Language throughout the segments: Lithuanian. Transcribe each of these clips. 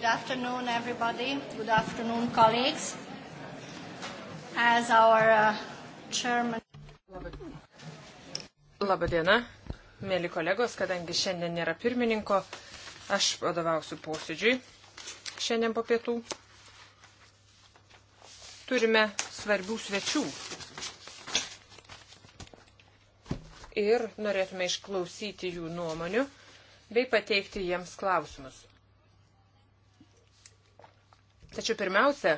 Good afternoon, everybody. Good afternoon, colleagues. As our uh, chairman. Labadiena, mėly kolegos, kadangi šiandien nėra pirmininko, aš vadovausiu posėdžiui šiandien po pietų. Turime svarbių svečių. Ir norėtume išklausyti jų nuomonių bei pateikti jiems klausimus. Tačiau pirmiausia,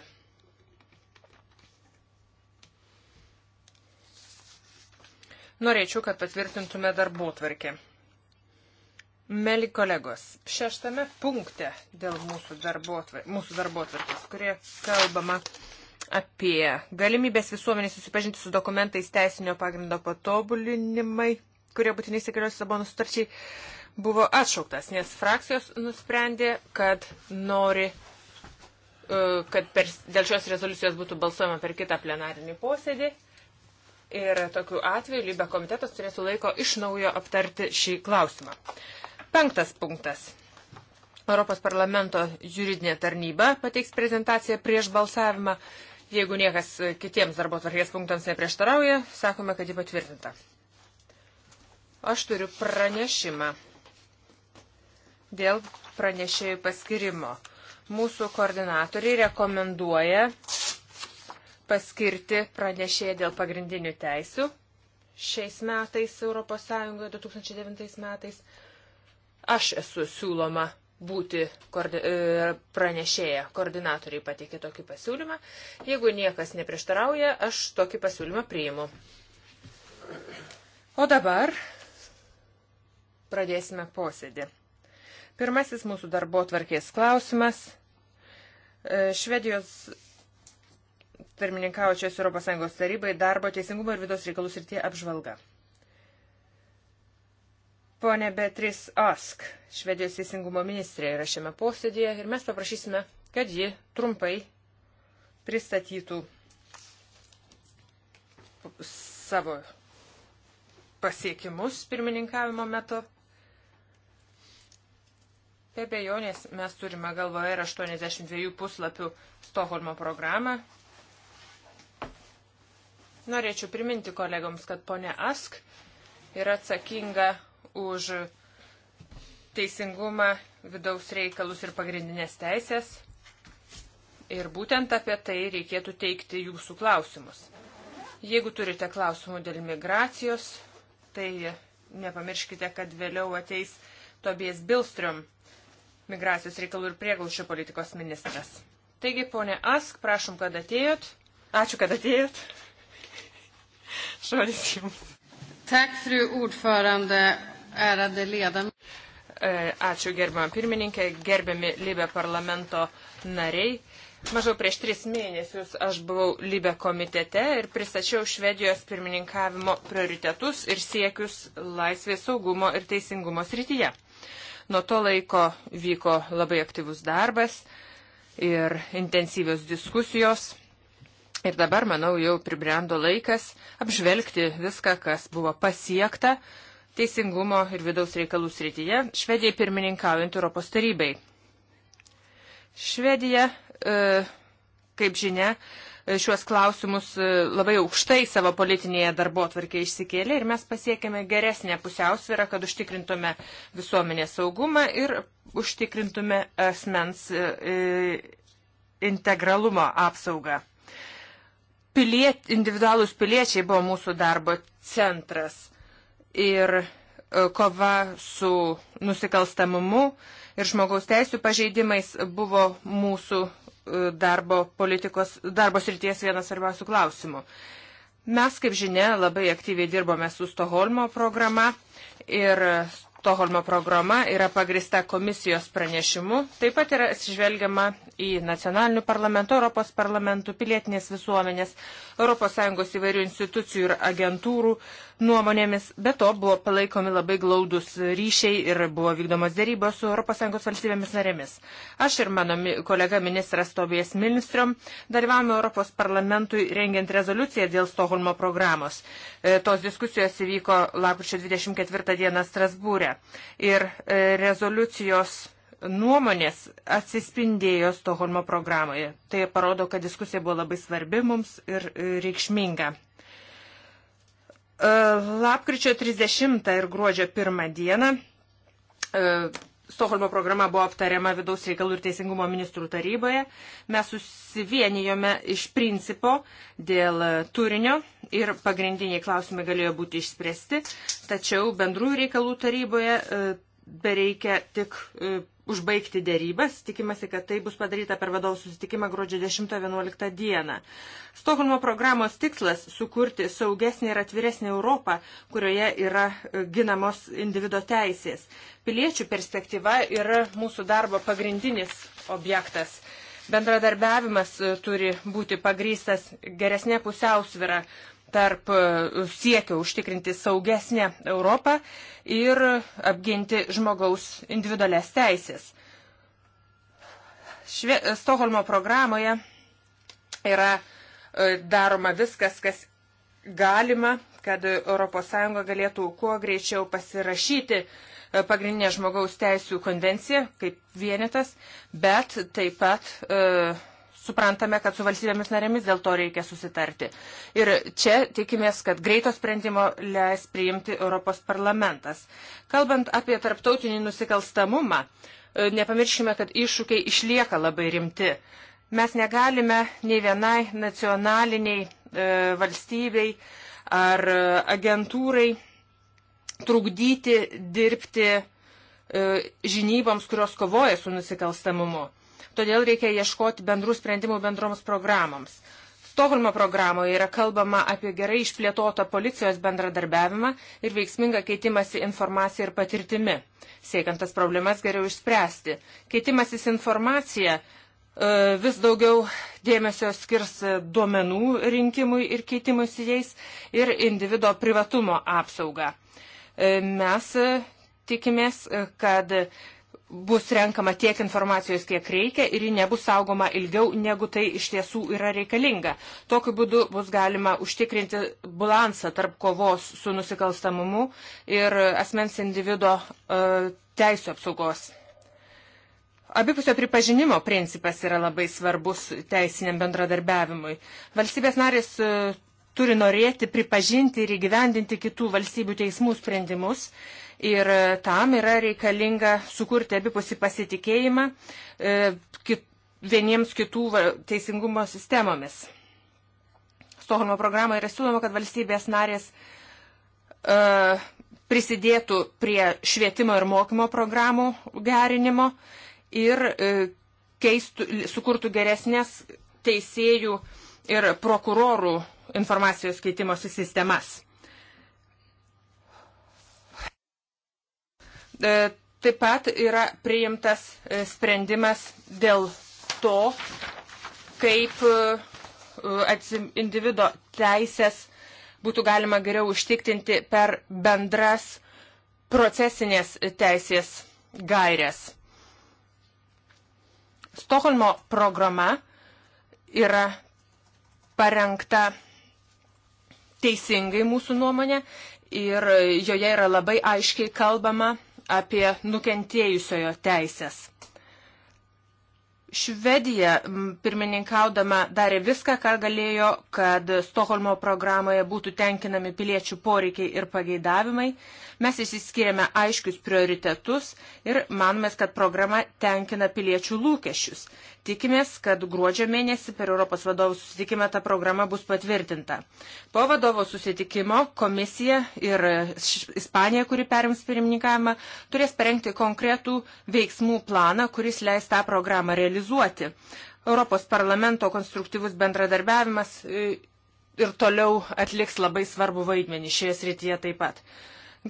norėčiau, kad patvirtintume darbų tvarkę. Meli kolegos, šeštame punkte dėl mūsų darbo tvarkės, kurie kalbama apie galimybės visuomenį susipažinti su dokumentais teisinio pagrindo patobulinimai, kurie būtinai įsigalios Sabono sutarčiai, buvo atšauktas, nes frakcijos nusprendė, kad nori E, kad per, dėl šios rezoliucijos būtų balsuojama per kitą plenarinį posėdį. Ir tokiu atveju lybė komitetas turėtų laiko iš naujo aptarti šį klausimą. Penktas punktas. Europos parlamento juridinė tarnyba pateiks prezentaciją prieš balsavimą. Jeigu niekas kitiems darbo tvarkės punktams neprieštarauja, sakome, kad ji patvirtinta. Aš turiu pranešimą dėl pranešėjų paskirimo. Mūsų koordinatoriai rekomenduoja paskirti pranešėją dėl pagrindinių teisių šiais metais ES 2009 metais. Aš esu siūloma būti koordi e, pranešėja. Koordinatoriai pateikė tokį pasiūlymą. Jeigu niekas neprieštarauja, aš tokį pasiūlymą priimu. O dabar pradėsime posėdį. Pirmasis mūsų darbo tvarkės klausimas E, Švedijos pirmininkaučios ES tarybai darbo teisingumo ir vidos reikalų srityje apžvalga. Pone Betris Ask, Švedijos teisingumo ministrė, yra šiame posėdėje ir mes paprašysime, kad ji trumpai pristatytų savo pasiekimus pirmininkavimo metu Be bejonės mes turime galvoje ir 82 puslapių Stoholmo programą. Norėčiau priminti kolegoms, kad ponė Ask yra atsakinga už teisingumą, vidaus reikalus ir pagrindinės teisės. Ir būtent apie tai reikėtų teikti jūsų klausimus. Jeigu turite klausimų dėl migracijos, tai nepamirškite, kad vėliau ateis Tobijas Bilstrom migracijos reikalų ir prieglaušio politikos ministras. Taigi, ponė Ask, prašom, kad atėjot. Ačiū, kad atėjot. Žodis jums. Tak, fru ordförande, ärade ledamöter. Ačiū gerbiamą pirmininkę, gerbiami Libė parlamento nariai. Mažiau prieš tris mėnesius aš buvau Libė komitete ir pristačiau Švedijos pirmininkavimo prioritetus ir siekius laisvės saugumo ir teisingumo srityje. Nuo to laiko vyko labai aktyvus darbas ir intensyvios diskusijos. Ir dabar, manau, jau pribrendo laikas apžvelgti viską, kas buvo pasiekta teisingumo ir vidaus reikalų srityje, Švedijai pirmininkaujant Europos tarybai. Švedija, e, kaip žinia, šiuos klausimus e, labai aukštai savo politinėje darbo atvarkė išsikėlė ir mes pasiekėme geresnę pusiausvyrą, kad užtikrintume visuomenės saugumą ir užtikrintume asmens e, e, integralumo apsaugą. Piliet, individualus piliečiai buvo mūsų darbo centras ir kova su nusikalstamumu ir žmogaus teisų pažeidimais buvo mūsų darbo politikos, darbo srities vienas svarbiausių klausimų. Mes, kaip žinia, labai aktyviai dirbome su Stoholmo programa ir Stoholmo programa yra pagrista komisijos pranešimu. Taip pat yra atsižvelgiama į nacionalinių parlamentų, Europos parlamentų, pilietinės visuomenės, ES įvairių institucijų ir agentūrų uh, nuomonėmis. Be to buvo palaikomi labai glaudus ryšiai ir buvo vykdomos dėrybos su ES valstybėmis narėmis. Aš ir mano kolega ministras Tobijas Milnstrom dalyvavome Europos parlamentui rengiant rezoliuciją dėl Stoholmo programos. E, tos diskusijos įvyko lapkričio 24 dieną Strasbūrė. Ir e, rezoliucijos nuomonės atsispindėjo Stoholmo programoje. Tai parodo, kad diskusija buvo labai svarbi mums ir e, reikšminga. E, lapkričio 30 ir gruodžio 1 dieną e, Stokholmo programa buvo aptariama vidaus reikalų ir teisingumo ministrų taryboje. Mes susivienijome iš principo dėl turinio ir pagrindiniai klausimai galėjo būti išspręsti, tačiau bendrųjų reikalų taryboje e, bereikia tik užbaigti dėrybas. Tikimasi, kad tai bus padaryta per vadovų susitikimą gruodžio 10-11 dieną. Stokholmo programos tikslas - sukurti saugesnį ir atviresnį Europą, kurioje yra e, ginamos individo teisės. Piliečių perspektyva yra mūsų darbo pagrindinis objektas. Bendradarbiavimas e, turi būti pagrystas geresnė pusiausvira tarp e, siekio užtikrinti saugesnę Europą ir apginti žmogaus individualias teisės. Šve, Stoholmo programoje yra e, daroma viskas, kas galima, kad ES galėtų kuo greičiau pasirašyti e, pagrindinę žmogaus teisų konvenciją kaip vienetas, bet taip pat suprantame, kad su valstybėmis narėmis dėl to reikia susitarti. Ir čia tikimės, kad greito sprendimo leis priimti Europos parlamentas. Kalbant apie tarptautinį nusikalstamumą, e, nepamirškime, kad iššūkiai išlieka labai rimti. Mes negalime nei vienai nacionaliniai e, valstybei ar e, agentūrai trukdyti dirbti e, žinyboms, kurios kovoja su nusikalstamumu. Todėl reikia ieškoti bendrų sprendimų bendroms programoms. Stokholmo programoje yra kalbama apie gerai išplėtotą policijos bendradarbiavimą ir veiksmingą keitimąsi informaciją ir patirtimi, siekiant tas problemas geriau išspręsti. Keitimasis informacija e, vis daugiau dėmesio skirs duomenų rinkimui ir keitimui su jais ir individo privatumo apsaugą. E, mes tikimės, kad bus renkama tiek informacijos, kiek reikia ir ji nebus saugoma ilgiau, negu tai iš tiesų yra reikalinga. Tokiu būdu bus galima užtikrinti balansą tarp kovos su nusikalstamumu ir asmens individo e, teisų apsaugos. Abipusio pripažinimo principas yra labai svarbus teisiniam bendradarbiavimui. Valstybės narės e, turi norėti pripažinti ir įgyvendinti kitų valstybių teismų sprendimus. Ir e, tam yra reikalinga sukurti abipusį pasitikėjimą e, kit, vieniems kitų teisingumo sistemomis. Stokholmo programoje yra siūloma, kad valstybės narės uh, prisidėtų prie švietimo ir mokymo programų gerinimo ir uh, keistų, sukurtų geresnės teisėjų ir prokurorų uh, informacijos keitimosi sistemas. E, taip pat yra priimtas e, sprendimas dėl to, kaip e, individo teisės būtų galima geriau užtiktinti per bendras procesinės teisės gairias. Stokholmo programa yra parengta teisingai mūsų nuomonė ir joje yra labai aiškiai kalbama apie nukentėjusiojo teisės. Švedija, pirmininkaudama, darė viską, ką galėjo, kad Stokholmo programoje būtų tenkinami piliečių poreikiai ir pageidavimai. Mes išsiskiriame aiškius prioritetus ir manomės, kad programa tenkina piliečių lūkesčius. Tikimės, kad gruodžio mėnesį per Europos vadovų susitikimą ta programa bus patvirtinta. Po vadovo susitikimo komisija ir Ispanija, kuri perims pirmininkavimą, turės parengti konkretų veiksmų planą, kuris leis tą programą realizuoti. Europos parlamento konstruktyvus bendradarbiavimas e, ir toliau atliks labai svarbu vaidmenį šioje srityje taip pat.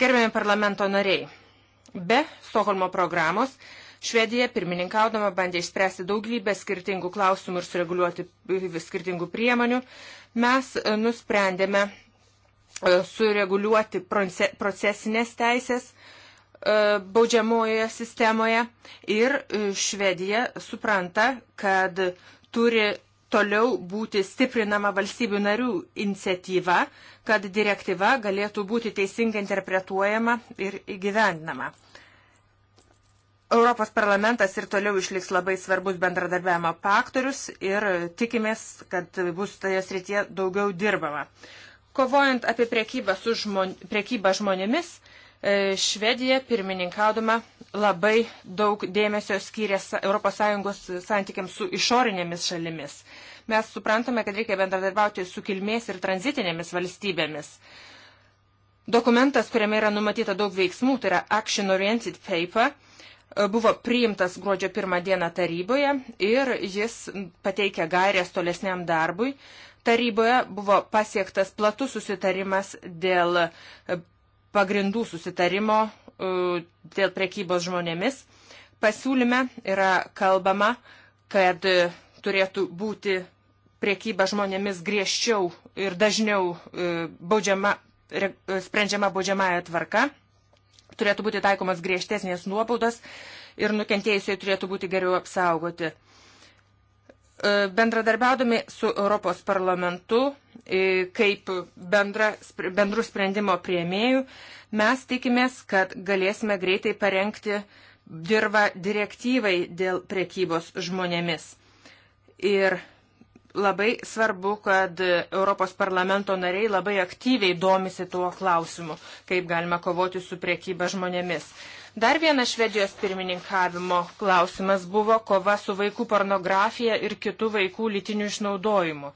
Gerbėjami parlamento nariai, be Stokholmo programos Švedija pirmininkaudama bandė išspręsti daugybę skirtingų klausimų ir sureguliuoti skirtingų priemonių. Mes e, nusprendėme e, sureguliuoti procesinės teisės e, baudžiamojoje sistemoje ir Švedija supranta, kad turi toliau būti stiprinama valstybių narių iniciatyva, kad direktyva galėtų būti teisingai interpretuojama ir įgyvendinama. Europos parlamentas ir toliau išliks labai svarbus bendradarbiavimo faktorius ir tikimės, kad bus toje srityje daugiau dirbama. Kovojant apie priekybą, žmon, priekybą žmonėmis, e, Švedija pirmininkaudama labai daug dėmesio skyrė ES santykiams su išorinėmis šalimis. Mes suprantame, kad reikia bendradarbiauti su kilmės ir tranzitinėmis valstybėmis. Dokumentas, kuriame yra numatyta daug veiksmų, tai yra Action Oriented Paper, buvo priimtas gruodžio pirmą dieną taryboje ir jis pateikė gairės tolesniam darbui. Taryboje buvo pasiektas platus susitarimas dėl e, pagrindų susitarimo e, dėl prekybos žmonėmis. Pasiūlyme yra kalbama, kad turėtų būti priekyba žmonėmis griežčiau ir dažniau e, baudžiama, sprendžiama baudžiamąją tvarką turėtų būti taikomas griežtesnės nuobaudos ir nukentėjusiai turėtų būti geriau apsaugoti. E, bendradarbiaudami su Europos parlamentu e, kaip bendra, bendrų sprendimo prieimėjų, mes tikimės, kad galėsime greitai parengti dirbą direktyvai dėl prekybos žmonėmis. Ir Labai svarbu, kad Europos parlamento nariai labai aktyviai domisi tuo klausimu, kaip galima kovoti su priekyba žmonėmis. Dar vienas Švedijos pirmininkavimo klausimas buvo kova su vaikų pornografija ir kitų vaikų lytiniu išnaudojimu.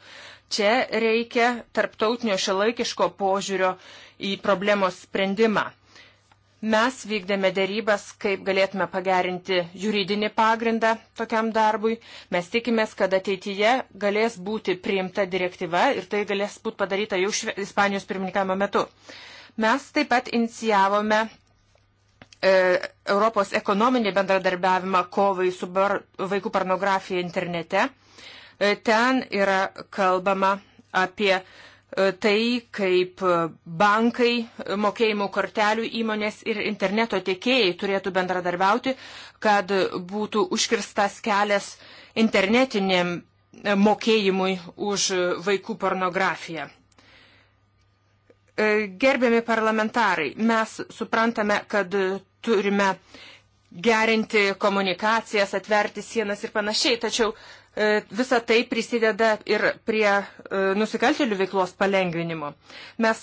Čia reikia tarptautinio šilaikiško požiūrio į problemos sprendimą. Mes vykdėme dėrybas, kaip galėtume pagerinti juridinį pagrindą tokiam darbui. Mes tikimės, kad ateityje galės būti priimta direktyva ir tai galės būti padaryta jau šve... Ispanijos pirmininkavimo metu. Mes taip pat inicijavome e, Europos ekonominį bendradarbiavimą kovai su bar, vaikų pornografija internete. E, ten yra kalbama apie tai, kaip bankai, mokėjimų kortelių įmonės ir interneto tiekėjai turėtų bendradarbiauti, kad būtų užkirstas kelias internetiniam mokėjimui už vaikų pornografiją. E, gerbiami parlamentarai, mes suprantame, kad turime gerinti komunikacijas, atverti sienas ir panašiai, tačiau E, visa tai prisideda ir prie e, nusikaltėlių veiklos palengvinimo. Mes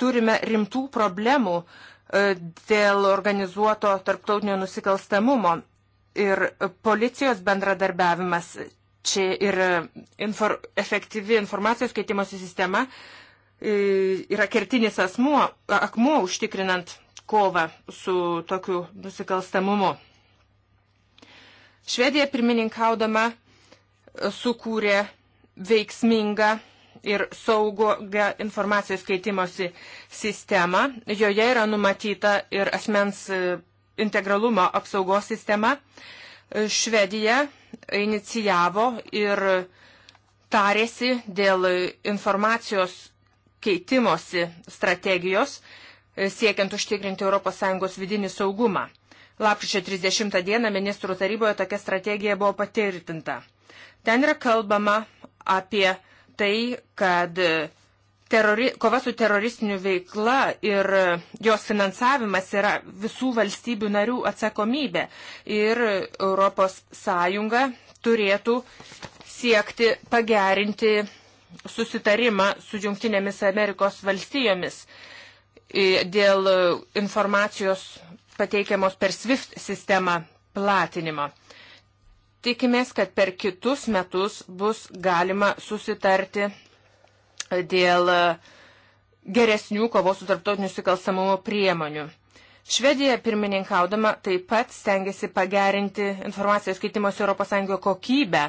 turime rimtų problemų e, dėl organizuoto tarptautinio nusikalstamumo ir policijos bendradarbiavimas čia ir infor, efektyvi informacijos keitimosi sistema yra kertinis asmuo, akmuo užtikrinant kovą su tokiu nusikalstamumu. Švedija pirmininkaudama sukūrė veiksmingą ir saugo informacijos keitimosi sistemą. Joje yra numatyta ir asmens e, integralumo apsaugos sistema. E, Švedija inicijavo ir tarėsi dėl informacijos keitimosi strategijos, e, siekiant užtikrinti ES vidinį saugumą. Lapkričio 30 dieną ministrų taryboje tokia strategija buvo patvirtinta. Ten yra kalbama apie tai, kad terori, kova su teroristiniu veikla ir jos finansavimas yra visų valstybių narių atsakomybė. Ir ES turėtų siekti pagerinti susitarimą su Junktinėmis Amerikos valstijomis e, dėl informacijos pateikiamos per SWIFT sistemą platinimo. Tikimės, kad per kitus metus bus galima susitarti dėl e, geresnių kovos su tarptautiniu nusikalstamumo priemonių. Švedija pirmininkaudama taip pat stengiasi pagerinti informacijos keitimosi ES kokybę.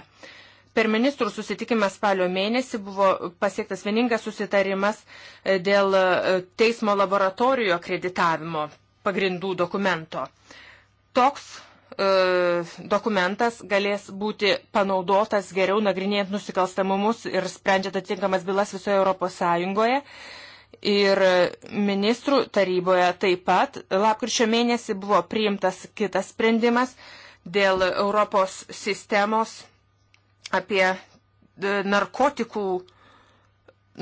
Per ministrų susitikimą spalio mėnesį buvo pasiektas vieningas susitarimas e, dėl e, teismo laboratorijų akreditavimo pagrindų dokumento. Toks E, dokumentas galės būti panaudotas geriau nagrinėjant nusikalstamumus ir sprendžiant atitinkamas bylas visoje Europos Sąjungoje. Ir ministrų taryboje taip pat lapkričio mėnesį buvo priimtas kitas sprendimas dėl Europos sistemos apie e, narkotikų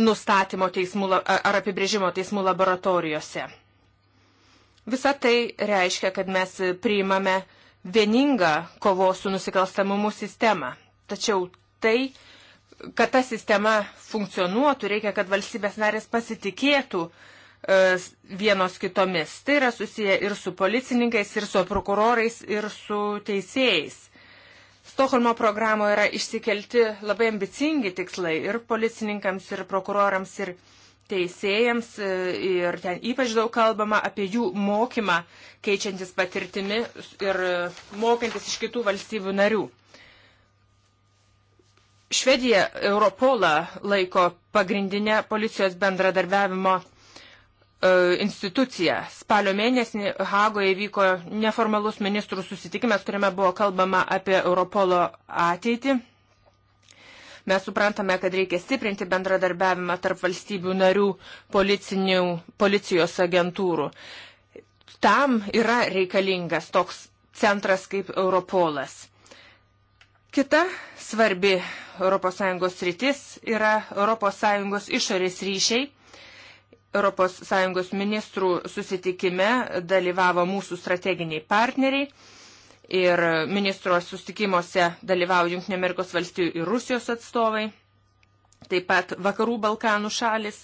nustatymo teismų ar apibrėžimo teismų laboratorijose. Visa tai reiškia, kad mes priimame uh, vieningą kovos su nusikalstamumu sistemą. Tačiau tai, kad ta sistema funkcionuotų, reikia, kad valstybės narės pasitikėtų e, vienos kitomis. Tai yra susiję ir su policininkais, ir su prokurorais, ir su teisėjais. Stokholmo programoje yra išsikelti labai ambicingi tikslai ir policininkams, ir prokurorams, ir teisėjams teisėjams e, ir ten ypač daug kalbama apie jų mokymą, keičiantis patirtimi ir mokantis iš kitų valstybių narių. Švedija Europolą laiko pagrindinę policijos bendradarbiavimo e, institucija. Spalio mėnesį Hagoje vyko neformalus ministrų susitikimas, kuriame buvo kalbama apie Europolo ateitį Mes suprantame, kad reikia stiprinti bendradarbiavimą tarp valstybių narių policijos agentūrų. Tam yra reikalingas toks centras kaip Europolas. Kita svarbi ES rytis yra ES išorės ryšiai. ES ministrų susitikime dalyvavo mūsų strateginiai partneriai ir ministro sustikimuose dalyvauja Junktinė Amerikos valstijų ir Rusijos atstovai, taip pat Vakarų Balkanų šalis.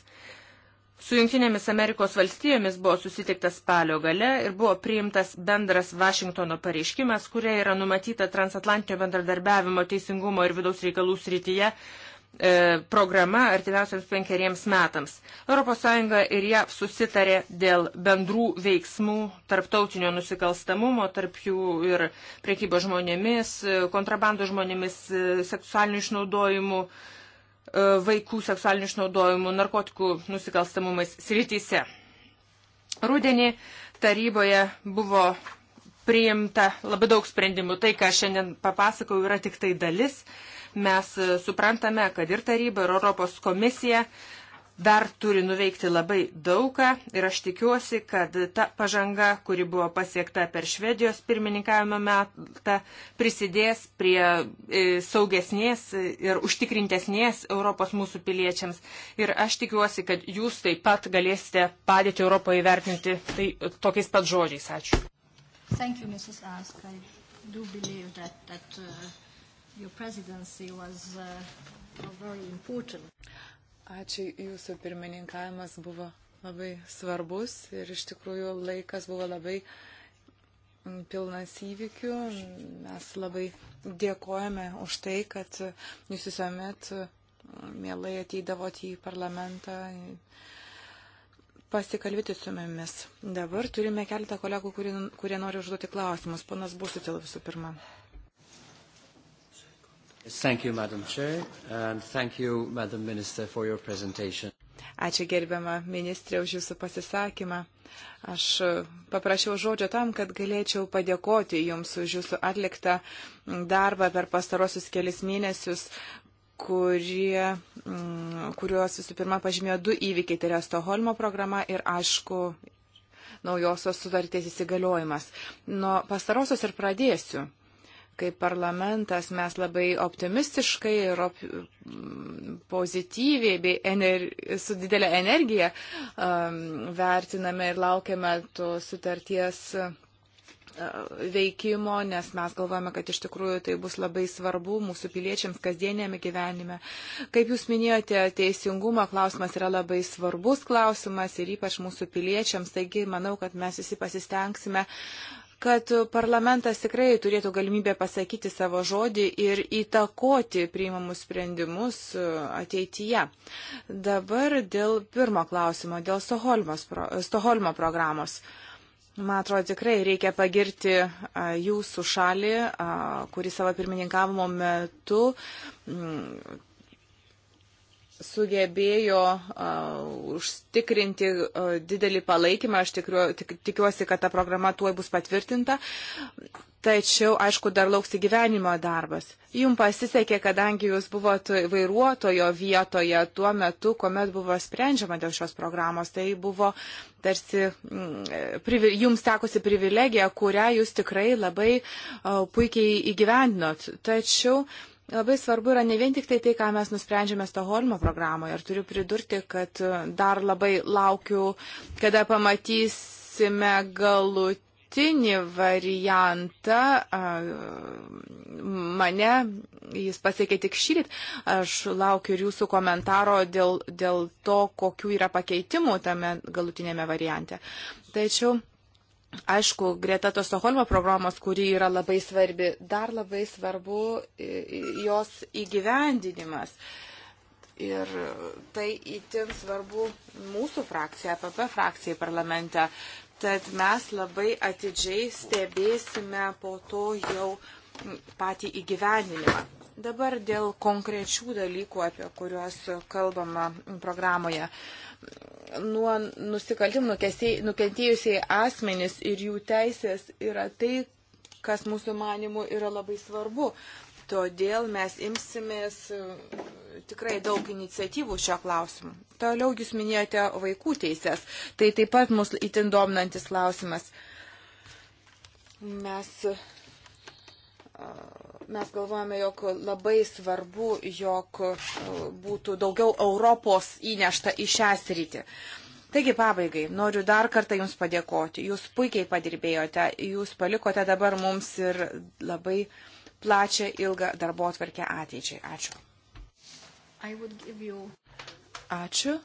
Su Junktinėmis Amerikos valstijomis buvo susitiktas spalio gale ir buvo priimtas bendras Vašingtono pareiškimas, kurie yra numatyta transatlantinio bendradarbiavimo teisingumo ir vidaus reikalų srityje E, programa artimiausiams penkeriems metams. ES ir JAV susitarė dėl bendrų veiksmų tarptautinio nusikalstamumo, tarp jų ir priekybo žmonėmis, e, kontrabando žmonėmis, e, seksualinių išnaudojimų, vaikų seksualinių išnaudojimų, narkotikų nusikalstamumais srityse. Rūdienį taryboje buvo priimta labai daug sprendimų. Tai, ką šiandien papasakau, yra tik tai dalis. Mes e, suprantame, kad ir taryba, ir Europos komisija dar turi nuveikti labai daugą ir aš tikiuosi, kad ta pažanga, kuri buvo pasiekta per Švedijos pirmininkavimo metą, prisidės prie e, saugesnės ir užtikrintesnės Europos mūsų piliečiams. Ir aš tikiuosi, kad jūs taip pat galėsite padėti Europoje vertinti tai tokiais pat žodžiais. Ačiū. Thank you, Mrs. Ask. I do believe that, that uh, Your presidency was uh, very important. Ačiū, jūsų pirmininkavimas buvo labai svarbus ir iš tikrųjų laikas buvo labai mm, pilnas įvykių. Mes labai dėkojame už tai, kad jūs visuomet mm, mielai ateidavote į parlamentą pasikalbėti su mumis. Dabar turime keletą kolegų, kurie, kurie nori užduoti klausimus. Panas Busutėl visų pirma. Thank you, Madam Chair, and thank you, Madam Minister, for your presentation. Ačiū gerbiama ministrė už Jūsų pasisakymą. Aš e, paprašiau žodžio tam, kad galėčiau padėkoti Jums už Jūsų atliktą darbą per pastarosius kelis mėnesius, kurie, kuriuos visų pirma pažymėjo du įvykiai, tai yra Stoholmo programa ir aišku naujosios sutarties įsigaliojimas. Nuo pastarosios ir pradėsiu kaip parlamentas mes labai optimistiškai ir op pozityviai bei ener su didelė energija um, vertiname ir laukiame to sutarties uh, veikimo, nes mes galvojame, kad iš tikrųjų tai bus labai svarbu mūsų piliečiams kasdienėme gyvenime. Kaip Jūs minėjote, teisingumo klausimas yra labai svarbus klausimas ir ypač mūsų piliečiams, taigi manau, kad mes visi pasistengsime uh, kad parlamentas tikrai turėtų galimybę pasakyti savo žodį ir įtakoti priimamus sprendimus e, ateityje. Dabar dėl pirmo klausimo, dėl Stoholmo programos. Man atrodo, tikrai reikia pagirti jūsų šalį, kuri savo pirmininkavimo metu sugebėjo uh, užtikrinti uh, didelį palaikymą. Aš tikriu, tik, tikiuosi, kad ta programa tuoj bus patvirtinta. Tačiau, aišku, dar lauks įgyvenimo darbas. Jums pasisekė, kadangi jūs buvot vairuotojo vietoje tuo metu, kuomet buvo sprendžiama dėl šios programos. Tai buvo tarsi mm, privi, jums tekusi privilegija, kurią jūs tikrai labai uh, puikiai įgyvendinot. Tačiau uh, Labai svarbu yra ne vien tik tai tai, ką mes nusprendžiame Stoholmo programoje. Ir turiu pridurti, kad e, dar labai laukiu, kada pamatysime galutinį variantą. Mane jis pasiekė tik šyrit. Aš laukiu ir jūsų komentaro dėl, dėl to, kokiu yra pakeitimų tame galutinėme variante. Tačiau Aišku, greta tos Stoholmo programos, kuri yra labai svarbi, dar labai svarbu jos įgyvendinimas. Ir tai įtin svarbu mūsų frakcija, APP frakcijai parlamente. Tad mes labai atidžiai stebėsime po to jau patį įgyvendinimą. Dabar dėl konkrečių dalykų, apie kuriuos kalbama programoje nuo nusikaltimų nukentėjusiai asmenys ir jų teisės yra tai, kas mūsų manimų yra labai svarbu. Todėl mes imsimės e, tikrai daug iniciatyvų šio klausimu. Toliau jūs minėjote vaikų teisės. Tai taip pat mus itin domnantis klausimas. Mes e, Mes galvojame, jog labai svarbu, jog e, būtų daugiau Europos įnešta į šią sritį. Taigi pabaigai, noriu dar kartą Jums padėkoti. Jūs puikiai padirbėjote, Jūs palikote dabar mums ir labai plačią ilgą darbo atverkę ateičiai. Ačiū. You... Ačiū.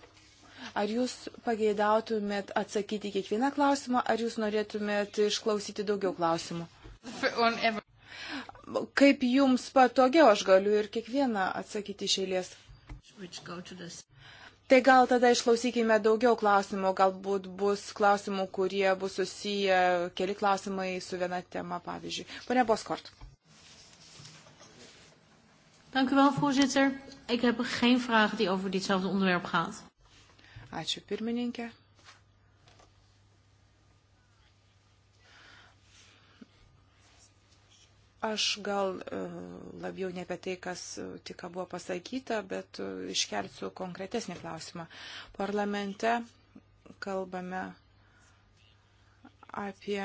Ar jūs pageidautumėt atsakyti kiekvieną klausimą, ar jūs norėtumėt išklausyti daugiau klausimų? kaip jums patogiau, aš galiu ir kiekvieną atsakyti iš eilės. Tai gal tada išklausykime daugiau klausimų, galbūt bus klausimų, kurie bus susiję, keli klausimai su viena tema, pavyzdžiui. Pone Boskort. Dank u wel, voorzitter. Ik heb geen vraag die over ditzelfde onderwerp gaat. Ačiū, pirmininkė. Aš gal e, labiau ne apie tai, kas tik buvo pasakyta, bet e, iškelsiu konkretesnį klausimą. Parlamente kalbame apie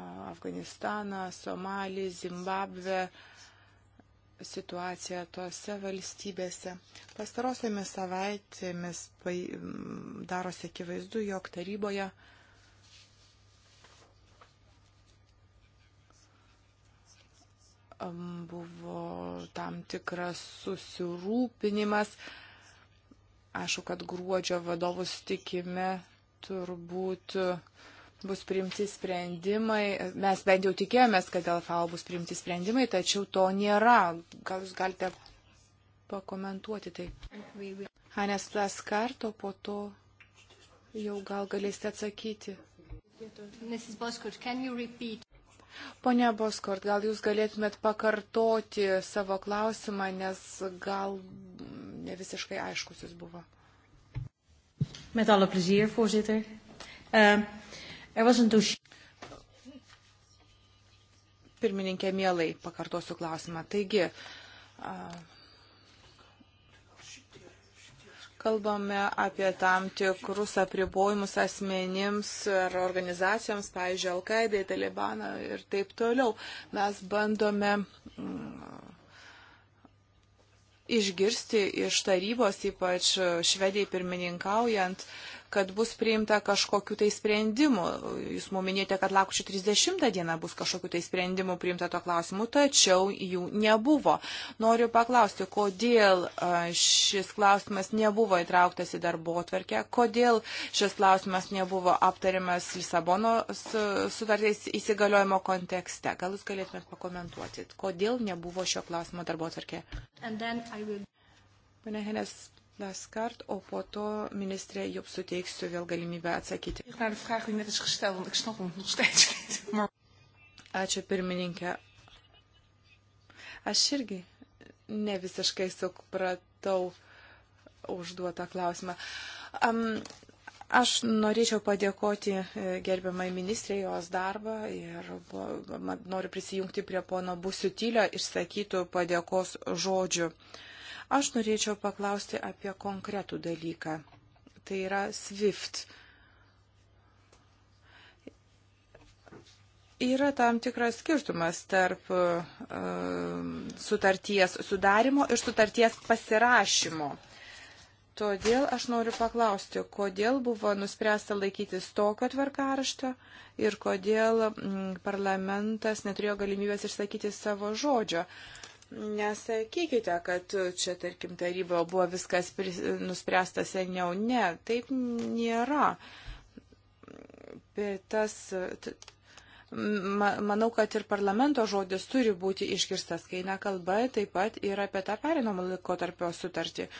Afganistaną, Somalį, Zimbabvę, situaciją tose valstybėse. Pastarosiamis savaitėmis darosi akivaizdu, jog taryboje uh, buvo tam tikras susirūpinimas. Aišku, kad gruodžio vadovų sutikime turbūt bus priimti sprendimai. Mes bent jau tikėjomės, kad dėl FAO bus priimti sprendimai, tačiau to nėra. Gal jūs galite pakomentuoti tai? Hanes Plaskarto po to jau gal galėsite atsakyti. Mrs. Boskurt, can you repeat? Pone Boskort, gal jūs galėtumėt pakartoti savo klausimą, nes gal ne visiškai aiškus jis buvo. Met alle plezier, voorzitter. Uh, er was een douche. Pirmininkė, mielai pakartosiu klausimą. Taigi, uh, kalbame apie tam tikrus apribojimus asmenims ar organizacijoms, pavyzdžiui, Alkaidai, Talibaną ir taip toliau. Mes bandome mm, išgirsti iš tarybos, ypač švediai pirmininkaujant, uh, kad bus priimta kažkokiu tai sprendimu. Jūs muminėte, kad lakučio 30 dieną bus kažkokiu tai sprendimu priimta to klausimu, tačiau jų nebuvo. Noriu paklausti, kodėl šis klausimas nebuvo įtrauktas į darbo atverkę, kodėl šis klausimas nebuvo aptariamas Lisabono sutartys įsigaliojimo kontekste. Gal jūs galėtumėt pakomentuoti, kodėl nebuvo šio klausimo darbo atverkė? Will... Pane Henes, Daskart, o po to ministrė jau suteiksiu vėl galimybę atsakyti. Ačiū pirmininkė. Aš irgi ne visiškai supratau užduotą klausimą. Um, Aš norėčiau padėkoti e, gerbiamai ministrė jos darbą ir noriu prisijungti prie pono Busutylio išsakytų padėkos žodžių. Uh, Aš norėčiau paklausti apie konkretų dalyką. Tai yra SWIFT. Yra tam tikras skirtumas tarp uh, sutarties sudarimo ir sutarties pasirašymo. Todėl aš noriu paklausti, kodėl buvo nuspręsta laikytis tokio tvarkarašto ir kodėl mm, parlamentas neturėjo galimybės išsakyti savo žodžio. Uh, Nesakykite, kad čia, tarkim, taryboje buvo viskas nuspręsta seniau. Ne, taip nėra. Bet tas, manau, kad ir parlamento žodis turi būti iškirstas, kai nekalba taip pat ir apie tą perinamą laikotarpio sutartį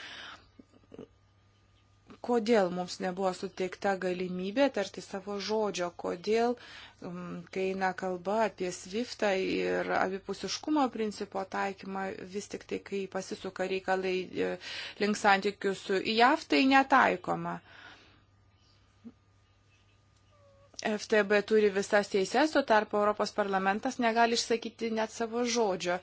kodėl mums nebuvo suteikta galimybė tarti savo žodžio, kodėl, mm, kai eina kalba apie sviftą ir abipusiškumo principo taikymą, vis tik tai, kai pasisuka reikalai e, link santykių su JAV, tai netaikoma. FTB turi visas teises, tuo tarpu Europos parlamentas negali išsakyti net savo žodžio.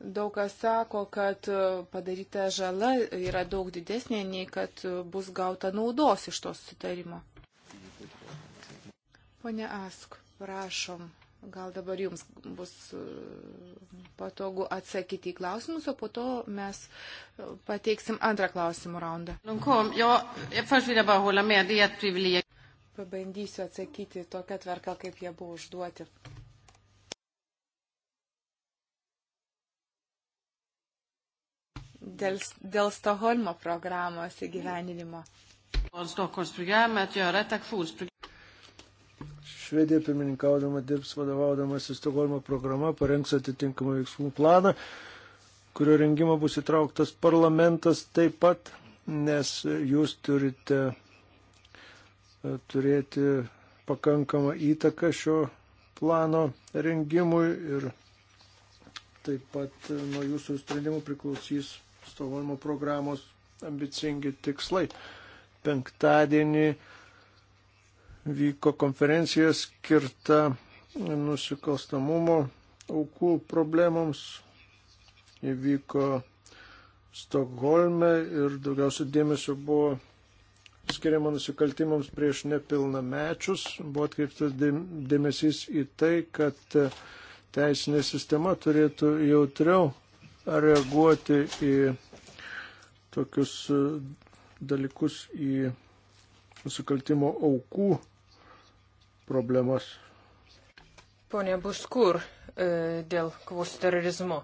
Daug kas sako, kad padaryta žala yra daug didesnė, nei kad bus gauta naudos iš to sutarimo. Pone Ask, prašom, gal dabar jums bus e, patogu atsakyti į klausimus, o po to mes e, pateiksim antrą klausimų raundą. Pabandysiu atsakyti tokią tvarką, kaip jie buvo užduoti. dėl, dėl Stoholmo programos įgyveninimo. Švedija pirmininkaudama dirbs vadovaudamas į Stokholmo programą, parengs atitinkamą veiksmų planą, kurio rengimo bus įtrauktas parlamentas taip pat, nes jūs turite e, turėti pakankamą įtaką šio plano rengimui ir taip pat e, nuo jūsų sprendimų priklausys Stokholmo programos ambicingi tikslai. Penktadienį vyko konferencija skirta nusikalstamumo aukų problemams. Įvyko Stokholme ir daugiausia dėmesio buvo skiriama nusikaltimams prieš nepilnamečius. Buvo atkreiptas dėmesys į tai, kad teisinė sistema turėtų jautriau reaguoti į tokius e, dalykus, į nusikaltimo aukų problemas. Pone Buskur, e, dėl kovos su terorizmu.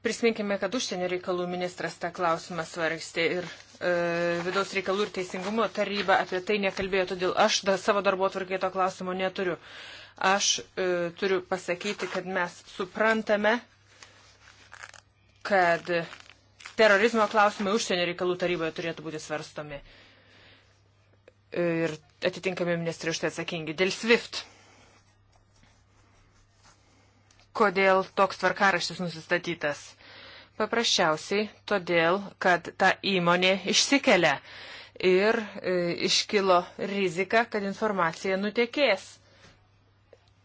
Prisiminkime, kad užsienio reikalų ministras tą klausimą svarstė ir e, vidaus reikalų ir teisingumo taryba apie tai nekalbėjo, todėl aš da, savo darbo tvarkėje to klausimo neturiu. Aš e, turiu pasakyti, kad mes suprantame, kad terorizmo klausimai užsienio reikalų taryboje turėtų būti svarstomi. Ir atitinkami ministrai už tai atsakingi. Dėl SWIFT. Kodėl toks tvarkaraštis nusistatytas? Paprasčiausiai todėl, kad ta įmonė išsikelia ir e, iškilo rizika, kad informacija nutekės.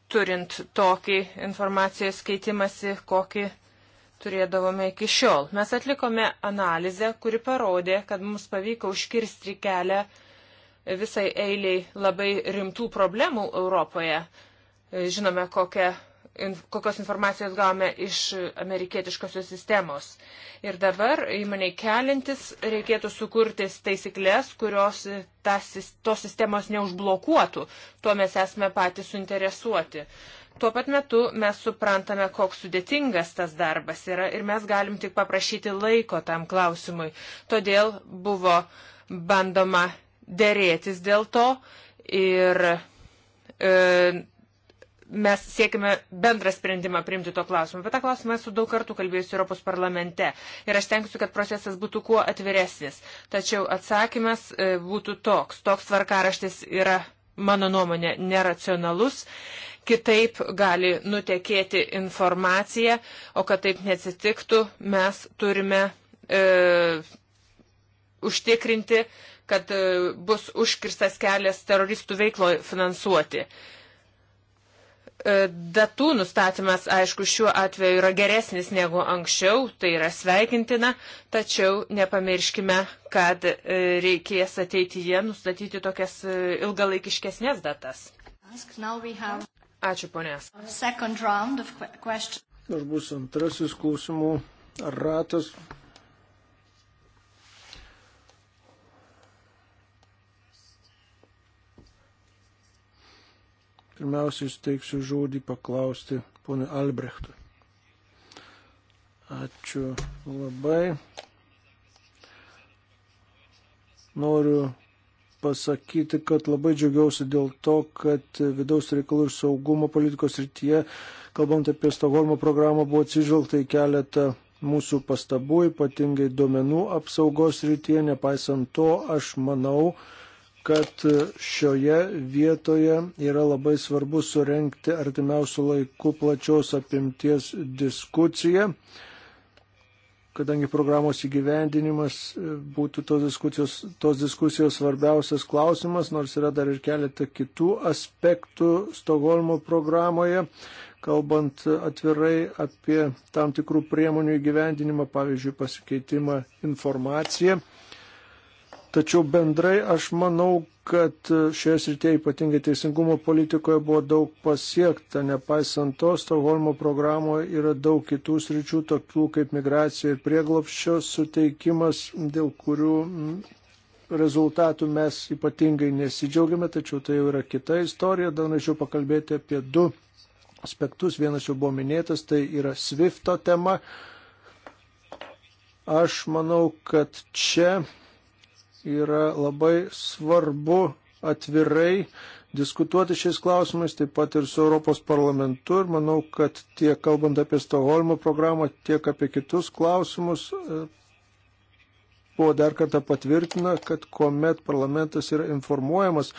Turint tokį informacijos keitimąsi, kokį turėdavome iki šiol. Mes atlikome analizę, kuri parodė, kad mums pavyko užkirsti kelią visai eiliai labai rimtų problemų Europoje. Žinome, kokią, kokios informacijos gavome iš amerikietiškosios sistemos. Ir dabar įmoniai kelintis reikėtų sukurti taisyklės, kurios tas, tos sistemos neužblokuotų. Tuo mes esame patys suinteresuoti. Tuo pat metu mes suprantame, koks sudėtingas tas darbas yra ir mes galim tik paprašyti laiko tam klausimui. Todėl buvo bandoma dėrėtis dėl to ir e, mes siekime bendrą sprendimą priimti to klausimu. Bet tą klausimą esu daug kartų kalbėjusi Europos parlamente ir aš tenksiu, kad procesas būtų kuo atviresnis. Tačiau atsakymas e, būtų toks. Toks tvarkaraštis yra, mano nuomonė, neracionalus. E, kitaip gali nutekėti informacija, o kad taip nesitiktų, mes turime e, užtikrinti, kad e, bus užkirstas kelias teroristų veiklo finansuoti. E, datų nustatymas, aišku, šiuo atveju yra geresnis negu anksčiau, tai yra sveikintina, tačiau nepamirškime, kad e, reikės ateityje nustatyti tokias e, ilgalaikiškesnės datas. Have... Ačiū, ponės. Aš bus antrasis klausimų ratas. Pirmiausia, steiksiu žodį paklausti ponui Albrechtui. Ačiū labai. Noriu pasakyti, kad labai džiaugiausi dėl to, kad vidaus reikalų ir saugumo politikos rytyje, kalbant apie Stokholmo programą, buvo atsižvelgta į keletą mūsų pastabų, ypatingai duomenų apsaugos rytyje. Nepaisant to, aš manau, kad šioje vietoje yra labai svarbu surenkti artimiausių laikų plačios apimties diskusiją kadangi programos įgyvendinimas e, būtų tos diskusijos, tos diskusijos svarbiausias klausimas, nors yra dar ir keletą kitų aspektų Stokholmo programoje, kalbant atvirai apie tam tikrų priemonių įgyvendinimą, pavyzdžiui, pasikeitimą informaciją. Tačiau bendrai aš manau, kad šioje srityje ypatingai teisingumo politikoje buvo daug pasiekta. Nepaisant to, Stokholmo programoje yra daug kitų sričių, tokių kaip migracija ir prieglopščio suteikimas, dėl kurių mm, rezultatų mes ypatingai nesidžiaugiame, tačiau tai jau yra kita istorija. Dar norėčiau pakalbėti apie du aspektus. Vienas jau buvo minėtas, tai yra Swifto tema. Aš manau, kad čia yra labai svarbu atvirai diskutuoti šiais klausimais, taip pat ir su Europos parlamentu. Ir manau, kad tiek kalbant apie Stoholmo programą, tiek apie kitus klausimus, e, buvo dar kartą patvirtina, kad kuomet parlamentas yra informuojamas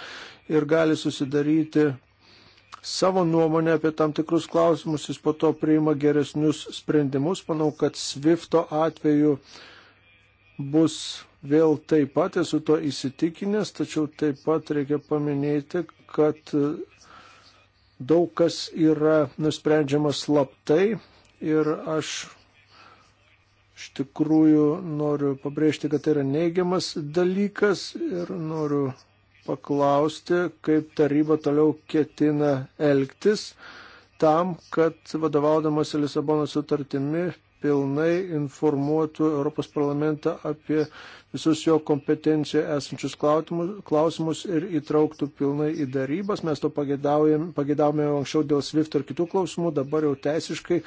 ir gali susidaryti savo nuomonę apie tam tikrus klausimus, jis po to priima geresnius sprendimus. Manau, kad Svifto atveju bus vėl taip pat esu to įsitikinęs, tačiau taip pat reikia paminėti, kad daug kas yra nusprendžiama slaptai ir aš iš tikrųjų noriu pabrėžti, kad tai yra neigiamas dalykas ir noriu paklausti, kaip taryba toliau ketina elgtis tam, kad vadovaudamas Lisabono sutartimi pilnai informuotų Europos parlamentą apie visus jo kompetenciją esančius klausimus, klausimus ir įtrauktų pilnai į darybas. Mes to pagėdavome anksčiau dėl SWIFT ir kitų klausimų, dabar jau teisiškai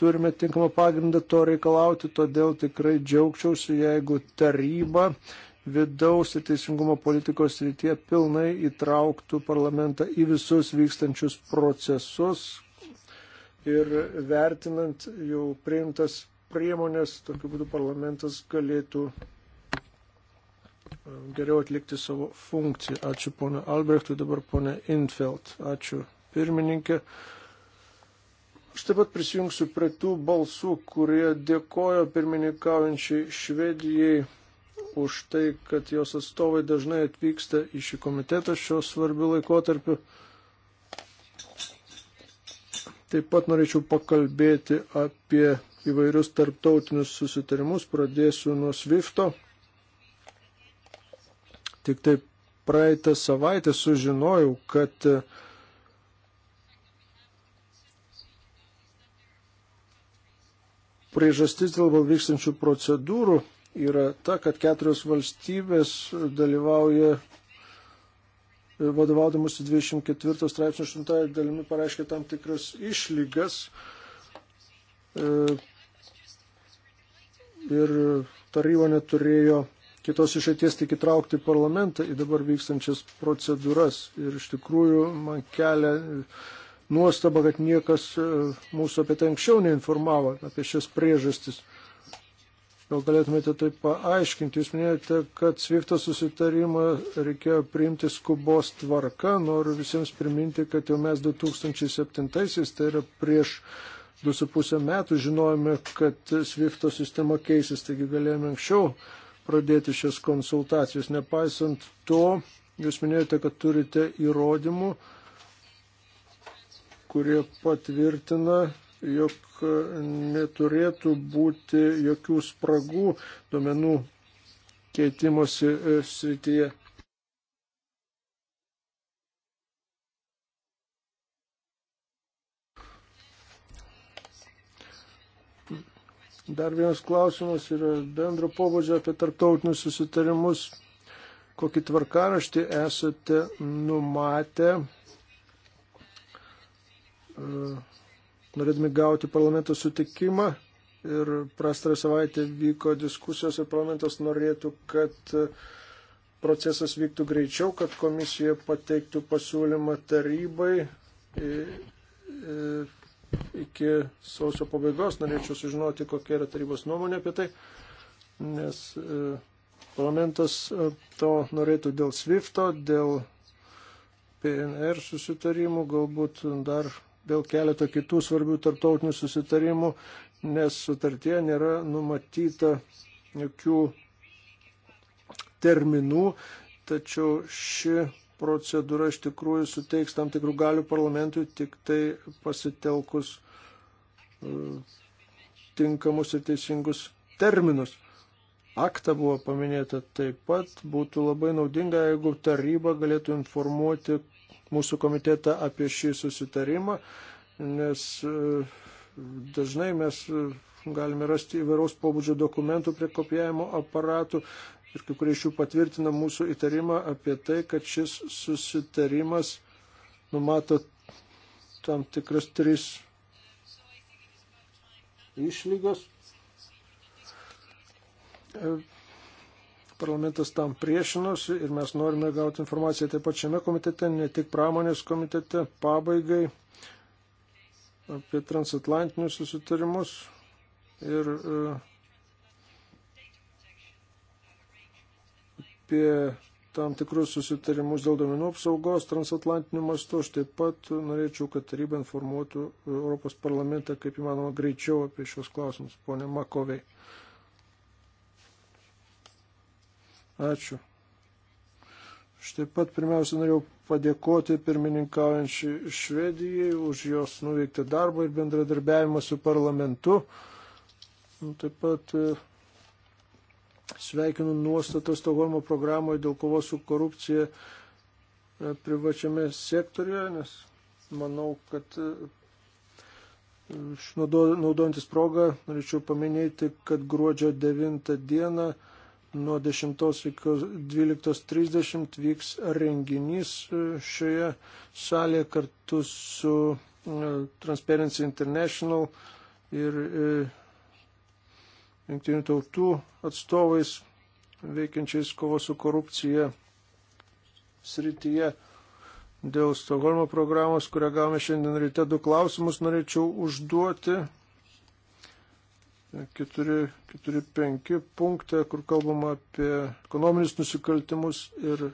turime tinkamą pagrindą to reikalauti, todėl tikrai džiaugčiausi, jeigu taryba vidaus ir teisingumo politikos rytie pilnai įtrauktų parlamentą į visus vykstančius procesus, ir vertinant jau priimtas priemonės, tokiu būdu parlamentas galėtų e, geriau atlikti savo funkciją. Ačiū ponė Albrechtui, dabar ponė Infeld. Ačiū pirmininkė. Aš taip pat prisijungsiu prie tų balsų, kurie dėkojo pirmininkaujančiai Švedijai už tai, kad jos atstovai dažnai atvyksta į šį komitetą šiuo svarbiu laikotarpiu. Taip pat norėčiau pakalbėti apie įvairius tarptautinius susitarimus. Pradėsiu nuo Swifto. Tik taip praeitą savaitę sužinojau, kad e, priežastis dėl vykstančių procedūrų yra ta, kad keturios valstybės dalyvauja E, vadovaudamas 24 straipsnio 8 dalimi pareiškė tam tikras išlygas e, ir taryba neturėjo kitos išeities tik įtraukti parlamentą į dabar vykstančias procedūras. Ir iš tikrųjų man kelia nuostaba, kad niekas e, mūsų apie tai anksčiau neinformavo, apie šias priežastis. Gal galėtumėte tai paaiškinti? Jūs minėjote, kad sviftą susitarimą reikėjo priimti skubos tvarka. Noriu visiems priminti, kad jau mes 2007-aisiais, tai yra prieš 2,5 metų, žinojome, kad svifto sistema keisis, taigi galėjome anksčiau pradėti šias konsultacijas. Nepaisant to, jūs minėjote, kad turite įrodymų, kurie patvirtina, jog neturėtų būti jokių spragų duomenų keitimosi e, srityje. Dar vienas klausimas yra bendro pobūdžio apie tarptautinius susitarimus. Kokį tvarkaraštį esate numatę? Uh, norėdami gauti parlamento sutikimą. Ir prastarą savaitę vyko diskusijos ir parlamentas norėtų, kad e, procesas vyktų greičiau, kad komisija pateiktų pasiūlymą tarybai e, e, iki sausio pabaigos. Norėčiau sužinoti, kokia yra tarybos nuomonė apie tai, nes parlamentas to norėtų dėl SWIFT, dėl PNR susitarimų, galbūt dar dėl keletą kitų svarbių tarptautinių susitarimų, nes sutartie nėra numatyta jokių terminų, tačiau ši procedūra iš tikrųjų suteiks tam tikrų galių parlamentui tik tai pasitelkus e, tinkamus ir teisingus terminus. Akta buvo paminėta taip pat, būtų labai naudinga, jeigu taryba galėtų informuoti mūsų komitetą apie šį susitarimą, nes e, dažnai mes e, galime rasti įvairaus pobūdžio dokumentų prie kopijavimo aparatų ir kai kurie iš jų patvirtina mūsų įtarimą apie tai, kad šis susitarimas numato tam tikras tris išlygos. E, parlamentas tam priešinosi ir mes norime gauti informaciją taip pat šiame komitete, ne tik pramonės komitete, pabaigai apie transatlantinius susitarimus ir e, apie tam tikrus susitarimus dėl domenų apsaugos transatlantinių mastų. Aš taip pat norėčiau, kad taryba informuotų Europos parlamentą kaip įmanoma greičiau apie šios klausimus, ponė Makovei. Ačiū. Aš taip pat pirmiausia norėjau padėkoti pirmininkaujančiai Švedijai už jos nuveiktą darbą ir bendradarbiavimą su parlamentu. Nu, taip pat e, sveikinu nuostatą Stokholmo programoje dėl kovos su korupcija e, privačiame sektoriuje, nes manau, kad e, naudojantis progą norėčiau paminėti, kad gruodžio 9 dieną nuo 10 iki 12.30 vyks renginys e, šioje salėje kartu su e, Transparency International ir e, Junktinių tautų atstovais veikiančiais kovo su korupcija srityje. Dėl Stokholmo programos, kurią gavome šiandien ryte, du klausimus norėčiau užduoti. 4-5 punktą, kur kalbama apie ekonominius nusikaltimus ir e,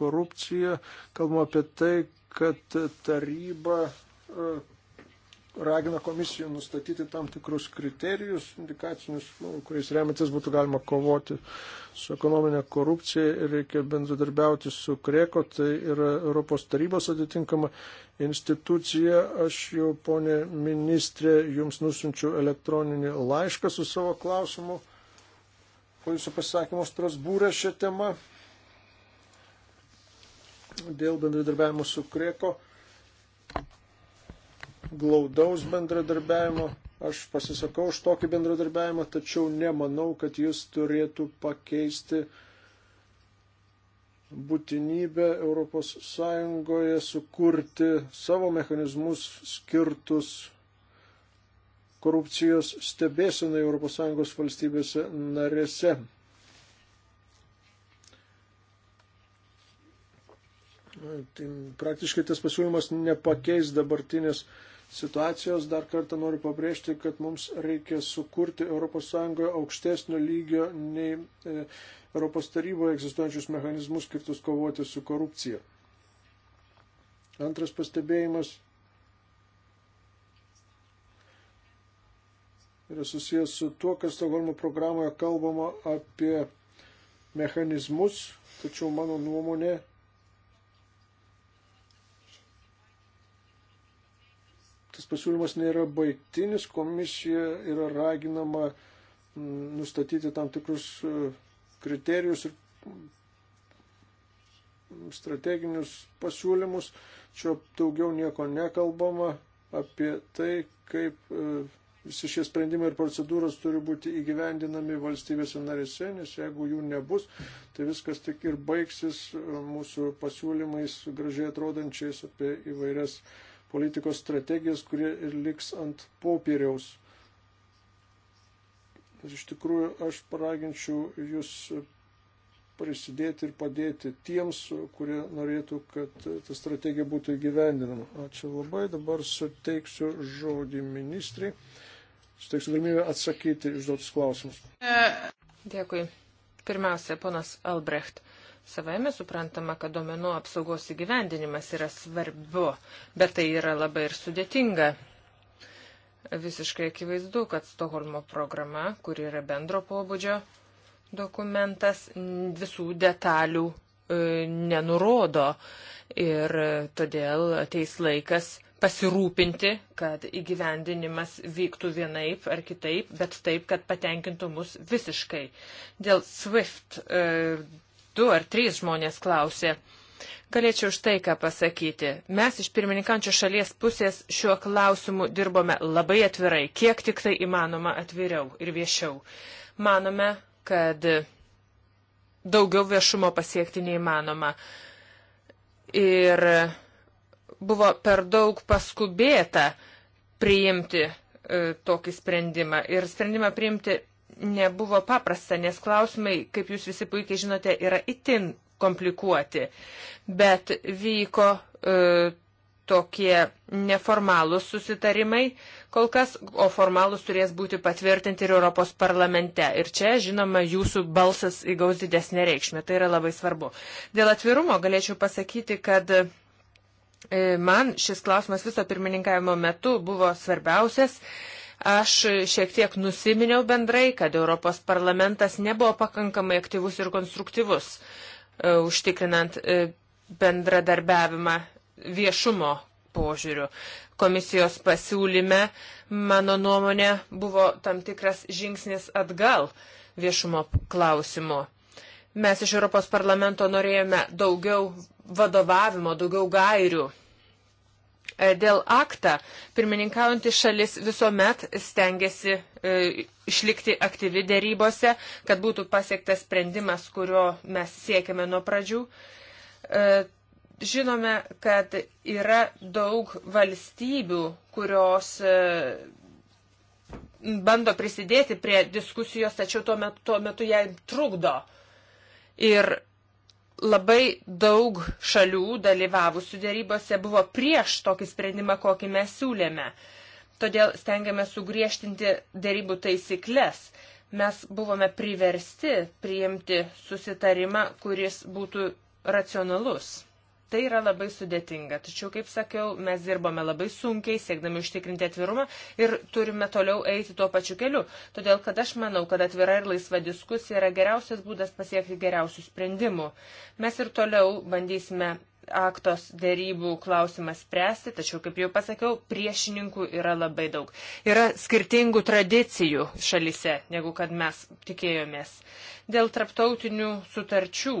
korupciją. Kalbama apie tai, kad taryba e, ragina komisiją nustatyti tam tikrus kriterijus, indikacinius, nu, kuriais remiantis būtų galima kovoti su ekonominė korupcija ir reikia bendradarbiauti su Kreko, tai yra Europos tarybos atitinkama institucija. Aš jau, ponė ministrė, jums nusinčiu elektroninį laišką su savo klausimu po jūsų pasisakymo Strasbūrė šią temą dėl bendradarbiavimo su Kreko glaudaus bendradarbiavimo. Aš pasisakau už tokį bendradarbiavimą, tačiau nemanau, kad jis turėtų pakeisti būtinybę ES sukurti savo mechanizmus skirtus korupcijos stebėsinai ES valstybėse narėse. Tai praktiškai tas pasiūlymas nepakeis dabartinės situacijos. Dar kartą noriu pabrėžti, kad mums reikia sukurti ES aukštesnio lygio nei ES taryboje egzistuojančius mechanizmus skirtus kovoti su korupcija. Antras pastebėjimas yra susijęs su tuo, kad Stokholmo programoje kalbama apie mechanizmus, tačiau mano nuomonė pasiūlymas nėra baigtinis, komisija yra raginama mm, nustatyti tam tikrus e, kriterijus ir mm, strateginius pasiūlymus. Čia daugiau nieko nekalbama apie tai, kaip e, visi šie sprendimai ir procedūros turi būti įgyvendinami valstybėse narėse, nes jeigu jų nebus, tai viskas tik ir baigsis e, mūsų pasiūlymais gražiai atrodančiais apie įvairias uh, politikos strategijas, kurie ir liks ant popieriaus. Ir iš tikrųjų aš paraginčiau jūs prisidėti ir padėti tiems, kurie norėtų, kad ta strategija būtų įgyvendinama. Ačiū labai. Dabar suteiksiu žodį ministrai. Suteiksiu galimybę atsakyti išduotus klausimus. Dėkui. Pirmiausia, ponas Albrecht. Uh, Savaime suprantama, kad domenų apsaugos įgyvendinimas yra svarbu, bet tai yra labai ir sudėtinga. Visiškai akivaizdu, kad Stoholmo programa, kuri yra bendro pobūdžio dokumentas, visų detalių e, nenurodo. Ir todėl ateis laikas pasirūpinti, kad įgyvendinimas vyktų vienaip ar kitaip, bet taip, kad patenkintų mus visiškai. Dėl SWIFT e, du ar trys žmonės klausė. Galėčiau štai ką pasakyti. Mes iš pirmininkančio šalies pusės šiuo klausimu dirbome labai atvirai, kiek tik tai įmanoma atviriau ir viešiau. Manome, kad daugiau viešumo pasiekti neįmanoma. Ir buvo per daug paskubėta priimti e, tokį sprendimą. Ir sprendimą priimti nebuvo paprasta, nes klausimai, kaip jūs visi puikiai žinote, yra itin komplikuoti. Bet vyko e, tokie neformalūs susitarimai kol kas, o formalūs turės būti patvirtinti ir Europos parlamente. Ir čia, žinoma, jūsų balsas įgaus didesnį reikšmę. Tai yra labai svarbu. Dėl atvirumo galėčiau pasakyti, kad e, man šis klausimas viso pirmininkavimo metu buvo svarbiausias Aš šiek tiek nusiminiau bendrai, kad Europos parlamentas nebuvo pakankamai aktyvus ir konstruktyvus, e, užtikrinant e, bendradarbiavimą viešumo požiūriu. Komisijos pasiūlyme, mano nuomonė, buvo tam tikras žingsnis atgal viešumo klausimu. Mes iš Europos parlamento norėjome daugiau vadovavimo, daugiau gairių E, dėl aktą pirmininkaujantis šalis visuomet stengiasi e, išlikti aktyvi dėrybose, kad būtų pasiektas sprendimas, kurio mes siekiame nuo pradžių. E, žinome, kad yra daug valstybių, kurios e, bando prisidėti prie diskusijos, tačiau tuo metu, tuo metu jai trukdo. Ir labai daug šalių dalyvavusių dėrybose buvo prieš tokį sprendimą, kokį mes siūlėme. Todėl stengiame sugriežtinti dėrybų taisyklės. Mes buvome priversti priimti susitarimą, kuris būtų racionalus. Tai yra labai sudėtinga. Tačiau, kaip sakiau, mes dirbame labai sunkiai, siekdami užtikrinti atvirumą ir turime toliau eiti tuo pačiu keliu. Todėl, kad aš manau, kad atvira ir laisva diskusija yra geriausias būdas pasiekti geriausių sprendimų. Mes ir toliau bandysime aktos dėrybų klausimą spręsti, tačiau, kaip jau pasakiau, priešininkų yra labai daug. Yra skirtingų tradicijų šalise, negu kad mes tikėjomės. Dėl traptautinių sutarčių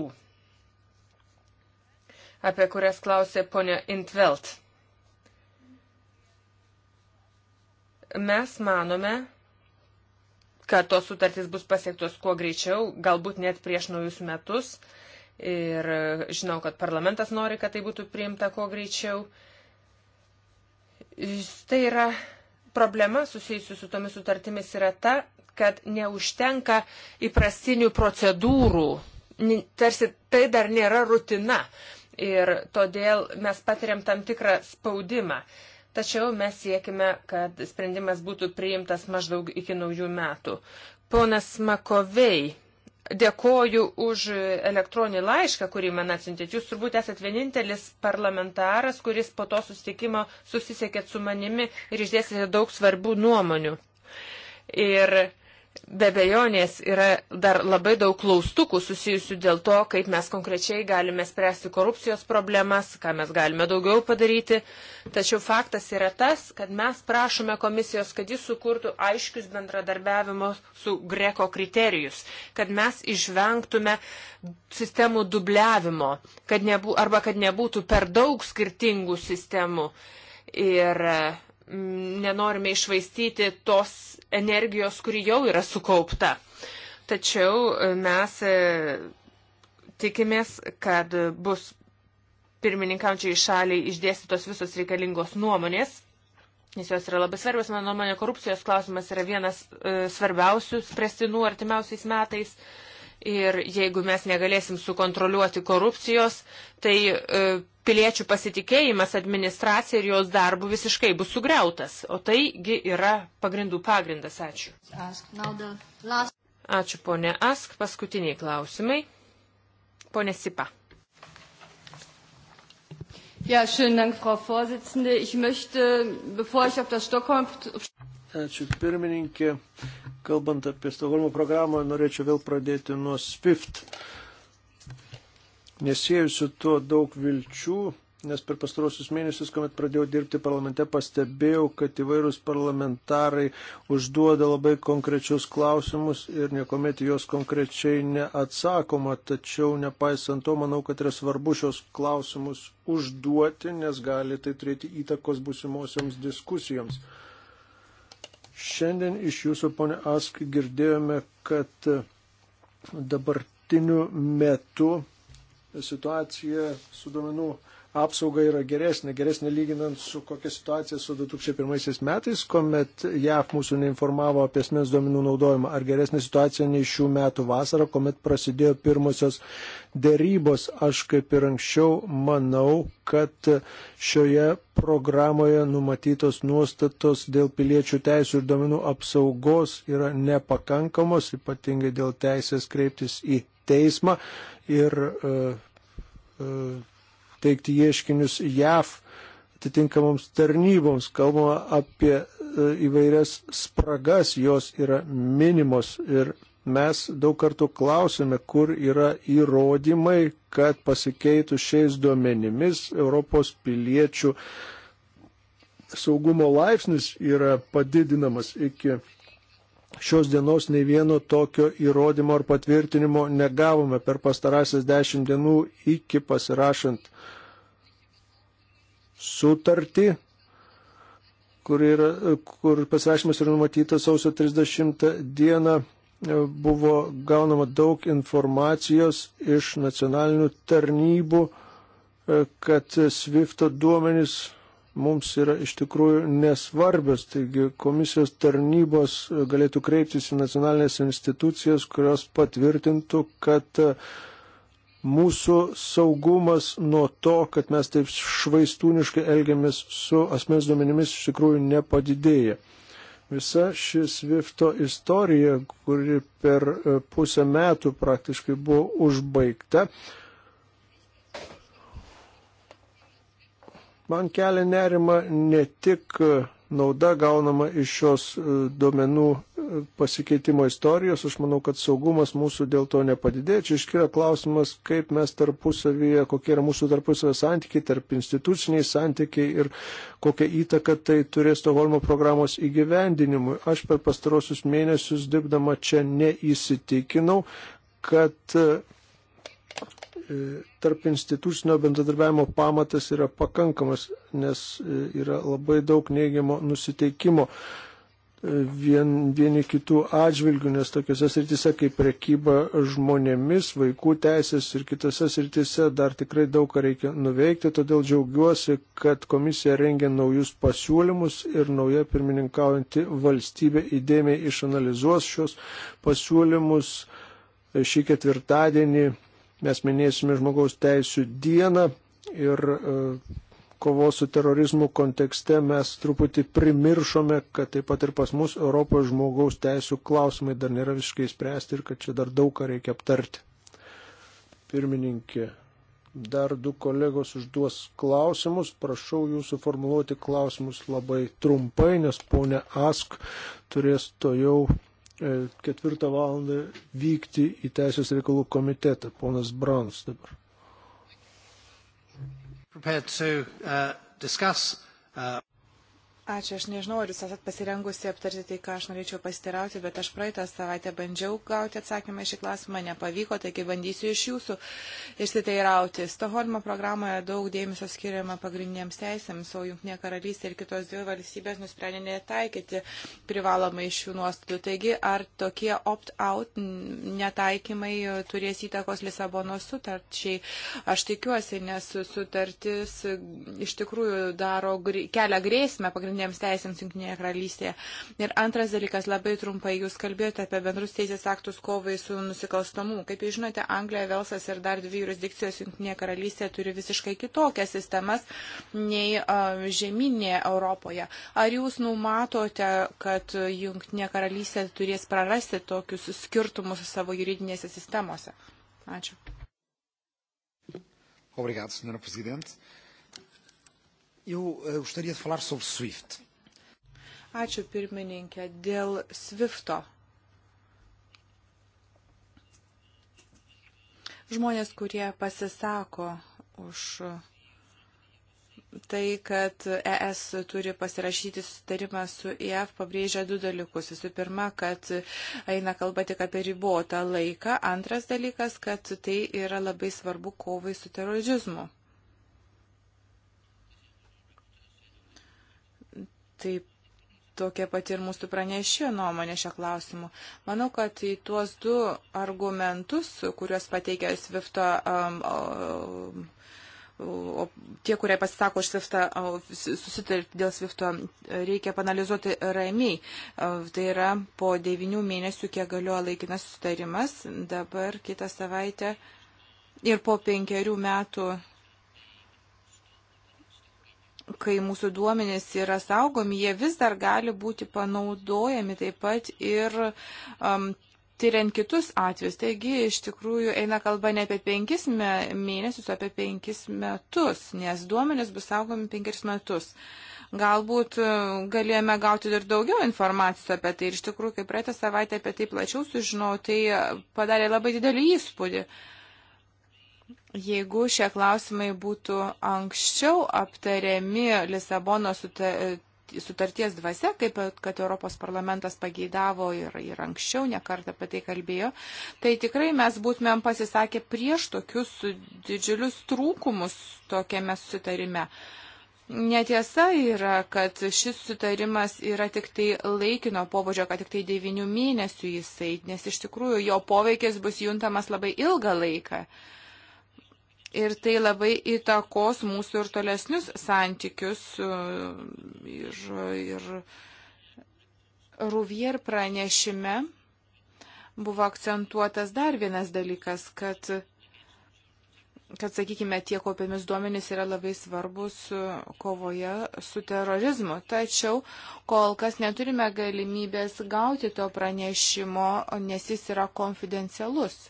apie kurias klausė ponia Intvelt. Mes manome, kad tos sutartys bus pasiektos kuo greičiau, galbūt net prieš naujus metus. Ir žinau, kad parlamentas nori, kad tai būtų priimta kuo greičiau. Tai yra problema susijusi su tomis sutartimis yra ta, kad neužtenka įprastinių procedūrų. Tarsi tai dar nėra rutina ir todėl mes patiriam tam tikrą spaudimą. Tačiau mes siekime, kad sprendimas būtų priimtas maždaug iki naujų metų. Ponas Makovei, dėkoju už elektroninį laišką, kurį man atsintėt. Jūs turbūt esat vienintelis parlamentaras, kuris po to susitikimo susisiekėt su manimi ir išdėsite daug svarbių nuomonių. Ir Be bejonės yra dar labai daug klaustukų susijusių dėl to, kaip mes konkrečiai galime spręsti korupcijos problemas, ką mes galime daugiau padaryti. Tačiau faktas yra tas, kad mes prašome komisijos, kad jis sukurtų aiškius bendradarbiavimo su greko kriterijus, kad mes išvengtume sistemų dubliavimo, kad nebū, arba kad nebūtų per daug skirtingų sistemų. Ir nenorime išvaistyti tos energijos, kuri jau yra sukaupta. Tačiau e, mes e, tikimės, kad bus pirmininkaučiai šaliai išdėstytos visos reikalingos nuomonės, nes jos yra labai svarbios. Mano nuomonė, korupcijos klausimas yra vienas e, svarbiausių spręstinų artimiausiais metais. E, ir jeigu mes negalėsim sukontroliuoti korupcijos, tai e, piliečių pasitikėjimas administracija ir jos darbu visiškai bus sugriautas, o taigi yra pagrindų pagrindas. Ačiū. Ačiū ponė Ask, paskutiniai klausimai. Pone Sipa. Ja, schönen Dank, Frau Vorsitzende. Ich möchte, bevor ich auf das Stockholm... Ačiū pirmininkė. Kalbant apie Stokholmo programą, norėčiau vėl pradėti nuo SWIFT. Nesėjusiu tuo daug vilčių, nes per pastarosius mėnesius, kuomet pradėjau dirbti parlamente, pastebėjau, kad įvairūs parlamentarai užduoda labai konkrečius klausimus ir niekuomet juos konkrečiai neatsakoma. Tačiau, nepaisant to, manau, kad yra svarbu šios klausimus užduoti, nes gali tai turėti įtakos būsimosioms diskusijoms. Šiandien iš jūsų, ponė Ask, girdėjome, kad dabartiniu metu situacija su duomenų apsauga yra geresnė, geresnė lyginant su kokia situacija su 2001 metais, kuomet JAF mūsų neinformavo apie asmens duomenų naudojimą, ar geresnė situacija nei šių metų vasarą, kuomet prasidėjo pirmosios dėrybos. Aš kaip ir anksčiau manau, kad šioje programoje numatytos nuostatos dėl piliečių teisų ir duomenų apsaugos yra nepakankamos, ypatingai dėl teisės kreiptis į teismą ir uh, uh, teikti ieškinius JAV atitinkamoms tarnyboms. Kalbama apie e, įvairias spragas, jos yra minimos ir mes daug kartų klausėme, kur yra įrodymai, kad pasikeitų šiais duomenimis Europos piliečių saugumo laipsnis yra padidinamas iki šios dienos nei vieno tokio įrodymo ar patvirtinimo negavome per pastarąsias dešimt dienų iki pasirašant sutartį, kur, yra, kur pasirašymas yra numatytas sausio 30 dieną. Buvo gaunama daug informacijos iš nacionalinių tarnybų, kad Swift duomenys mums yra iš tikrųjų nesvarbios. Taigi komisijos tarnybos galėtų kreiptis į nacionalinės institucijas, kurios patvirtintų, kad e, mūsų saugumas nuo to, kad mes taip švaistūniškai elgiamės su asmens duomenimis, iš tikrųjų nepadidėja. Visa ši Svifto istorija, kuri per e, pusę metų praktiškai buvo užbaigta, Man kelia nerima ne tik e, nauda gaunama iš šios e, duomenų e, pasikeitimo istorijos. Aš manau, kad saugumas mūsų dėl to nepadidėja. Čia iškyla klausimas, kaip mes tarpusavyje, kokie yra mūsų tarpusavio santykiai, tarp instituciniai santykiai ir kokią įtaką tai turės Stokholmo programos įgyvendinimui. Aš per pastarosius mėnesius dirbdama čia neįsitikinau, kad E, tarp institucinio bendradarbiavimo pamatas yra pakankamas, nes e, yra labai daug neigiamo nusiteikimo e, vien, vieni kitų atžvilgių, nes tokiuose srityse kaip prekyba žmonėmis, vaikų teisės ir kitose srityse dar tikrai daug ką reikia nuveikti, todėl džiaugiuosi, kad komisija rengia naujus pasiūlymus ir nauja pirmininkaujanti valstybė įdėmiai išanalizuos šios pasiūlymus šį ketvirtadienį Mes minėsime žmogaus teisų dieną ir e, kovos su terorizmu kontekste mes truputį primiršome, kad taip pat ir pas mus Europoje žmogaus teisų klausimai dar nėra visiškai spręsti ir kad čia dar daug ką reikia aptarti. Pirmininkė, dar du kolegos užduos klausimus. Prašau jūsų formuluoti klausimus labai trumpai, nes ponė Ask turės to jau E, ketvirtą valandą vykti į Teisės reikalų komitetą. Ponas Brons dabar. To, uh, discuss, uh... Ačiū, aš nežinau, ar jūs esat pasirengusi aptarti tai, ką aš norėčiau pasitirauti, bet aš praeitą savaitę bandžiau gauti atsakymą šį klausimą, nepavyko, taigi bandysiu iš jūsų išsiteirauti. Stoholmo programoje daug dėmesio skiriama pagrindiniams teisėms, o Junknė karalystė ir kitos dvi valstybės nusprendė netaikyti privalomai šių nuostatų. Taigi, ar tokie opt-out netaikymai turės įtakos Lisabono sutarčiai? Aš tikiuosi, nes sutartis iš tikrųjų daro, kelia grėsmę pagrindiniams pagrindiniams teisėms Junktinėje karalystėje. Ir antras dalykas, labai trumpai, jūs kalbėjote apie bendrus teisės aktus kovai su nusikalstamumu. Kaip jūs žinote, Anglija, Velsas ir dar dvi jurisdikcijos Junktinėje karalystėje turi visiškai kitokias sistemas nei uh, žemynėje Europoje. Ar jūs numatote, kad Junktinė karalystė turės prarasti tokius skirtumus savo juridinėse sistemose? Ačiū. Obrigado, Sra. Presidente. Eu eh, gostaria de falar sobre SWIFT. Ačiū pirmininkė. Dėl SWIFTO. Žmonės, kurie pasisako už tai, kad ES turi pasirašyti susitarimą su IF, pabrėžia du dalykus. Visų pirma, kad eina kalba tik apie ribotą laiką. Antras dalykas, kad tai yra labai svarbu kovai su terorizmu. Taip tokia pati ir mūsų pranešė nuomonė šio klausimu. Manau, kad į tuos du argumentus, kuriuos pateikė Svifto, um, um, o tie, kurie pasisako už Swiftą, susitarti dėl Swifto, reikia panalizuoti ramiai. Tai yra po devinių mėnesių, kiek galioja laikinas susitarimas, dabar kitą savaitę ir po penkerių metų kai mūsų duomenys yra saugomi, jie vis dar gali būti panaudojami taip pat ir um, tyriant kitus atvejus. Taigi, iš tikrųjų, eina kalba ne apie penkis mėnesius, o apie penkis metus, nes duomenys bus saugomi penkis metus. Galbūt e, galėjome gauti ir daugiau informacijos apie tai. Ir iš tikrųjų, kai praeitą savaitę apie tai plačiau sužinojau, tai e, padarė labai didelį įspūdį. Uh, Jeigu šie klausimai būtų anksčiau aptariami Lisabono sutarties dvasia, kaip kad Europos parlamentas pageidavo ir, ir anksčiau nekart apie tai kalbėjo, tai tikrai mes būtumėm pasisakę prieš tokius didžiulius trūkumus tokiame sutarime. Netiesa yra, kad šis sutarimas yra tik tai laikino pobūdžio, kad tik tai devinių mėnesių jisai, nes iš tikrųjų jo poveikis bus juntamas labai ilgą laiką. Uh, Ir tai labai įtakos mūsų ir tolesnius santykius. E, ir, ir Ruvier pranešime buvo akcentuotas dar vienas dalykas, kad, kad sakykime, tie kopiamis duomenys yra labai svarbus kovoje su terorizmu. Tačiau kol kas neturime galimybės gauti to pranešimo, nes jis yra konfidencialus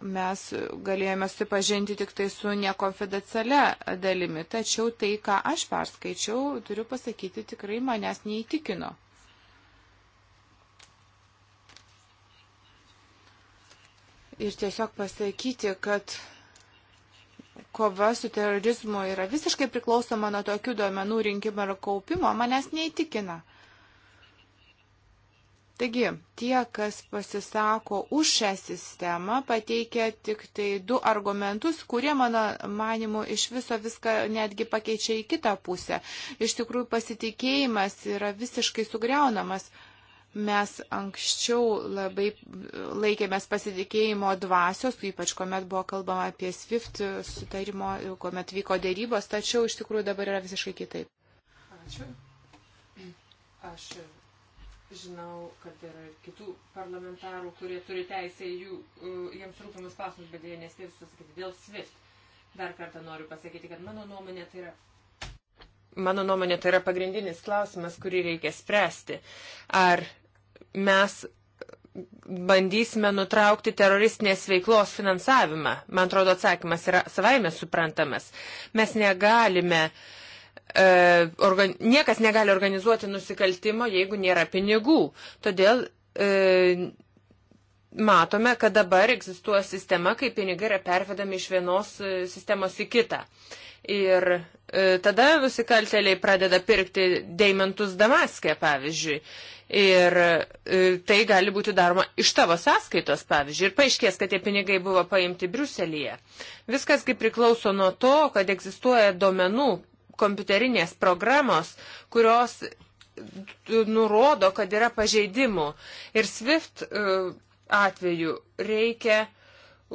mes galėjome supažinti tik tai su nekonfidencialia dalimi, tačiau tai, ką aš perskaičiau, turiu pasakyti, tikrai manęs neįtikino. Ir tiesiog pasakyti, kad kova su terorizmu yra visiškai priklausoma nuo tokių duomenų rinkimo ir kaupimo, manęs neįtikina. Taigi, tie, kas pasisako už šią sistemą, pateikia tik tai du argumentus, kurie, mano manimu, iš viso viską netgi pakeičia į kitą pusę. Iš tikrųjų, pasitikėjimas yra visiškai sugriaunamas mes anksčiau labai laikėmės pasitikėjimo dvasios, ypač kuomet buvo kalbama apie SWIFT sutarimo, kuomet vyko dėrybos, tačiau iš tikrųjų dabar yra visiškai kitaip. Ačiū. Aš Žinau, kad yra kitų parlamentarų, kurie turi teisę jų, e, jiems rūpimus klausimus, bet jie nespės susakyti dėl SWIFT. Dar kartą noriu pasakyti, kad mano nuomonė tai yra mano nuomonė, tai yra pagrindinis klausimas, kurį reikia spręsti. Ar mes bandysime nutraukti teroristinės veiklos finansavimą? Man atrodo, atsakymas yra savaime suprantamas. Mes negalime uh, E, organ, niekas negali organizuoti nusikaltimo, jeigu nėra pinigų. Todėl e, matome, kad dabar egzistuoja sistema, kai pinigai yra pervedami iš vienos e, sistemos į kitą. Ir e, tada nusikaltėliai pradeda pirkti deimantus Damaskė, pavyzdžiui. Ir e, tai gali būti daroma iš tavo sąskaitos, pavyzdžiui. Ir paaiškės, kad tie pinigai buvo paimti Briuselėje. Viskas kaip priklauso nuo to, kad egzistuoja domenų kompiuterinės programos, kurios nurodo, kad yra pažeidimų. Ir SWIFT e, atveju reikia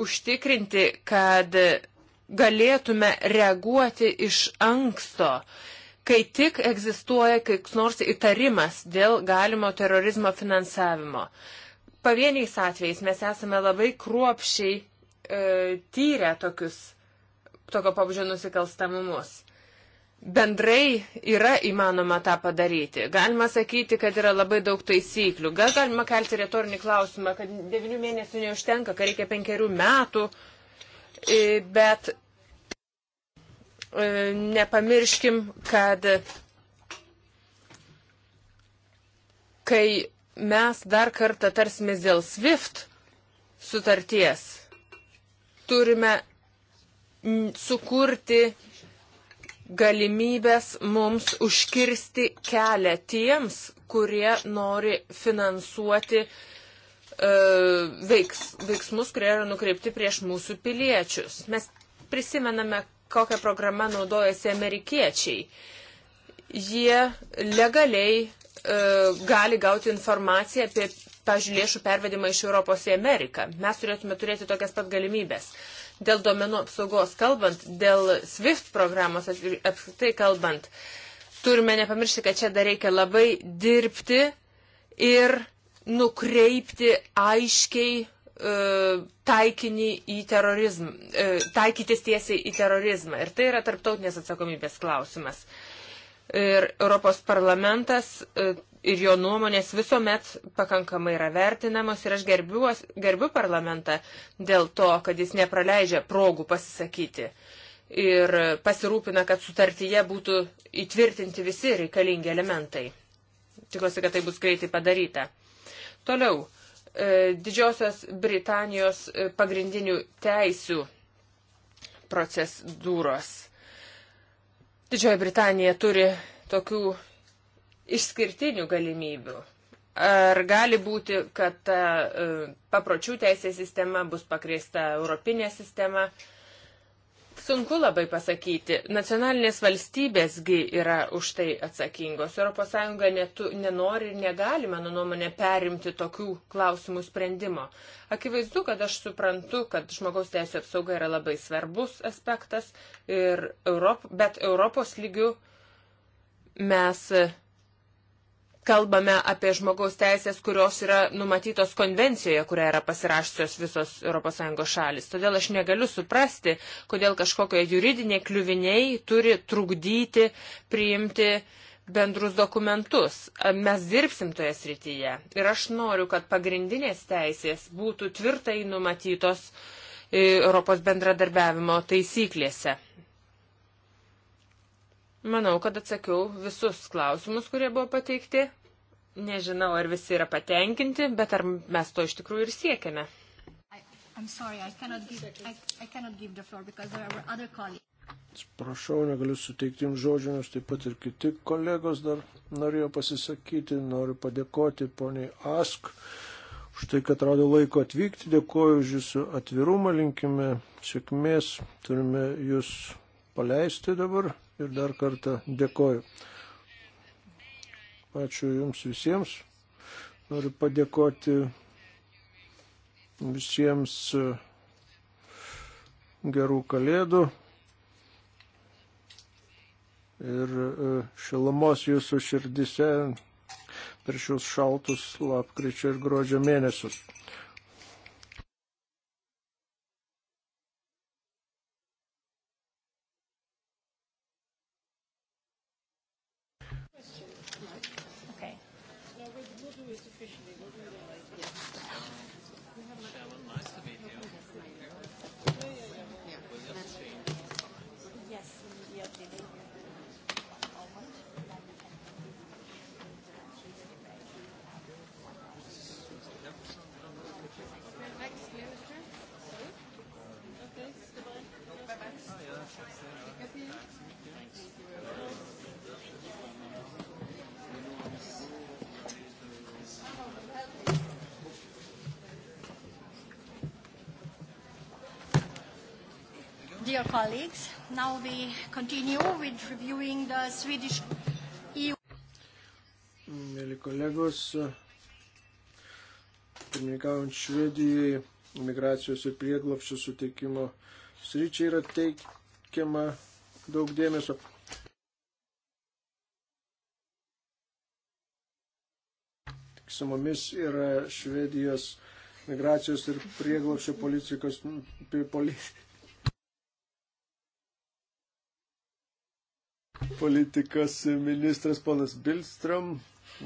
užtikrinti, kad galėtume reaguoti iš anksto, kai tik egzistuoja koks nors įtarimas dėl galimo terorizmo finansavimo. Pavieniais atvejais mes esame labai kruopšiai e, tyrę tokius tokio pabudžio nusikalstamumus bendrai yra įmanoma tą padaryti. Galima sakyti, kad yra labai daug taisyklių. Gal galima kelti retorinį klausimą, kad devinių mėnesių neužtenka, kad reikia penkerių metų, e, bet e, nepamirškim, kad kai mes dar kartą tarsimės dėl SWIFT sutarties, turime sukurti galimybės mums užkirsti kelią tiems, kurie nori finansuoti uh, veiks, veiksmus, kurie yra nukreipti prieš mūsų piliečius. Mes prisimename, kokią programą naudojasi amerikiečiai. Jie legaliai uh, gali gauti informaciją apie pažiūrėjau, lėšų pervedimą iš Europos į Ameriką. Mes turėtume turėti tokias pat galimybės. Dėl domenų apsaugos kalbant, dėl SWIFT programos apskritai kalbant, turime nepamiršti, kad čia dar reikia labai dirbti ir nukreipti aiškiai e, taikinį į terorizmą, e, taikytis tiesiai į terorizmą. Ir tai yra tarptautinės atsakomybės klausimas ir Europos parlamentas e, ir jo nuomonės visuomet pakankamai yra vertinamos ir aš gerbiu, gerbiu parlamentą dėl to, kad jis nepraleidžia progų pasisakyti ir pasirūpina, kad sutartyje būtų įtvirtinti visi reikalingi elementai. Tikiuosi, kad tai bus greitai padaryta. Toliau, e, Didžiosios Britanijos e, pagrindinių teisių procesūros Didžioji Britanija turi tokių išskirtinių galimybių. Ar gali būti, kad ta e, papročių teisės sistema bus pakreista Europinė sistema? Uh, Sunku labai pasakyti. Nacionalinės valstybėsgi yra už tai atsakingos. ES netu, nenori ir negali, mano nuomonė, perimti tokių klausimų sprendimo. Akivaizdu, kad aš suprantu, kad žmogaus teisų apsauga yra labai svarbus aspektas, Europ, bet Europos lygių mes kalbame apie žmogaus teisės, kurios yra numatytos konvencijoje, kurią yra pasirašusios visos ES šalis. Todėl aš negaliu suprasti, kodėl kažkokie juridiniai kliuviniai turi trukdyti priimti bendrus dokumentus. Mes dirbsim toje srityje. Ir aš noriu, kad pagrindinės teisės būtų tvirtai numatytos e, Europos bendradarbiavimo taisyklėse. Manau, kad atsakiau visus klausimus, kurie buvo pateikti. Nežinau, ar visi yra patenkinti, bet ar mes to iš tikrųjų ir siekiame. Prašau, negaliu suteikti jums žodžių, nes taip pat ir kiti kolegos dar norėjo pasisakyti. Noriu padėkoti poniai Ask už tai, kad rado laiko atvykti. Dėkuoju už jūsų atvirumą, linkime sėkmės. Turime jūs paleisti dabar ir dar kartą dėkoju. Ačiū Jums visiems. Noriu padėkoti visiems gerų kalėdų ir e, šilumos Jūsų širdise per šios šaltus lapkričio ir gruodžio mėnesius. colleagues, now we continue with reviewing the Swedish EU. Mėly kolegos, pirmininkaujant Švedijai, migracijos ir prieglopščio suteikimo sryčiai yra teikiama daug dėmesio. Su mumis yra Švedijos migracijos ir prieglopščio politikos, poli, politikos ministras ponas Bilstram.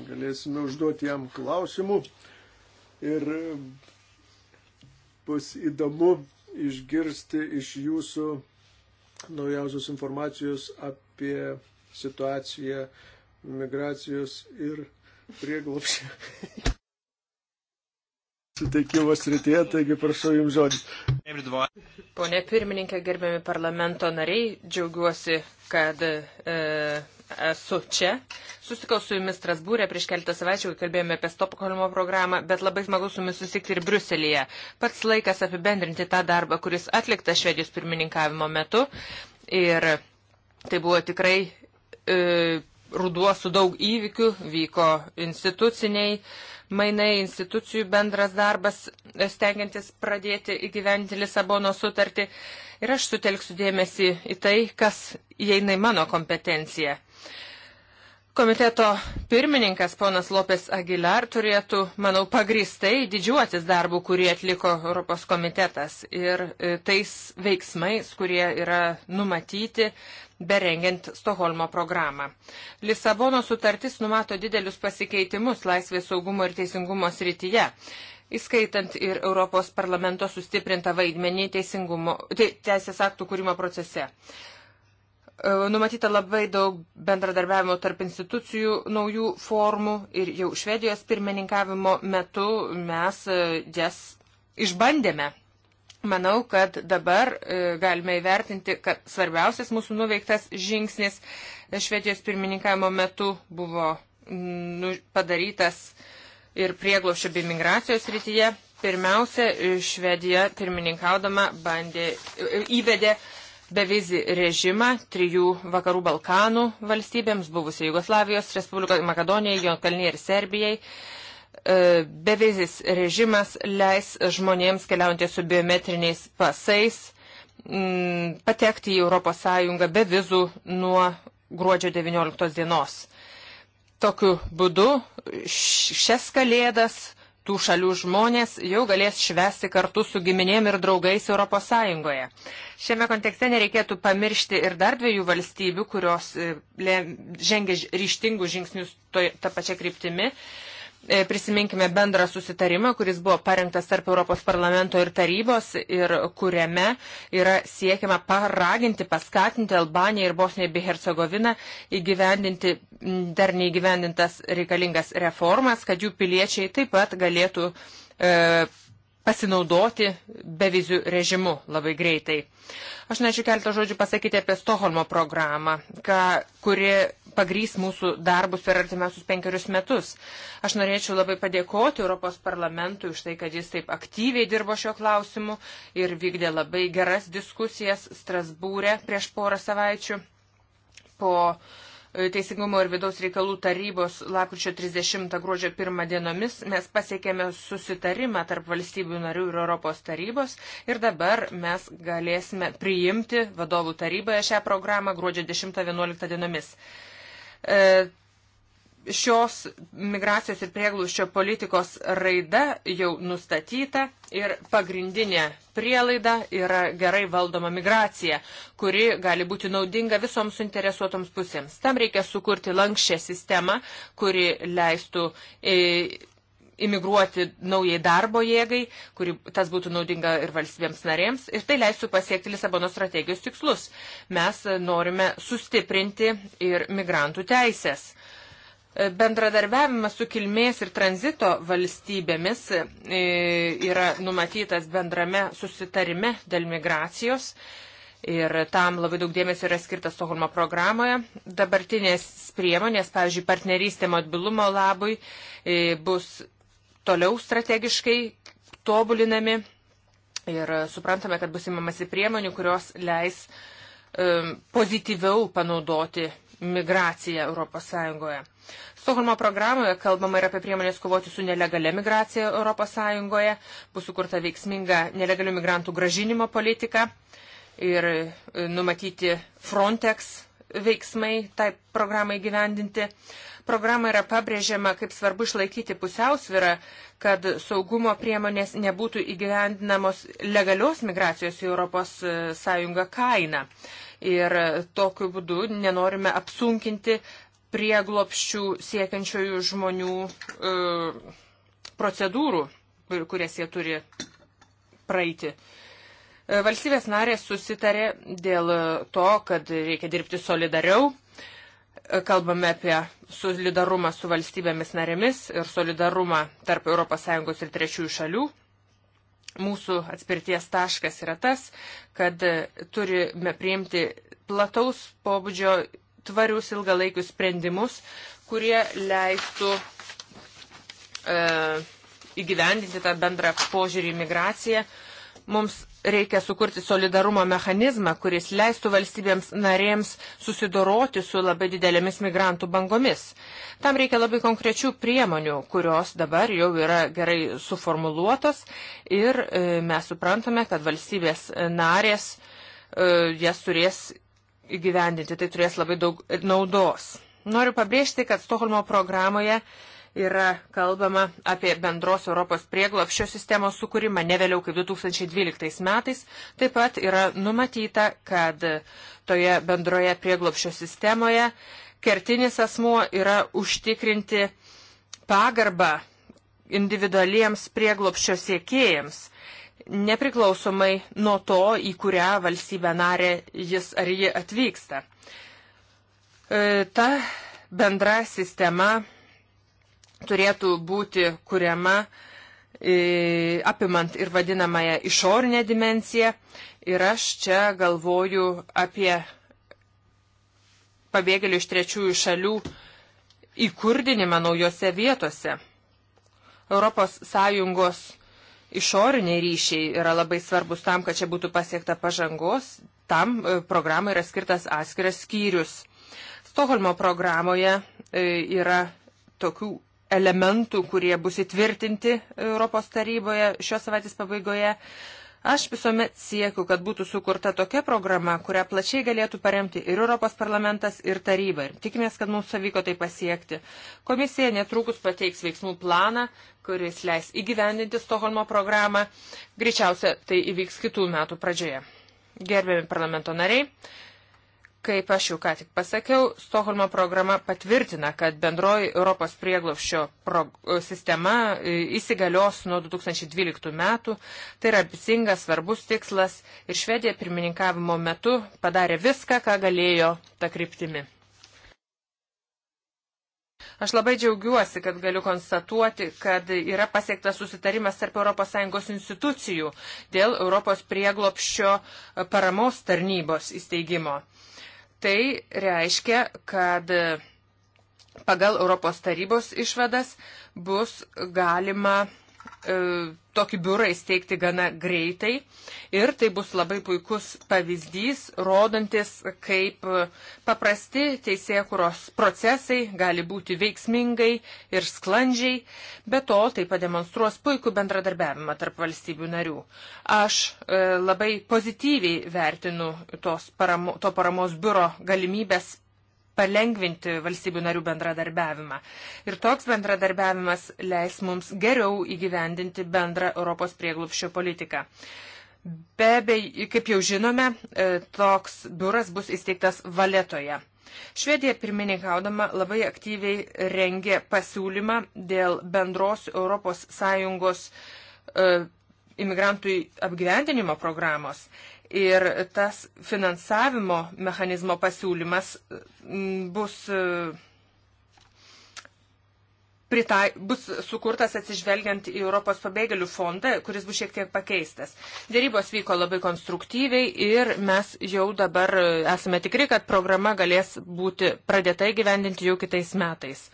Galėsime užduoti jam klausimų. Ir bus įdomu išgirsti iš jūsų naujausios informacijos apie situaciją migracijos ir prieglopščio suteikimo srityje, taigi prašau Jums žodis. Pone pirmininkė, gerbiami parlamento nariai, džiaugiuosi, kad e, esu čia. Susikau su Jumis Strasbūrė prieš keletą savaičių, kai kalbėjome apie Stopkolimo programą, bet labai smagu su Jumis susitikti ir Bruselėje. Pats laikas apibendrinti tą darbą, kuris atliktas Švedijos pirmininkavimo metu. Ir tai buvo tikrai. E, ruduo su daug įvykių, vyko instituciniai mainai, institucijų bendras darbas, e, stengiantis pradėti įgyventi Lisabono sutartį. Ir aš sutelksiu dėmesį į tai, kas įeina į mano kompetenciją. Komiteto pirmininkas ponas Lopes Aguilar turėtų, manau, pagristai didžiuotis darbų, kurį atliko Europos komitetas ir e, tais veiksmais, kurie yra numatyti berengiant Stoholmo programą. Lisabono sutartis numato didelius pasikeitimus laisvės saugumo ir teisingumo srityje įskaitant ir Europos parlamento sustiprintą vaidmenį teisingumo, te, teisės aktų kūrimo procese. E, numatyta labai daug bendradarbiavimo tarp institucijų naujų formų ir jau Švedijos pirmininkavimo metu mes e, jas išbandėme. Manau, kad dabar e, galime įvertinti, kad svarbiausias mūsų nuveiktas žingsnis Švedijos pirmininkavimo metu buvo mm, nu, padarytas ir prieglošio bei migracijos rytyje. Pirmiausia, Švedija pirmininkaudama bandė, įvedė bevizį režimą trijų vakarų Balkanų valstybėms, buvusiai Jugoslavijos, Respublika Makedonijai, Jonkalniai ir Serbijai. E, bevizis režimas leis žmonėms keliaujantys su biometriniais pasais mm, patekti į ES be vizų nuo gruodžio 19 dienos. Tokiu būdu šias kalėdas tų šalių žmonės jau galės švesti kartu su giminėm ir draugais Europos Sąjungoje. Šiame kontekste nereikėtų pamiršti ir dar dviejų valstybių, kurios e, žengia ryštingus žingsnius to, tą pačią kryptimį. E, prisiminkime bendrą susitarimą, kuris buvo parengtas tarp Europos parlamento ir tarybos ir kuriame yra siekiama paraginti, paskatinti Albaniją ir Bosniją bei Hercegoviną įgyvendinti dar neįgyvendintas reikalingas reformas, kad jų piliečiai taip pat galėtų e, pasinaudoti bevizių režimu labai greitai. Aš norėčiau keletą žodžių pasakyti apie Stoholmo programą, ką, kuri pagrys mūsų darbus per artimiausius penkerius metus. Aš norėčiau labai padėkoti Europos parlamentui už tai, kad jis taip aktyviai dirbo šio klausimu ir vykdė labai geras diskusijas Strasbūrė prieš porą savaičių po uh, E, Teisingumo ir vidaus reikalų tarybos lapkričio 30 gruodžio 1 dienomis mes pasiekėme susitarimą tarp valstybių narių ir Europos tarybos ir dabar mes galėsime priimti vadovų taryboje šią programą gruodžio 10-11 dienomis. E, šios migracijos ir prieglūščio politikos raida jau nustatyta ir pagrindinė prielaida yra gerai valdoma migracija, kuri gali būti naudinga visoms suinteresuotoms pusėms. Tam reikia sukurti lankščią sistemą, kuri leistų e, imigruoti naujai darbo jėgai, kuri tas būtų naudinga ir valstybėms narėms ir tai leistų pasiekti Lisabono strategijos tikslus. Mes norime sustiprinti ir migrantų teisės Bendradarbiavimas su kilmės ir tranzito valstybėmis e, yra numatytas bendrame susitarime dėl migracijos ir tam labai daug dėmesio yra skirtas Stokholmo programoje. Dabartinės priemonės, pavyzdžiui, partnerystė mobilumo labui e, bus toliau strategiškai tobulinami ir suprantame, kad bus imamasi priemonių, kurios leis e, pozityviau panaudoti migraciją Europos Sąjungoje. Stokholmo programoje kalbama ir apie priemonės kovoti su nelegalia migracija ES, bus sukurta veiksminga nelegalių migrantų gražinimo politika ir e, numatyti Frontex veiksmai tai programai gyvendinti. Programa yra pabrėžiama, kaip svarbu išlaikyti pusiausvirą, kad saugumo priemonės nebūtų įgyvendinamos legalios migracijos į ES e, kainą. Ir e, tokiu būdu nenorime apsunkinti prieglopščių siekiančiųjų žmonių e, procedūrų, kurias jie turi praeiti. E, valstybės narės susitarė dėl to, kad reikia dirbti solidariau. E, kalbame apie solidarumą su valstybėmis narėmis ir solidarumą tarp ES ir trečiųjų šalių mūsų atspirties taškas yra tas, kad turime priimti plataus pobūdžio tvarius ilgalaikius sprendimus, kurie leistų e, įgyvendinti tą bendrą požiūrį į migraciją. Mums reikia sukurti solidarumo mechanizmą, kuris leistų valstybėms narėms susidoroti su labai didelėmis migrantų bangomis. Tam reikia labai konkrečių priemonių, kurios dabar jau yra gerai suformuluotos ir e, mes suprantame, kad valstybės narės e, jas turės įgyvendinti, tai turės labai daug naudos. Noriu pabrėžti, kad Stokholmo programoje yra kalbama apie bendros Europos prieglopščio sistemos sukūrimą ne vėliau kaip 2012 metais. Taip pat yra numatyta, kad toje bendroje prieglopščio sistemoje kertinis asmuo yra užtikrinti pagarbą individualiems prieglopščio siekėjams nepriklausomai nuo to, į kurią valstybę narę jis ar ji atvyksta. E, ta bendra sistema turėtų būti kuriama e, apimant ir vadinamąją išorinę dimenciją. Ir aš čia galvoju apie pabėgėlių iš trečiųjų šalių įkurdinimą naujose vietose. Europos Sąjungos išoriniai ryšiai yra labai svarbus tam, kad čia būtų pasiekta pažangos, tam e, programai yra skirtas atskiras skyrius. Stoholmo programoje e, yra tokių elementų, kurie bus įtvirtinti Europos taryboje šios savaitės pabaigoje. Uh, Aš visuomet siekiu, kad būtų sukurta tokia programa, kurią plačiai galėtų paremti ir Europos parlamentas, ir taryba. Ir tikimės, kad mums pavyko tai pasiekti. Komisija netrukus pateiks veiksmų planą, kuris leis įgyvendinti Stoholmo programą. Greičiausia, tai įvyks kitų metų pradžioje. Gerbiami parlamento nariai, Kaip aš jau ką tik pasakiau, Stoholmo programa patvirtina, kad bendroji Europos prieglopščio sistema e, įsigalios nuo 2012 metų. Tai yra ambicingas, svarbus tikslas ir Švedija pirmininkavimo metu padarė viską, ką galėjo tą kryptimį. Aš labai džiaugiuosi, kad galiu konstatuoti, kad yra pasiektas susitarimas tarp ES institucijų dėl Europos prieglopščio paramos tarnybos įsteigimo. Tai reiškia, kad pagal Europos tarybos išvadas bus galima E, tokį biurą įsteigti gana greitai ir tai bus labai puikus pavyzdys, rodantis, kaip paprasti teisėkuros procesai gali būti veiksmingai ir sklandžiai, be to tai pademonstruos puikų bendradarbiavimą tarp valstybių narių. Aš e, labai pozityviai vertinu tos paramo, to paramos biuro galimybės palengvinti valstybių narių bendradarbiavimą. Ir toks bendradarbiavimas leis mums geriau įgyvendinti bendrą Europos prieglupščio politiką. Be abejo, kaip jau žinome, e, toks biuras bus įsteigtas Valetoje. Švedija pirmininkaudama labai aktyviai rengė pasiūlymą dėl bendros ES e, imigrantų apgyvendinimo programos. Ir tas finansavimo mechanizmo pasiūlymas mm, bus, e, pritai, bus sukurtas atsižvelgiant į Europos pabėgėlių fondą, kuris bus šiek tiek pakeistas. Dėrybos vyko labai konstruktyviai ir mes jau dabar e, esame tikri, kad programa galės būti pradėta įgyvendinti jau kitais metais.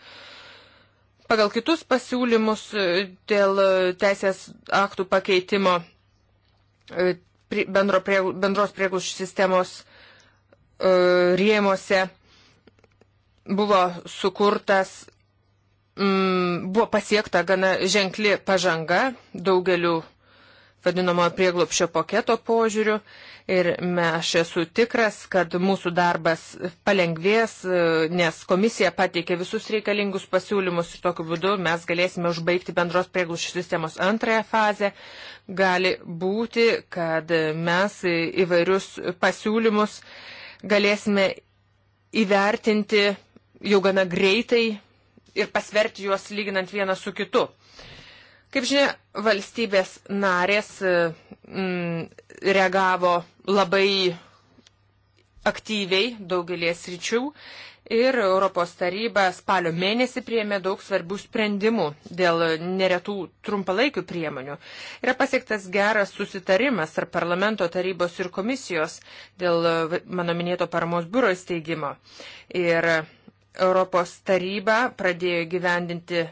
Pagal kitus pasiūlymus e, dėl teisės aktų pakeitimo bendro prie, bendros prieglušių sistemos uh, e, rėmose buvo sukurtas, um, buvo pasiekta gana ženkli pažanga daugeliu vadinamojo prieglopšio paketo požiūriu ir me, aš esu tikras, kad mūsų darbas palengvės, e, nes komisija pateikė visus reikalingus pasiūlymus ir tokiu būdu mes galėsime užbaigti bendros prieglopšio sistemos antrąją fazę. Gali būti, kad mes įvairius pasiūlymus galėsime įvertinti jau gana greitai ir pasverti juos lyginant vieną su kitu. Uh, Kaip žinia, valstybės narės mm, reagavo labai aktyviai daugelės ryčių ir Europos taryba spalio mėnesį priėmė daug svarbių sprendimų dėl neretų trumpalaikių priemonių. Yra pasiektas geras susitarimas ar parlamento tarybos ir komisijos dėl e, mano minėto paramos biuro įsteigimo. Ir Europos taryba pradėjo gyvendinti e,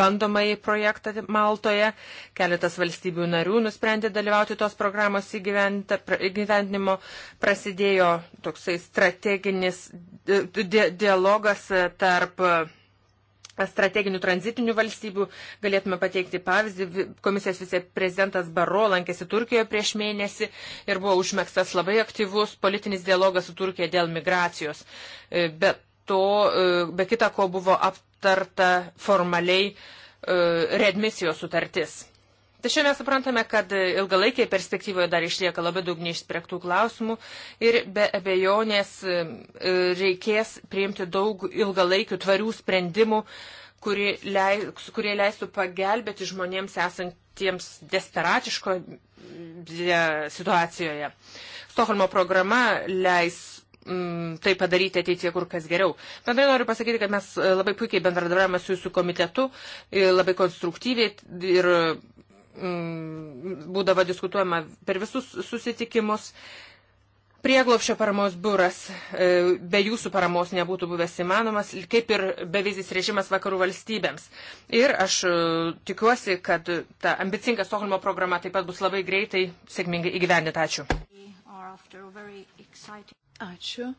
bandomąjį projektą Maltoje. Keletas valstybių narių nusprendė dalyvauti tos programos įgyvendinimo. Prasidėjo toksai strateginis e, dialogas e, tarp strateginių tranzitinių valstybių. Galėtume pateikti pavyzdį. Komisijos viceprezidentas Baro lankėsi Turkijoje prieš mėnesį ir buvo užmėgstas labai aktyvus politinis dialogas su Turkija dėl migracijos. Bet to, e, be kita ko, buvo aptarta formaliai e, redmisijos sutartis. Tačiau mes suprantame, kad ilgalaikėje perspektyvoje dar išlieka labai daug neišspręktų klausimų ir be abejonės e, reikės priimti daug ilgalaikių tvarių sprendimų, kurie, leis, kurie leistų pagelbėti žmonėms esantiems desperatiškoje situacijoje. Stokholmo programa leis mm, tai padaryti ateityje kur kas geriau. Bendrai noriu pasakyti, kad mes e, labai puikiai bendradarbiavame su jūsų komitetu, e, labai konstruktyviai ir mm, būdavo diskutuojama per visus susitikimus. Prieglopšio paramos biuras e, be jūsų paramos nebūtų buvęs įmanomas, kaip ir bevizis režimas vakarų valstybėms. Ir aš tikiuosi, kad ta ambicinga Stokholmo programa taip pat bus labai greitai sėkmingai įgyvendinta. Ačiū. Ačiū.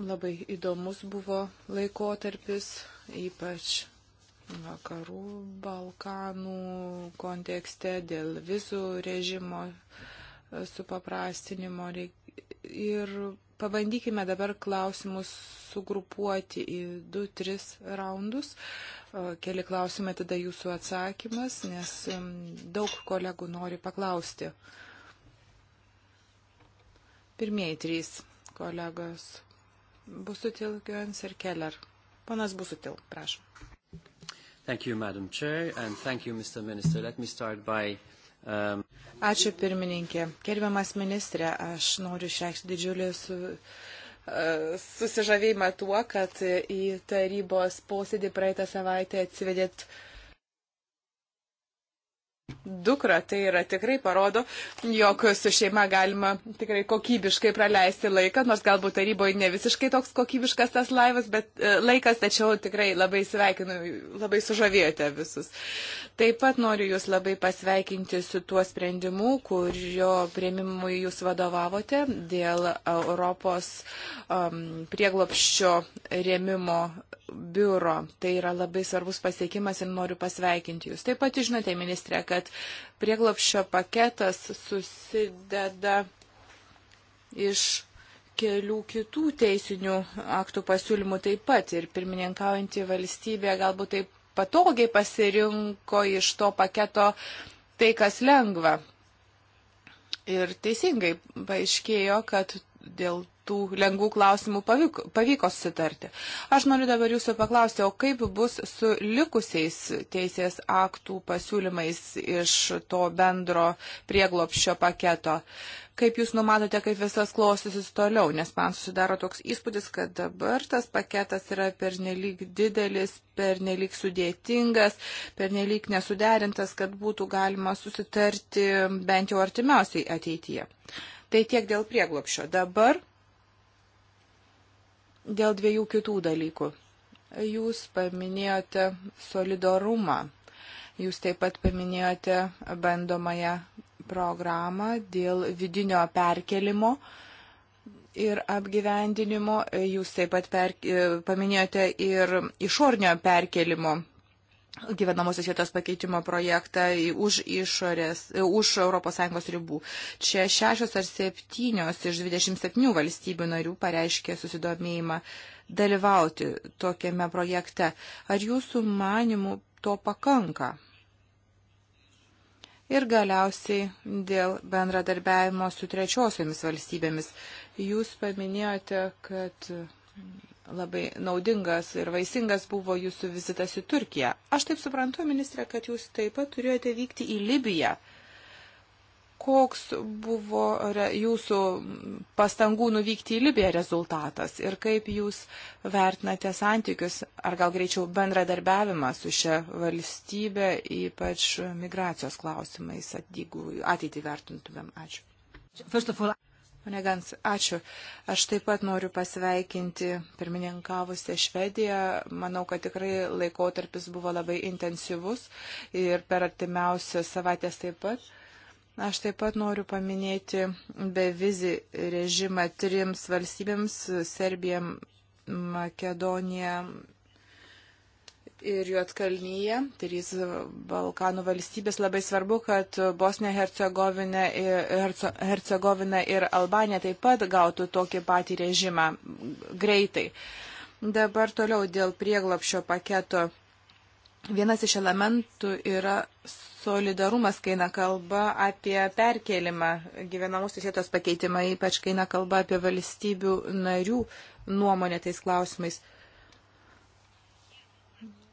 Labai įdomus buvo laikotarpis, ypač vakarų Balkanų kontekste dėl vizų režimo e, supaprastinimo. Ir pabandykime dabar klausimus sugrupuoti į 2-3 raundus. E, keli klausimai tada jūsų atsakymas, nes daug kolegų nori paklausti. Pirmieji trys kolegos Busutil, Gions ir Keller. Ponas Busutil, prašom. Thank you, Madam Chair, and thank you, Mr. Minister. Let me start by um... Ačiū pirmininkė. Gerbiamas ministrė, aš noriu išreikšti didžiulį su, e, susižavėjimą tuo, kad į tarybos posėdį praeitą savaitę atsivedėt uh, dukrą. Tai yra tikrai parodo, jog su šeima galima tikrai kokybiškai praleisti laiką, nors galbūt taryboje ne visiškai toks kokybiškas tas laivas, bet e, laikas, tačiau tikrai labai sveikinu, labai sužavėjote visus. Taip pat noriu Jūs labai pasveikinti su tuo sprendimu, kurio prieimimui Jūs vadovavote dėl Europos um, prieglopščio rėmimo biuro. Tai yra labai svarbus pasiekimas ir noriu pasveikinti Jūs. Taip pat žinote, ministrė, kad prieglopščio paketas susideda iš kelių kitų teisinių aktų pasiūlymų taip pat ir pirmininkaujantį valstybę galbūt taip patogiai pasirinko iš to paketo tai, kas lengva. Ir teisingai paaiškėjo, kad dėl tų lengvų klausimų pavyko, pavyko susitarti. Aš noriu dabar jūsų paklausti, o kaip bus su likusiais teisės aktų pasiūlymais iš to bendro prieglopščio paketo? Kaip jūs numatote, kaip visas klostysis toliau? Nes man susidaro toks įspūdis, kad dabar tas paketas yra pernelyg didelis, pernelyg sudėtingas, pernelyg nesuderintas, kad būtų galima susitarti bent jau artimiausiai ateityje. Tai tiek dėl prieglopšio. Dabar Dėl dviejų kitų dalykų. Jūs paminėjote solidarumą. Jūs taip pat paminėjote bandomąją programą dėl vidinio perkelimo ir apgyvendinimo. Jūs taip pat per, e, paminėjote ir išornio perkelimo gyvenamosios vietos pakeitimo projektą už išorės, e, už ES ribų. Čia šešios ar septynios iš 27 valstybių narių pareiškė susidomėjimą dalyvauti tokiame projekte. Ar jūsų manimų to pakanka? Ir galiausiai dėl bendradarbiavimo su trečiosiomis valstybėmis. Jūs paminėjote, kad Labai naudingas ir vaisingas buvo jūsų vizitas į Turkiją. Aš taip suprantu, ministrė, kad jūs taip pat turėjote vykti į Libiją. Koks buvo jūsų pastangų nuvykti į Libiją rezultatas ir kaip jūs vertinate santykius, ar gal greičiau bendradarbiavimą su šia valstybė, ypač migracijos klausimais, jeigu ateitį vertintumėm. Ačiū. Pane Gans, ačiū. Aš taip pat noriu pasveikinti pirmininkavusią Švediją. Manau, kad tikrai laikotarpis buvo labai intensyvus ir per artimiausias savaitės taip pat. Aš taip pat noriu paminėti bevizį režimą trims valstybėms - Serbija, Makedonija ir Juotkalnyje, trys Balkanų valstybės, labai svarbu, kad Bosnija, Hercegovina, Hercegovina ir Albanija taip pat gautų tokį patį režimą greitai. Dabar toliau dėl prieglopšio paketo. Vienas iš elementų yra solidarumas, kai eina kalba apie perkelimą gyvenamusios vietos pakeitimą, ypač kai eina kalba apie valstybių narių nuomonę tais klausimais.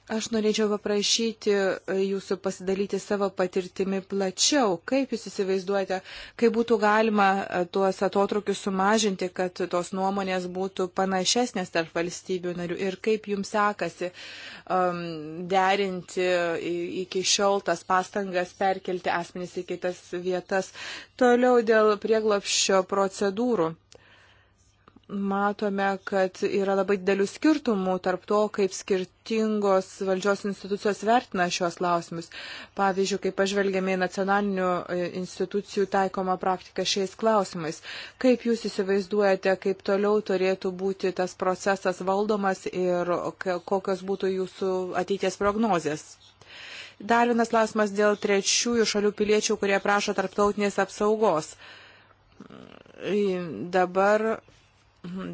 Aš norėčiau paprašyti e, jūsų pasidalyti savo patirtimi plačiau. Kaip jūs įsivaizduojate, kaip būtų galima e, tuos atotrukius sumažinti, kad tos nuomonės būtų panašesnės tarp valstybių narių ir kaip jums sekasi um, derinti iki šiol tas pastangas perkelti asmenys į kitas vietas. Toliau dėl prieglopščio procedūrų matome, kad yra labai didelių skirtumų tarp to, kaip skirtingos valdžios institucijos vertina šios klausimus. Pavyzdžiui, kaip pažvelgiame į nacionalinių e, institucijų taikomą praktiką šiais klausimais. Kaip jūs įsivaizduojate, kaip toliau turėtų būti tas procesas valdomas ir kokios būtų jūsų ateities prognozės? Dar vienas klausimas dėl trečiųjų šalių piliečių, kurie prašo tarptautinės apsaugos. Dabar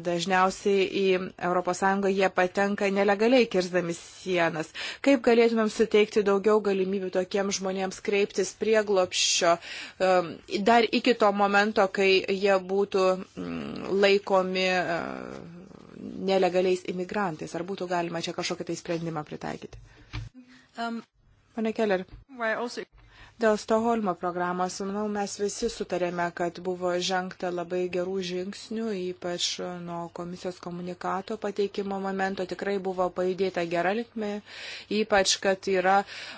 Dažniausiai į ES jie patenka nelegaliai kirzdami sienas. Kaip galėtumėm suteikti daugiau galimybių tokiems žmonėms kreiptis prie glopščio um, dar iki to momento, kai jie būtų mm, laikomi uh, nelegaliais imigrantais? Ar būtų galima čia kažkokį tai sprendimą pritaikyti? Um, Pane Keller. Also... Dėl Stoholmo programos, manau, mes visi sutarėme, kad buvo žengta labai gerų žingsnių, ypač nuo komisijos komunikato pateikimo momento tikrai buvo pajudėta gera linkme, ypač, kad yra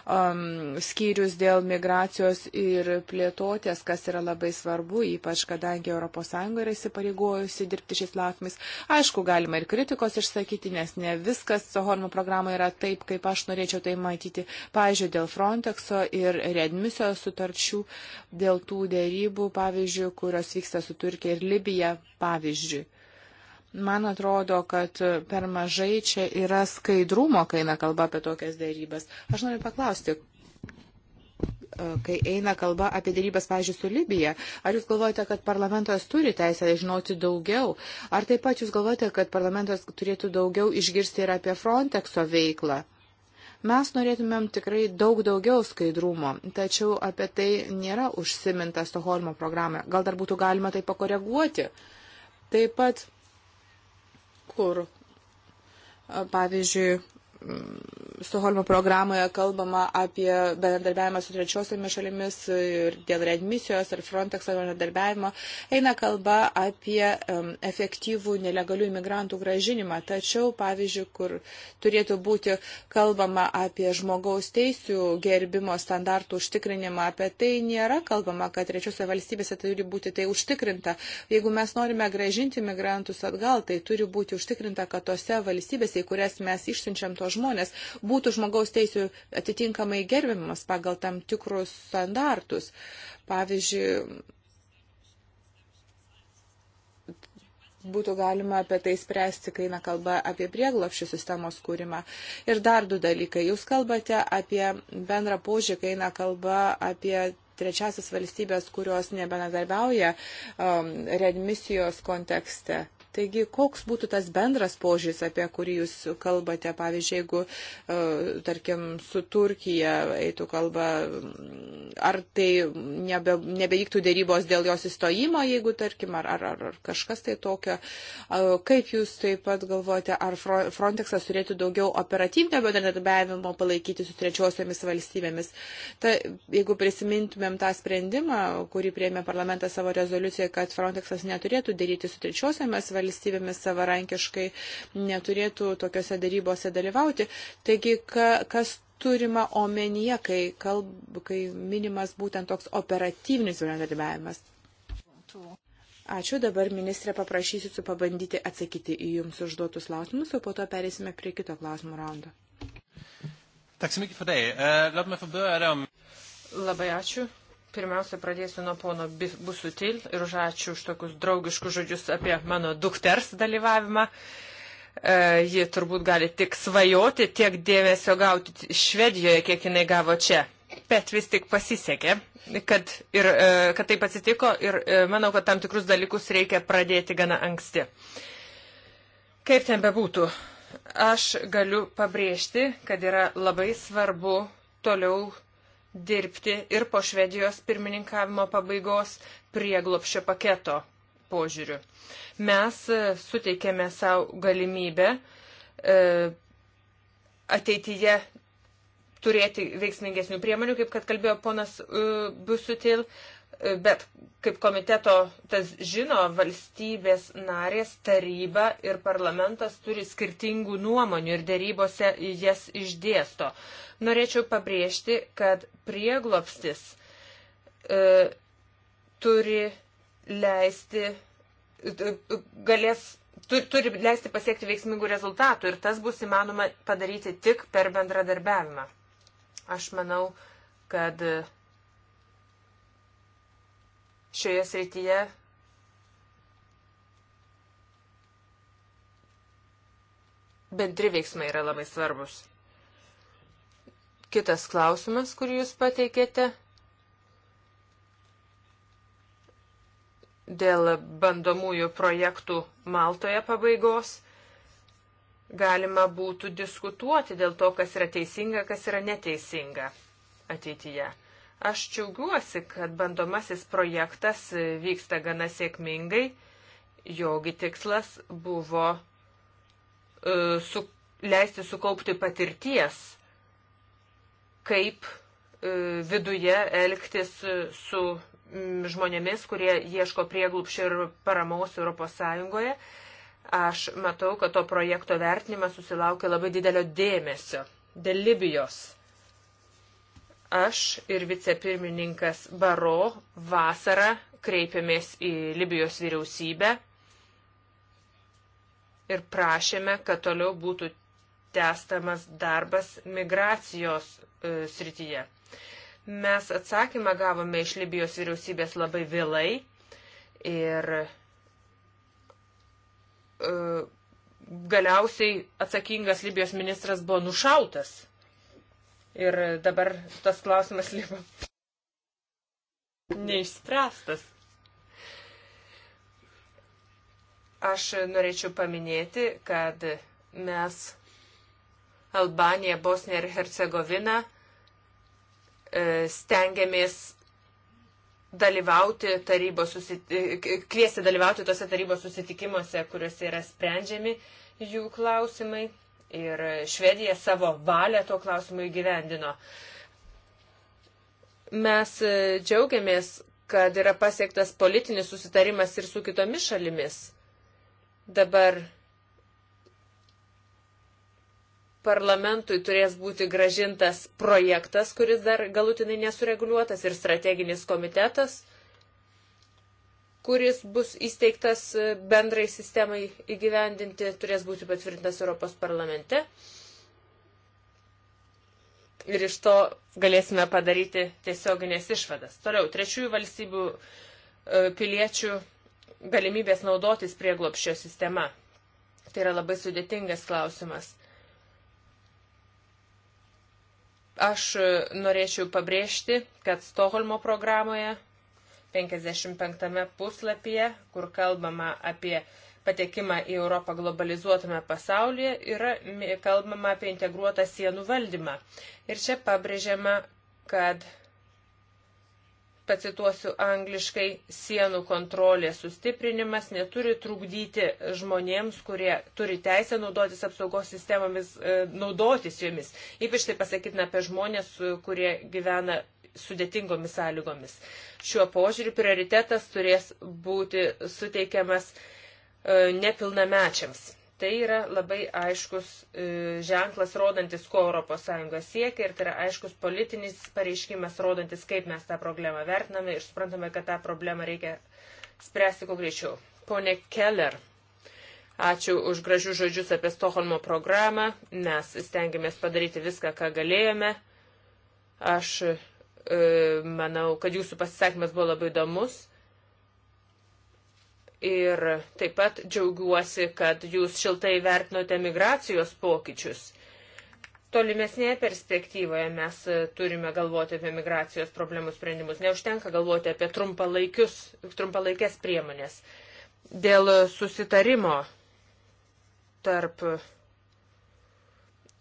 um, skyrius dėl migracijos ir plėtotės, kas yra labai svarbu, ypač, kadangi ES yra įsipareigojusi dirbti šiais latmais. Aišku, galima ir kritikos išsakyti, nes ne viskas Stoholmo programoje yra taip, kaip aš norėčiau tai matyti. Pavyzdžiui, dėl Frontexo ir Redmi readmisijos sutarčių, dėl tų dėrybų, pavyzdžiui, kurios vyksta su Turkija ir Libija, pavyzdžiui. Man atrodo, kad per mažai čia yra skaidrumo, kai eina kalba apie tokias dėrybas. Aš noriu paklausti, e, kai eina kalba apie dėrybas, pavyzdžiui, su Libija. Ar jūs galvojate, kad parlamentas turi teisę žinoti daugiau? Ar taip pat jūs galvojate, kad parlamentas turėtų daugiau išgirsti ir apie Frontexo veiklą? Mes norėtumėm tikrai daug daugiau skaidrumo, tačiau apie tai nėra užsiminta Stoholmo programoje. Gal dar būtų galima tai pakoreguoti. Taip pat, kur, pavyzdžiui, Stoholmo programoje kalbama apie bendradarbiavimą su trečiosiomis šalimis ir dėl readmisijos ar Frontexo bendradarbiavimo, eina kalba apie um, efektyvų nelegalių imigrantų gražinimą. Tačiau, pavyzdžiui, kur turėtų būti kalbama apie žmogaus teisų gerbimo standartų užtikrinimą, apie tai nėra kalbama, kad trečiose valstybėse tai turi būti tai užtikrinta. Jeigu mes norime gražinti imigrantus atgal, tai turi būti užtikrinta, kad tose valstybėse, į kurias mes išsiunčiam tos žmonės būtų žmogaus teisų atitinkamai gerbiamas pagal tam tikrus standartus. Pavyzdžiui, būtų galima apie tai spręsti, kai eina kalba apie prieglapšių sistemos kūrimą. Ir dar du dalykai. Jūs kalbate apie bendrą požiūrį, kai eina kalba apie trečiasis valstybės, kurios nebenadarbiauja um, redmisijos kontekste. Taigi, koks būtų tas bendras požiūris, apie kurį jūs kalbate, pavyzdžiui, jeigu, e, tarkim, su Turkija eitų kalba, ar tai nebe, nebevyktų dėrybos dėl jos įstojimo, jeigu, tarkim, ar, ar, ar kažkas tai tokio. E, kaip jūs taip pat galvojate, ar Frontexas turėtų daugiau operatyvinio bendradarbiavimo palaikyti su trečiosiomis valstybėmis? Ta, jeigu prisimintumėm tą sprendimą, kurį prieėmė parlamentas savo rezoliuciją, kad Frontexas neturėtų daryti su trečiosiomis valstybėmis, valstybėmis savarankiškai neturėtų tokiuose darybose dalyvauti. Taigi, ka, kas turima omenyje, kai, kalb, kai minimas būtent toks operatyvinis bendradarbiavimas? Ačiū, dabar ministrė paprašysiu su pabandyti atsakyti į jums užduotus klausimus, o po to perėsime prie kito klausimų raundo. Tack så mycket för det. Eh, låt mig få börja då. Labai ačiū. Pirmiausia, pradėsiu nuo pono Busutil ir už ačiū už tokius draugiškus žodžius apie mano dukters dalyvavimą. E, ji turbūt gali tik svajoti, tiek dėmesio gauti Švedijoje, kiek jinai gavo čia. Bet vis tik pasisekė, kad, ir, e, kad taip atsitiko ir e, manau, kad tam tikrus dalykus reikia pradėti gana anksti. Kaip ten bebūtų, aš galiu pabrėžti, kad yra labai svarbu toliau dirbti ir po Švedijos pirmininkavimo pabaigos prieglopščio paketo požiūriu. Mes e, suteikėme savo galimybę e, ateityje turėti veiksmingesnių priemonių, kaip kad kalbėjo ponas e, Busutil, Bet, kaip komiteto tas žino, valstybės narės taryba ir parlamentas turi skirtingų nuomonių ir dėrybose jas išdėsto. Norėčiau pabrėžti, kad prieglopstis e, turi leisti, e, galės, turi, turi leisti pasiekti veiksmingų rezultatų ir tas bus įmanoma padaryti tik per bendradarbiavimą. Aš manau, kad e, šioje srityje bendri veiksmai yra labai svarbus. Kitas klausimas, kurį jūs pateikėte dėl bandomųjų projektų Maltoje pabaigos, galima būtų diskutuoti dėl to, kas yra teisinga, kas yra neteisinga ateityje. Aš džiaugiuosi, kad bandomasis projektas vyksta gana sėkmingai. Jogi tikslas buvo uh, su, leisti sukaupti patirties, kaip uh, viduje elgtis su um, žmonėmis, kurie ieško prieglupščio ir paramos ES. Aš matau, kad to projekto vertinimas susilaukė labai didelio dėmesio dėl Libijos aš ir vicepirmininkas Baro vasarą kreipėmės į Libijos vyriausybę ir prašėme, kad toliau būtų testamas darbas migracijos e, srityje. Mes atsakymą gavome iš Libijos vyriausybės labai vėlai ir e, galiausiai atsakingas Libijos ministras buvo nušautas Ir dabar tas klausimas liko neišspręstas. Aš norėčiau paminėti, kad mes Albaniją, Bosniją ir Hercegoviną e, stengiamės dalyvauti tarybos susitik... E, kviesti dalyvauti tose tarybos susitikimuose, kuriuose yra sprendžiami jų klausimai. Ir Švedija savo valią tuo klausimu įgyvendino. Mes e, džiaugiamės, kad yra pasiektas politinis susitarimas ir su kitomis šalimis. Dabar parlamentui turės būti gražintas projektas, kuris dar galutinai nesureguliuotas, ir strateginis komitetas – kuris bus įsteigtas e, bendrai sistemai įgyvendinti, turės būti patvirtintas Europos parlamente. Ir iš to galėsime padaryti tiesioginės išvadas. Toliau, trečiųjų valstybių e, piliečių galimybės naudotis prieglopščio sistema. Tai yra labai sudėtingas klausimas. Aš e, norėčiau pabrėžti, kad Stoholmo programoje 55 puslapyje, kur kalbama apie patekimą į Europą globalizuotame pasaulyje, yra kalbama apie integruotą sienų valdymą. Ir čia pabrėžiama, kad, pacituosiu angliškai, sienų kontrolės sustiprinimas neturi trukdyti žmonėms, kurie turi teisę naudotis apsaugos sistemomis, naudotis jomis. Ypač tai pasakytina apie žmonės, kurie gyvena sudėtingomis sąlygomis. Šiuo požiūriu prioritetas turės būti suteikiamas e, nepilnamečiams. Tai yra labai aiškus e, ženklas, rodantis, ko ES siekia ir tai yra aiškus politinis pareiškimas, rodantis, kaip mes tą problemą vertiname ir suprantame, kad tą problemą reikia spręsti kuo greičiau. Pone Keller, ačiū už gražius žodžius apie Stoholmo programą. Mes stengiamės padaryti viską, ką galėjome. Aš E, manau, kad jūsų pasisakymas buvo labai įdomus. Ir taip pat džiaugiuosi, kad jūs šiltai vertinote migracijos pokyčius. Tolimesnėje perspektyvoje mes e, turime galvoti apie migracijos problemų sprendimus. Neužtenka galvoti apie trumpalaikės priemonės. Dėl susitarimo tarp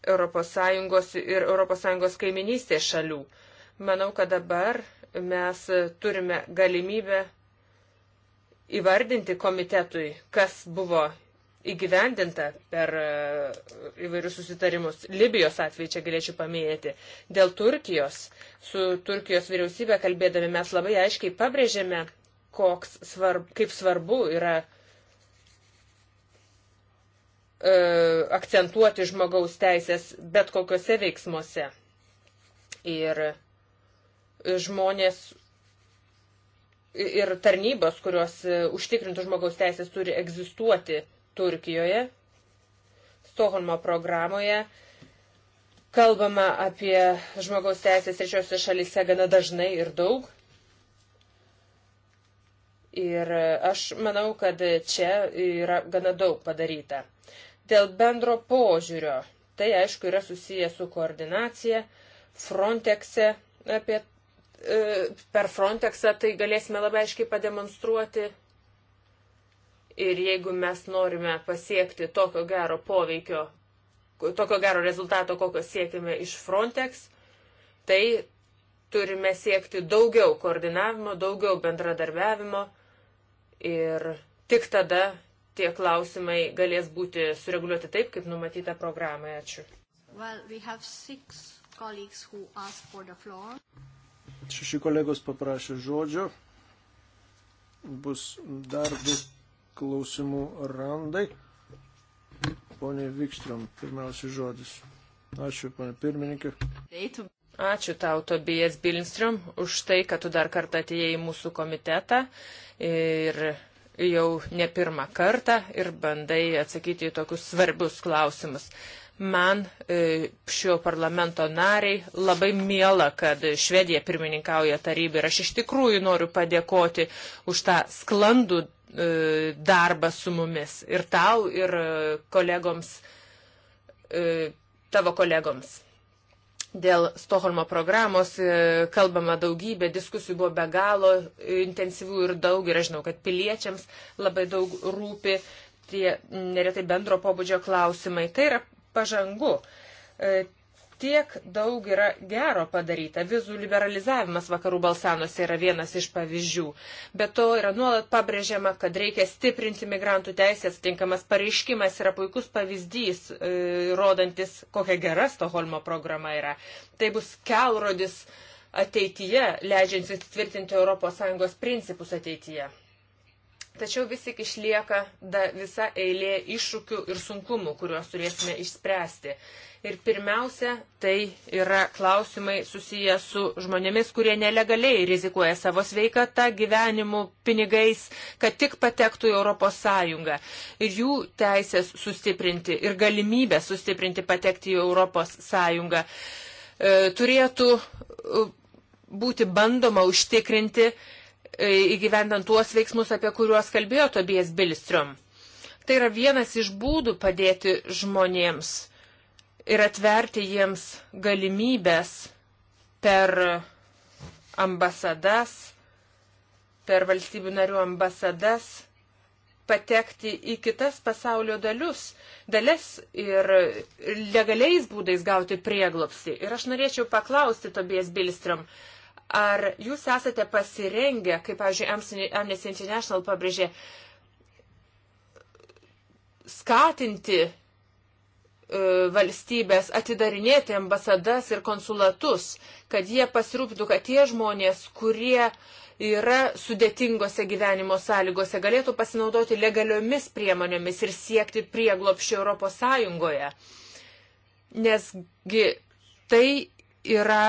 ES ir ES kaiminystės šalių. Manau, kad dabar mes turime galimybę įvardinti komitetui, kas buvo įgyvendinta per e, įvairius susitarimus. Libijos atvejį čia galėčiau paminėti. Dėl Turkijos, su Turkijos vyriausybė kalbėdami mes labai aiškiai pabrėžėme, svarb, kaip svarbu yra e, akcentuoti žmogaus teisės bet kokiuose veiksmuose. Ir žmonės ir tarnybos, kurios e, užtikrintų žmogaus teisės, turi egzistuoti Turkijoje. Stoholmo programoje kalbama apie žmogaus teisės trečiosios šalyse gana dažnai ir daug. Ir e, aš manau, kad čia yra gana daug padaryta. Dėl bendro požiūrio, tai aišku yra susiję su koordinacija, Frontexe apie E, per Frontexą tai galėsime labai aiškiai pademonstruoti. Ir jeigu mes norime pasiekti tokio gero poveikio, tokio gero rezultato, kokio siekime iš Frontex, tai turime siekti daugiau koordinavimo, daugiau bendradarbiavimo ir tik tada tie klausimai galės būti sureguliuoti taip, kaip numatyta programai. Ačiū. Well, we Šeši kolegos paprašė žodžio. Bus dar du klausimų randai. Pone Vikstrom, pirmiausia žodis. Ačiū, pane pirmininkė. Ačiū tau, Tobijas Bilinstrom, už tai, kad tu dar kartą atėjai į mūsų komitetą ir jau ne pirmą kartą ir bandai atsakyti į tokius svarbius klausimus. Man e, šio parlamento nariai labai miela, kad Švedija pirmininkauja tarybai ir aš iš tikrųjų noriu padėkoti už tą sklandų e, darbą su mumis ir tau, ir e, kolegoms, tavo kolegoms. Dėl Stoholmo programos kalbama daugybė, diskusijų buvo be galo intensyvių ir daug ir aš žinau, kad piliečiams labai daug rūpi tie neretai bendro pobūdžio klausimai. Tai yra pažangu. E, tiek daug yra gero padaryta. Vizų liberalizavimas vakarų Balsanuose yra vienas iš pavyzdžių. Be to yra nuolat pabrėžiama, kad reikia stiprinti migrantų teisės. Tinkamas pareiškimas yra puikus pavyzdys, e, rodantis, kokia gera Stoholmo programa yra. Tai bus kelrodis ateityje, leidžiantis tvirtinti ES principus ateityje. Tačiau vis tik išlieka da, visa eilė iššūkių ir sunkumų, kuriuos turėsime išspręsti. Ir pirmiausia, tai yra klausimai susiję su žmonėmis, kurie nelegaliai rizikuoja savo sveikatą, gyvenimu, pinigais, kad tik patektų į Europos Sąjungą. Ir jų teisės sustiprinti ir galimybę sustiprinti patekti į Europos Sąjungą e, turėtų e, būti bandoma užtikrinti E, įgyvendant tuos veiksmus, apie kuriuos kalbėjo Tobijas Bilstrom. Tai yra vienas iš būdų padėti žmonėms ir atverti jiems galimybės per ambasadas, per valstybių narių ambasadas patekti į kitas pasaulio dalius, dalis ir legaliais būdais gauti prieglopsi. Ir aš norėčiau paklausti Tobijas Bilstrom, Ar jūs esate pasirengę, kaip, pavyzdžiui, Amnesty International pabrėžė, skatinti e, valstybės atidarinėti ambasadas ir konsulatus, kad jie pasirūpintų, kad tie žmonės, kurie yra sudėtingose gyvenimo sąlygose, galėtų pasinaudoti legaliomis priemonėmis ir siekti prieglopščio Europos Sąjungoje. Nesgi tai yra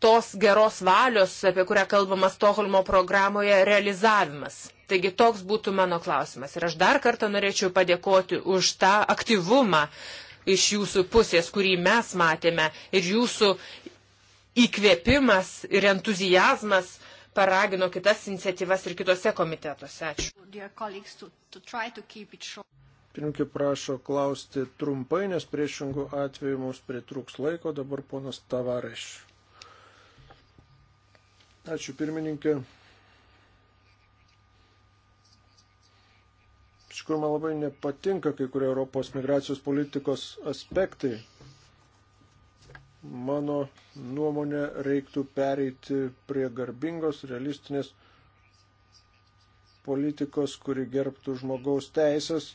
tos geros valios, apie kurią kalbama Stoholmo programoje, realizavimas. Taigi toks būtų mano klausimas. Ir aš dar kartą norėčiau padėkoti už tą aktyvumą iš jūsų pusės, kurį mes matėme, ir jūsų įkvėpimas ir entuzijazmas paragino kitas iniciatyvas ir kitose komitetuose. Ačiū. Pirmkį prašo klausti trumpai, nes priešingų atveju mums pritrūks laiko. Dabar ponas Tavareš. Ačiū pirmininkė. Iš tikrųjų, man labai nepatinka kai kurie Europos migracijos politikos aspektai. Mano nuomonė reiktų pereiti prie garbingos, realistinės politikos, kuri gerbtų žmogaus teisės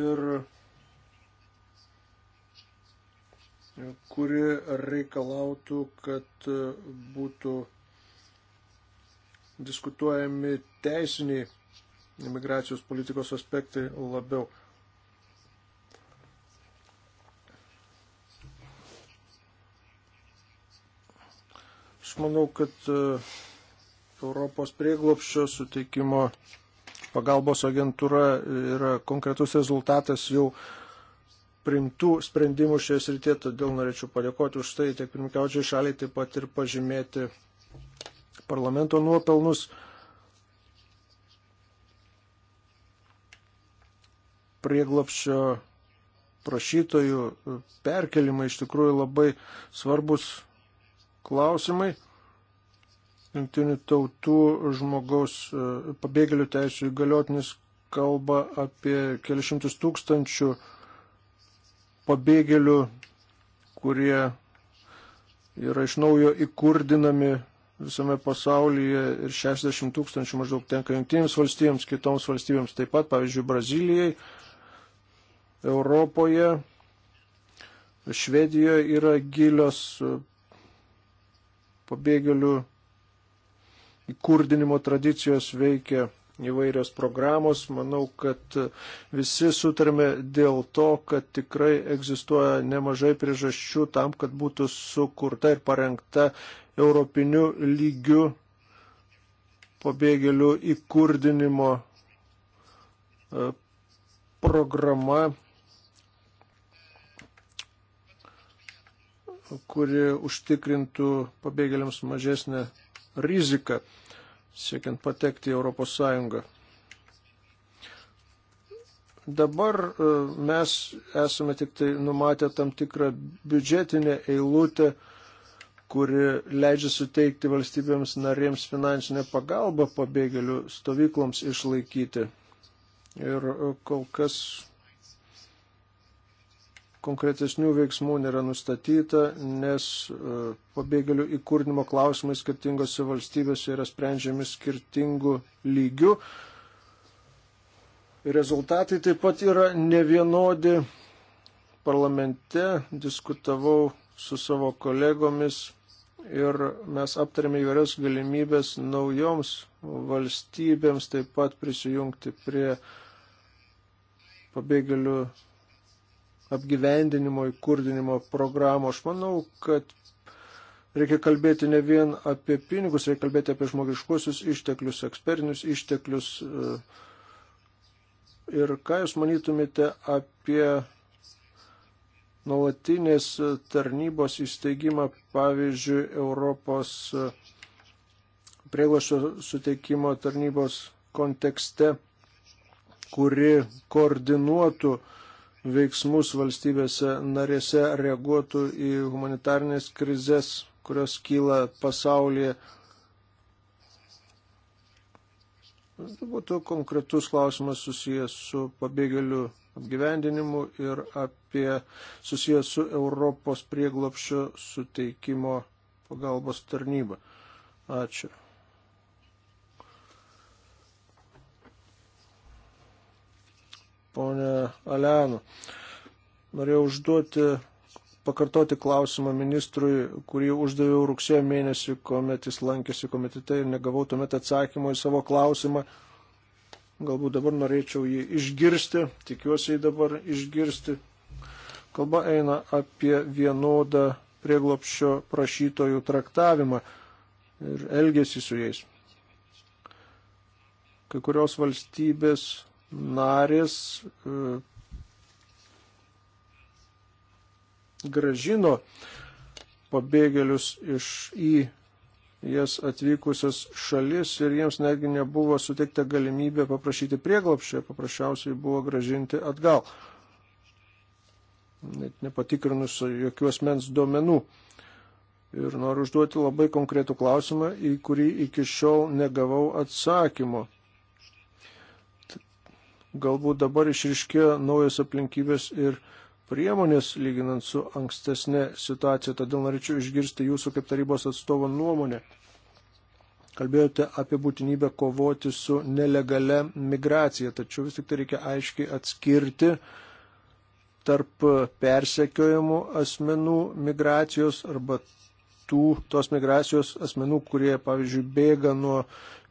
ir kuri reikalautų, kad būtų diskutuojami teisiniai imigracijos politikos aspektai labiau. Aš manau, kad e, Europos prieglopščio suteikimo pagalbos agentūra yra konkretus rezultatas jau uh, primtų sprendimų šioje srityje, todėl norėčiau padėkoti už tai tiek pirmkiaučiai šaliai, taip pat ir pažymėti parlamento nuopelnus. Prieglapščio prašytojų perkelimai iš tikrųjų labai svarbus klausimai. Junktinių tautų žmogaus e, pabėgėlių teisų įgaliotinis kalba apie kelišimtus tūkstančių pabėgėlių, kurie yra iš naujo įkurdinami visame pasaulyje ir 60 tūkstančių maždaug tenka jungtinėms valstybėms, kitoms valstybėms taip pat, pavyzdžiui, Brazilijai, Europoje, Švedijoje yra gilios e, pabėgėlių įkurdinimo tradicijos veikia įvairios programos. Manau, kad visi sutarėme dėl to, kad tikrai egzistuoja nemažai priežasčių tam, kad būtų sukurta ir parengta europiniu lygiu pabėgėlių įkurdinimo e, programa, kuri užtikrintų pabėgėliams mažesnę riziką siekiant patekti į Europos Sąjungą. Dabar e, mes esame tik tai numatę tam tikrą biudžetinę eilutę, kuri leidžia suteikti valstybėms narėms finansinę pagalbą pabėgėlių stovykloms išlaikyti. Ir e, kol kas konkretesnių veiksmų nėra nustatyta, nes e, pabėgėlių įkūrinimo klausimai skirtingose valstybėse yra sprendžiami skirtingų lygių. Rezultatai taip pat yra nevienodi. Parlamente diskutavau su savo kolegomis ir mes aptarėme įvairias galimybės naujoms valstybėms taip pat prisijungti prie pabėgėlių apgyvendinimo, įkurdinimo programų. Aš manau, kad reikia kalbėti ne vien apie pinigus, reikia kalbėti apie žmogiškuosius išteklius, ekspertinius išteklius. Ir ką Jūs manytumėte apie nuolatinės tarnybos įsteigimą, pavyzdžiui, Europos prieglašio suteikimo tarnybos kontekste, kuri koordinuotų uh, veiksmus valstybėse narėse reaguotų į humanitarnės krizės, kurios kyla pasaulyje. Tai būtų konkretus klausimas susijęs su pabėgėlių apgyvendinimu ir apie susijęs su Europos prieglopščio suteikimo pagalbos tarnyba. Ačiū. ponė Alenu. Norėjau užduoti, pakartoti klausimą ministrui, kurį uždaviau rugsėjo mėnesį, kuomet jis lankėsi komitete ir negavau tuomet atsakymo į savo klausimą. Galbūt dabar norėčiau jį išgirsti, tikiuosi jį dabar išgirsti. Kalba eina apie vienodą prieglopščio prašytojų traktavimą ir elgesį su jais. Kai kurios valstybės narės e, gražino pabėgėlius iš į jas atvykusias šalis ir jiems netgi nebuvo suteikta galimybė paprašyti prieglopščio, paprasčiausiai buvo gražinti atgal, net nepatikrinus jokių asmens duomenų. Ir noriu užduoti labai konkretų klausimą, į kurį iki šiol negavau atsakymo galbūt dabar išriškėjo naujos aplinkybės ir priemonės lyginant su ankstesnė situacija, todėl norėčiau išgirsti jūsų kaip tarybos atstovo nuomonę. Kalbėjote apie būtinybę kovoti su nelegale migracija, tačiau vis tik tai reikia aiškiai atskirti tarp persekiojimų asmenų migracijos arba tų, tos migracijos asmenų, kurie, pavyzdžiui, bėga nuo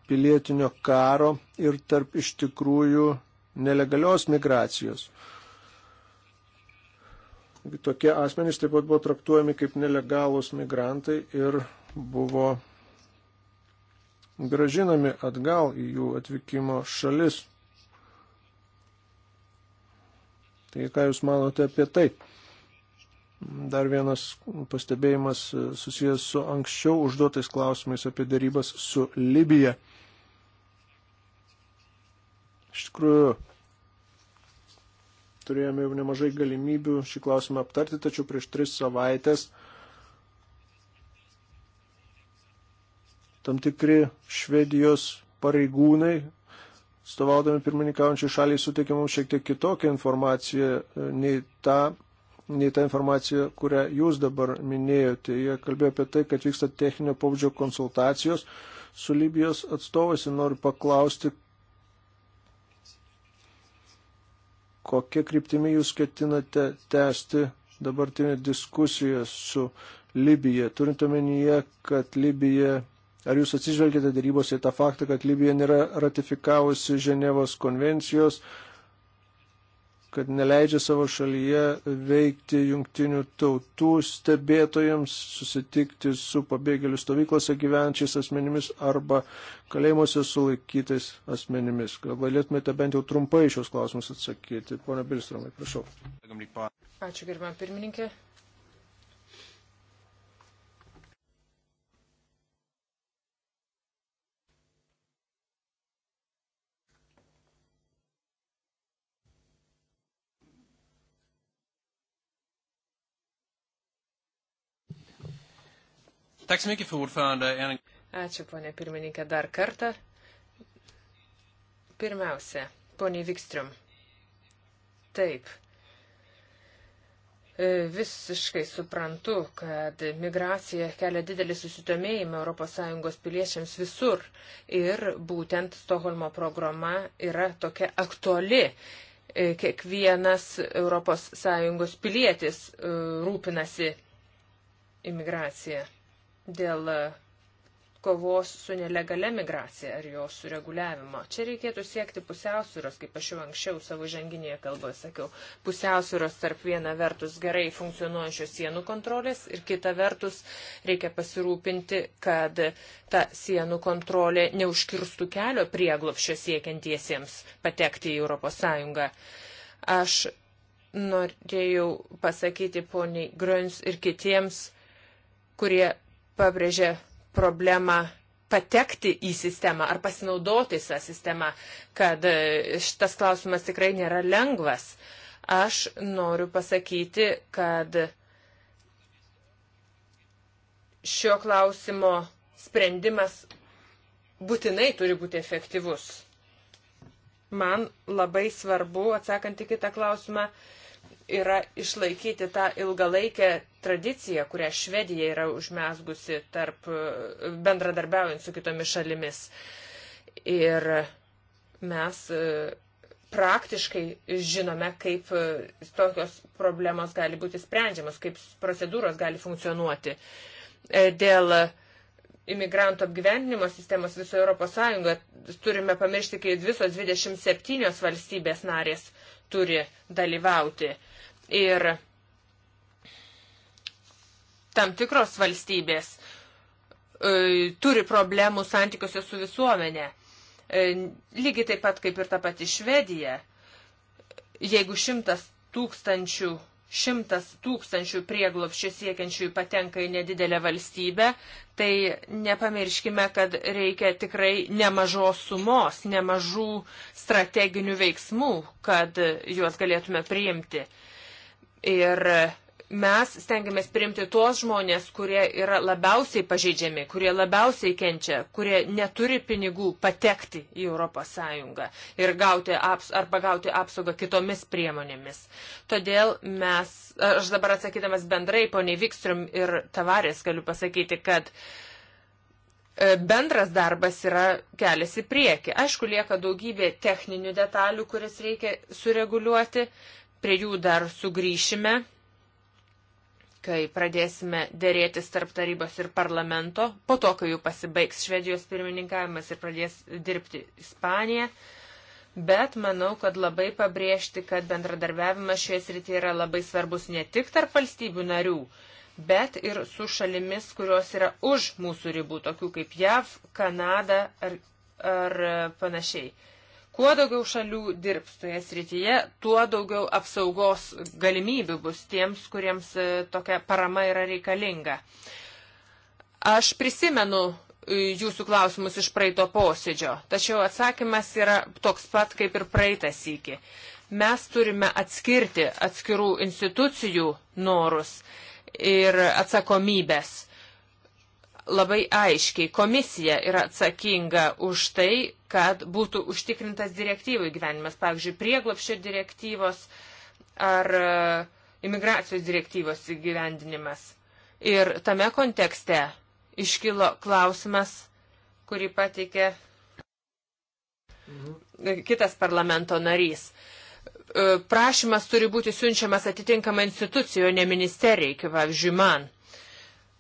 pilietinio karo ir tarp iš tikrųjų nelegalios migracijos. Tokie asmenys taip pat buvo traktuojami kaip nelegalūs migrantai ir buvo gražinami atgal į jų atvykimo šalis. Tai ką Jūs manote apie tai? Dar vienas pastebėjimas susijęs su anksčiau užduotais klausimais apie darybas su Libija. Iš tikrųjų, turėjome jau nemažai galimybių šį klausimą aptarti, tačiau prieš tris savaitės tam tikri Švedijos pareigūnai, stovaudami pirmininkaujančiai šaliai, suteikė mums šiek tiek kitokią informaciją e, nei tą, nei tą informaciją, kurią jūs dabar minėjote. Jie kalbėjo apie tai, kad vyksta techninio pobūdžio konsultacijos su Libijos atstovais ir noriu paklausti, kokie kryptimi jūs ketinate tęsti dabartinę diskusiją su Libija, turint omenyje, kad Libija, ar jūs atsižvelgėte darybose į tą faktą, kad Libija nėra ratifikavusi Ženevos konvencijos, kad neleidžia savo šalyje veikti jungtinių tautų stebėtojams, susitikti su pabėgėlių stovyklose gyvenčiais asmenimis arba kalėjimuose sulaikytais asmenimis. Gal galėtumėte bent jau trumpai šios klausimus atsakyti. Pone Bilstramai, prašau. Ačiū, gerbama pirmininkė. Ačiū, ponė pirmininkė, dar kartą. Pirmiausia, ponė Vikstrium. Taip. E, visiškai suprantu, kad migracija kelia didelį susidomėjimą ES piliečiams visur ir būtent Stoholmo programa yra tokia aktuali e, kiekvienas ES pilietis e, rūpinasi imigracija dėl e, kovos su nelegale migracija ar jos sureguliavimo. Čia reikėtų siekti pusiausvyros, kaip aš jau anksčiau savo ženginėje kalboje sakiau, pusiausvyros tarp viena vertus gerai funkcionuojančios sienų kontrolės ir kita vertus reikia pasirūpinti, kad ta sienų kontrolė neužkirstų kelio prieglopščio siekiantiesiems patekti į ES. Aš norėjau pasakyti poniai Gröns ir kitiems, kurie pabrėžė problemą patekti į sistemą ar pasinaudoti tą sistemą, kad e, šitas klausimas tikrai nėra lengvas. Aš noriu pasakyti, kad šio klausimo sprendimas būtinai turi būti efektyvus. Man labai svarbu, atsakant į kitą klausimą, yra išlaikyti tą ilgalaikę tradiciją, kurią Švedija yra užmesgusi tarp bendradarbiaujant su kitomis šalimis. Ir mes e, praktiškai žinome, kaip e, tokios problemos gali būti sprendžiamas, kaip procedūros gali funkcionuoti. E, dėl imigrantų apgyvendinimo sistemos visoje Europos Sąjungoje turime pamiršti, kai visos 27 valstybės narės turi dalyvauti. Uh, Ir tam tikros valstybės e, turi problemų santykiuose su visuomenė. E, lygiai taip pat kaip ir ta pati Švedija. Jeigu šimtas tūkstančių šimtas tūkstančių prieglopščių siekiančiųjų patenka į nedidelę valstybę, tai nepamirškime, kad reikia tikrai nemažos sumos, nemažų strateginių veiksmų, kad juos galėtume priimti. Ir mes stengiamės priimti tuos žmonės, kurie yra labiausiai pažeidžiami, kurie labiausiai kenčia, kurie neturi pinigų patekti į ES ir gauti aps, arba gauti apsaugą kitomis priemonėmis. Todėl mes, aš dabar atsakydamas bendrai, poniai Vikstrum ir Tavarės, galiu pasakyti, kad e, bendras darbas yra kelias į priekį. Aišku, lieka daugybė techninių detalių, kurias reikia sureguliuoti, Prie jų dar sugrįšime, kai pradėsime dėrėtis tarp tarybos ir parlamento, po to, kai jau pasibaigs Švedijos pirmininkavimas ir pradės dirbti Ispanija. Bet manau, kad labai pabrėžti, kad bendradarbiavimas šioje srityje yra labai svarbus ne tik tarp valstybių narių, bet ir su šalimis, kurios yra už mūsų ribų, tokių kaip JAV, Kanada ar, ar panašiai. Kuo daugiau šalių dirbs toje srityje, tuo daugiau apsaugos galimybių bus tiems, kuriems e, tokia parama yra reikalinga. Aš prisimenu e, jūsų klausimus iš praeito posėdžio, tačiau atsakymas yra toks pat kaip ir praeitas iki. Mes turime atskirti atskirų institucijų norus ir atsakomybės labai aiškiai. Komisija yra atsakinga už tai, kad būtų užtikrintas direktyvų įgyvenimas, pavyzdžiui, prieglapščio direktyvos ar e, imigracijos direktyvos įgyvendinimas. Ir tame kontekste iškilo klausimas, kurį pateikė kitas parlamento narys. E, prašymas turi būti siunčiamas atitinkamą instituciją, o ne ministerijai, kaip pavyzdžiui man.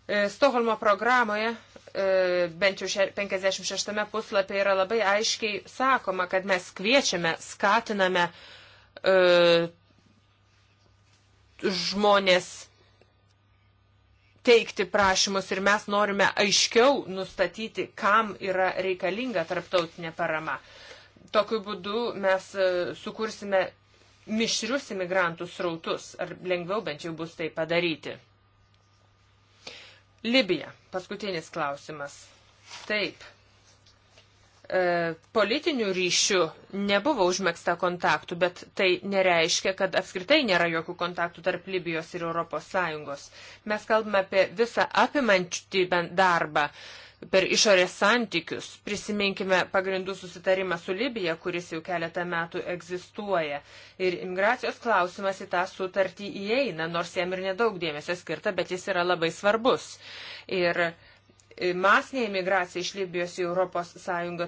E, Stoholmo programoje e, bent jau 56 puslapyje yra labai aiškiai sakoma, kad mes kviečiame, skatiname e, žmonės teikti prašymus ir mes norime aiškiau nustatyti, kam yra reikalinga tarptautinė parama. Tokiu būdu mes sukursime mišrius imigrantų srautus, ar lengviau bent jau bus tai padaryti. Libija. Paskutinis klausimas. Taip. E, politinių ryšių nebuvo užmėgsta kontaktų, bet tai nereiškia, kad apskritai nėra jokių kontaktų tarp Libijos ir ES. Mes kalbame apie visą apimantį darbą. E, per išorės santykius. Prisiminkime pagrindų susitarimą su Libija, kuris jau keletą metų egzistuoja. Ir imigracijos klausimas į tą sutartį įeina, nors jam ir nedaug dėmesio skirta, bet jis yra labai svarbus. Ir e, masinė imigracija iš Libijos į ES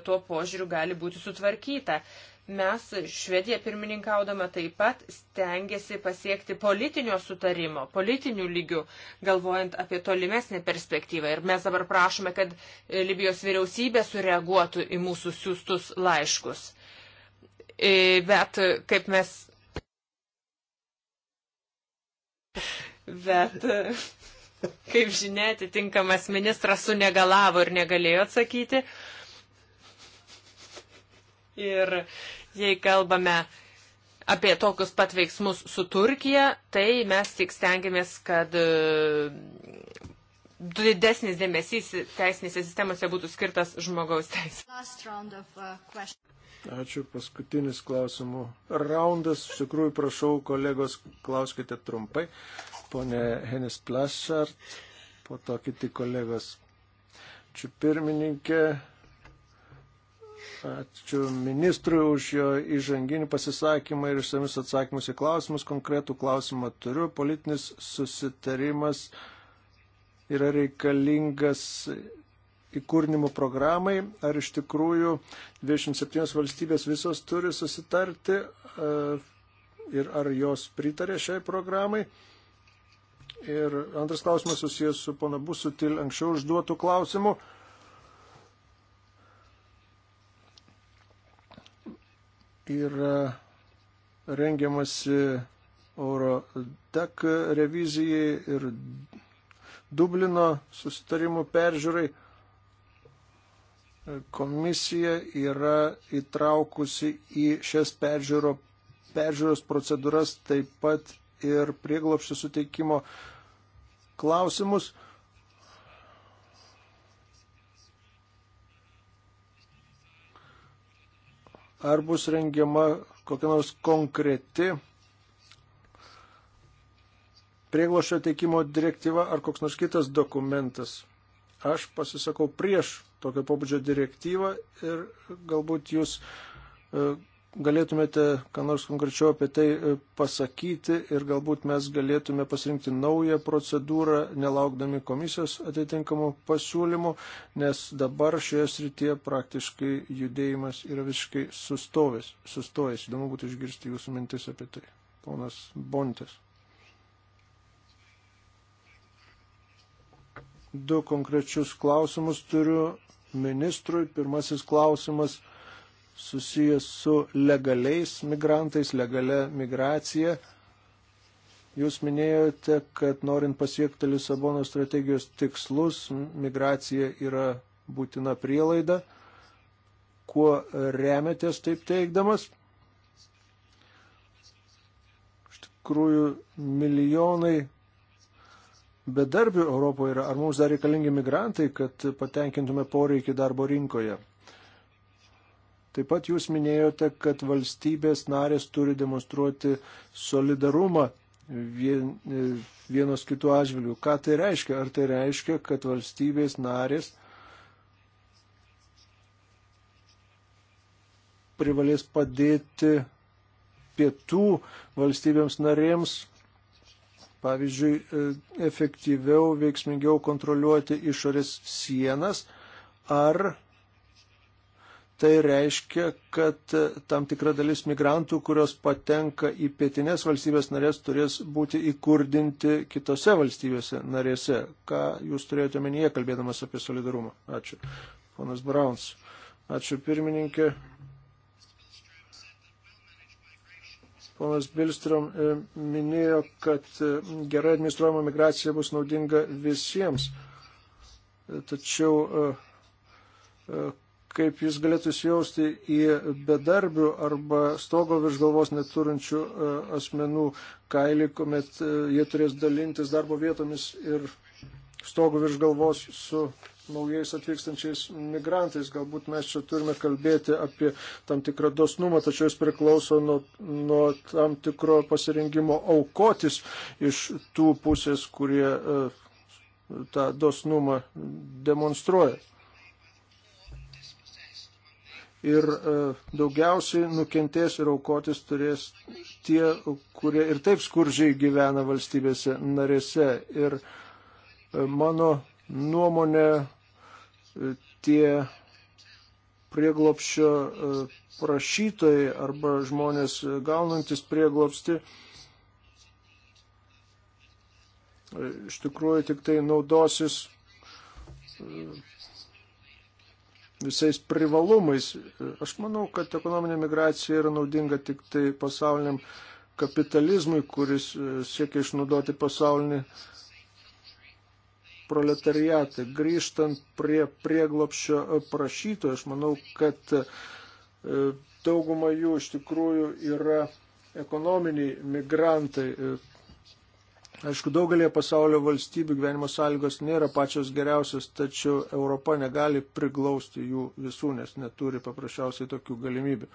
tuo požiūriu gali būti sutvarkyta. Mes Švedija pirmininkaudama taip pat stengiasi pasiekti politinio sutarimo, politinių lygių, galvojant apie tolimesnį perspektyvą. Ir mes dabar prašome, kad e, Libijos vyriausybė sureaguotų į mūsų siūstus laiškus. E, bet kaip mes. Bet. Kaip žinia, atitinkamas ministras sunegalavo ir negalėjo atsakyti. Uh, Ir jei kalbame apie tokius pat veiksmus su Turkija, tai mes tik stengiamės, kad e, didesnis dėmesys teisinėse sistemose būtų skirtas žmogaus teisės. Uh, Ačiū. Paskutinis klausimų raundas. Iš tikrųjų, prašau, kolegos, klauskite trumpai. Pone Henis Plašart, po to kiti kolegos. Ačiū pirmininkė. Ačiū ministrui už jo įžanginį pasisakymą ir išsamius atsakymus į klausimus. Konkretų klausimą turiu. Politinis susitarimas yra reikalingas įkūrinimo programai. Ar iš tikrųjų 27 valstybės visos turi susitarti e, ir ar jos pritarė šiai programai? Ir antras klausimas susijęs su pana Busutil anksčiau užduotų klausimų. yra rengiamasi Euro DAC e revizijai ir Dublino susitarimų peržiūrai. Komisija yra įtraukusi į šias peržiūro, peržiūros procedūras taip pat ir prieglopščių suteikimo klausimus. Ar bus rengiama kokia nors konkreti prieglošio teikimo direktyva ar koks nors kitas dokumentas? Aš pasisakau prieš tokio pobūdžio direktyvą ir galbūt jūs e, galėtumėte, ką nors konkrečiau apie tai e, pasakyti ir galbūt mes galėtume pasirinkti naują procedūrą, nelaukdami komisijos atitinkamų pasiūlymų, nes dabar šioje srityje praktiškai judėjimas yra visiškai sustojęs. sustojęs. Įdomu būtų išgirsti jūsų mintis apie tai. Ponas Bontis. Du konkrečius klausimus turiu ministrui. Pirmasis klausimas susijęs su legaliais migrantais, legalia migracija. Jūs minėjote, kad norint pasiekti Lisabono strategijos tikslus, migracija yra būtina prielaida. Kuo remetės taip teikdamas? Iš tikrųjų, milijonai bedarbių Europoje yra. Ar mums dar reikalingi migrantai, kad patenkintume poreikį darbo rinkoje? Taip pat jūs minėjote, kad valstybės narės turi demonstruoti solidarumą vien, e, vienos kitų atžvilgių. Ką tai reiškia? Ar tai reiškia, kad valstybės narės privalės padėti pietų valstybėms narėms, pavyzdžiui, e, efektyviau, veiksmingiau kontroliuoti išorės sienas, ar Tai reiškia, kad e, tam tikra dalis migrantų, kurios patenka į pietinės valstybės narės, turės būti įkurdinti kitose valstybėse narėse. Ką jūs turėjote menyje, kalbėdamas apie solidarumą? Ačiū. Ponas Brauns. Ačiū pirmininkė. Ponas Bilstrom e, minėjo, kad e, gerai administruojama migracija bus naudinga visiems. Tačiau kaip jis galėtų įsijausti į bedarbių arba stogo virš galvos neturinčių e, asmenų kailį, kuomet e, jie turės dalintis darbo vietomis ir stogo virš galvos su naujais atvykstančiais migrantais. Galbūt mes čia turime kalbėti apie tam tikrą dosnumą, tačiau jis priklauso nuo, nuo tam tikro pasirinkimo aukotis iš tų pusės, kurie e, tą dosnumą demonstruoja ir e, daugiausiai nukentės ir aukotis turės tie, kurie ir taip skurdžiai gyvena valstybėse narėse. Ir e, mano nuomonė e, tie prieglopščio prašytojai arba žmonės gaunantis prieglopsti iš tikrųjų tik tai naudosis visais privalumais. Aš manau, kad ekonominė migracija yra naudinga tik tai pasauliniam kapitalizmui, kuris e, siekia išnaudoti pasaulinį proletariatą. Grįžtant prie prieglopščio prašyto, aš manau, kad e, dauguma jų iš tikrųjų yra ekonominiai migrantai. E, Aišku, daugelėje pasaulio valstybių gyvenimo sąlygos nėra pačios geriausios, tačiau Europa negali priglausti jų visų, nes neturi paprasčiausiai tokių galimybių.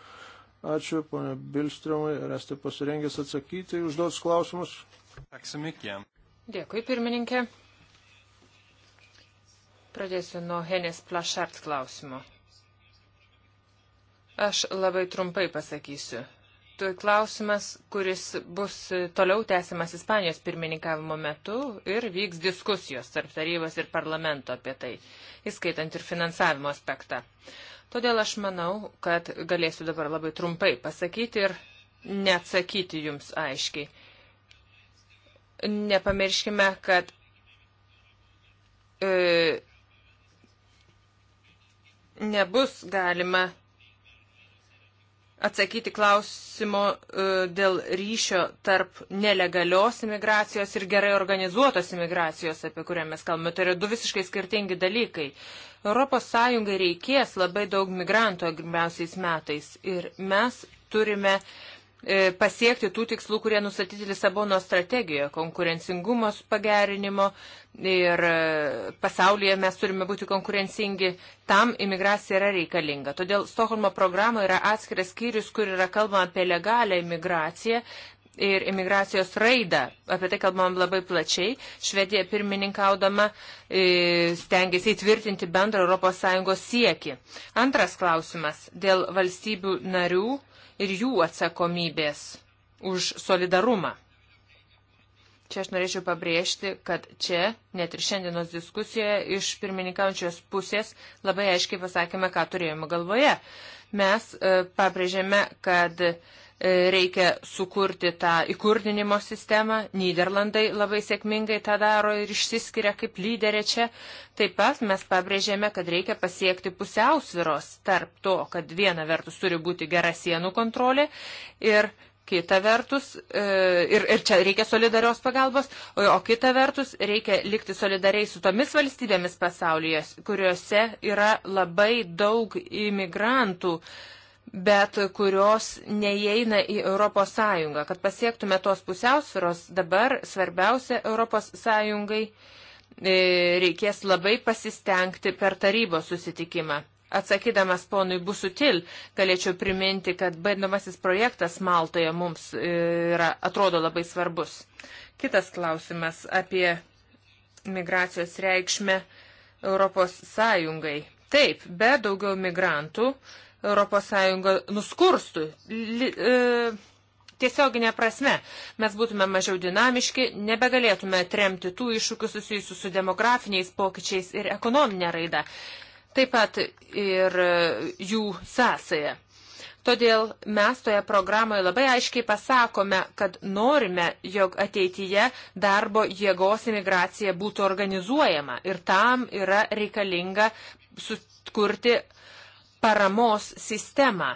Ačiū, ponia Bilstromai, ar esate pasirengęs atsakyti į užduotus klausimus? Aksimikė. Dėkui, pirmininkė. Pradėsiu nuo Henės Plašart klausimo. Aš labai trumpai pasakysiu klausimas, kuris bus toliau tęsiamas Ispanijos pirmininkavimo metu ir vyks diskusijos tarp tarybos ir parlamento apie tai, įskaitant ir finansavimo aspektą. Todėl aš manau, kad galėsiu dabar labai trumpai pasakyti ir neatsakyti jums aiškiai. Nepamirškime, kad e, nebus galima atsakyti klausimo e, dėl ryšio tarp nelegalios imigracijos ir gerai organizuotos imigracijos, apie kurią mes kalbame. Tai yra du visiškai skirtingi dalykai. Europos Sąjungai reikės labai daug migrantų agrimbiausiais metais ir mes turime uh, E, pasiekti tų tikslų, kurie nustatyti Lisabono strategijoje - konkurencingumos pagerinimo ir e, pasaulyje mes turime būti konkurencingi. Tam imigracija yra reikalinga. Todėl Stokholmo programoje yra atskiras skyrius, kur yra kalbama apie legalią imigraciją. Ir imigracijos raidą, apie tai kalbam labai plačiai, Švedija pirmininkaudama e, stengiasi įtvirtinti bendrą ES siekį. Antras klausimas dėl valstybių narių ir jų atsakomybės už solidarumą. Čia aš norėčiau pabrėžti, kad čia, net ir šiandienos diskusijoje, iš pirmininkaujančios pusės labai aiškiai pasakėme, ką turėjome galvoje. Mes e, pabrėžėme, kad e, E, reikia sukurti tą įkurdinimo sistemą. Niderlandai labai sėkmingai tą daro ir išsiskiria kaip lyderė čia. Taip pat mes pabrėžėme, kad reikia pasiekti pusiausviros tarp to, kad viena vertus turi būti gera sienų kontrolė ir kita vertus, e, ir, ir čia reikia solidarios pagalbos, o kita vertus reikia likti solidariai su tomis valstybėmis pasaulyje, kuriuose yra labai daug imigrantų. Uh, bet kurios neįeina į Europos Sąjungą. Kad pasiektume tos pusiausviros, dabar svarbiausia Europos Sąjungai e, reikės labai pasistengti per tarybos susitikimą. Atsakydamas ponui Busutil, galėčiau priminti, kad bandomasis projektas Maltoje mums e, yra, atrodo labai svarbus. Kitas klausimas apie migracijos reikšmę Europos Sąjungai. Taip, be daugiau migrantų ES nuskurstų. Li, e, tiesioginė prasme, mes būtume mažiau dinamiški, nebegalėtume tremti tų iššūkių susijusių su demografiniais pokyčiais ir ekonominė raida, taip pat ir e, jų sąsaja. Todėl mes toje programoje labai aiškiai pasakome, kad norime, jog ateityje darbo jėgos imigracija būtų organizuojama ir tam yra reikalinga sukurti paramos sistemą.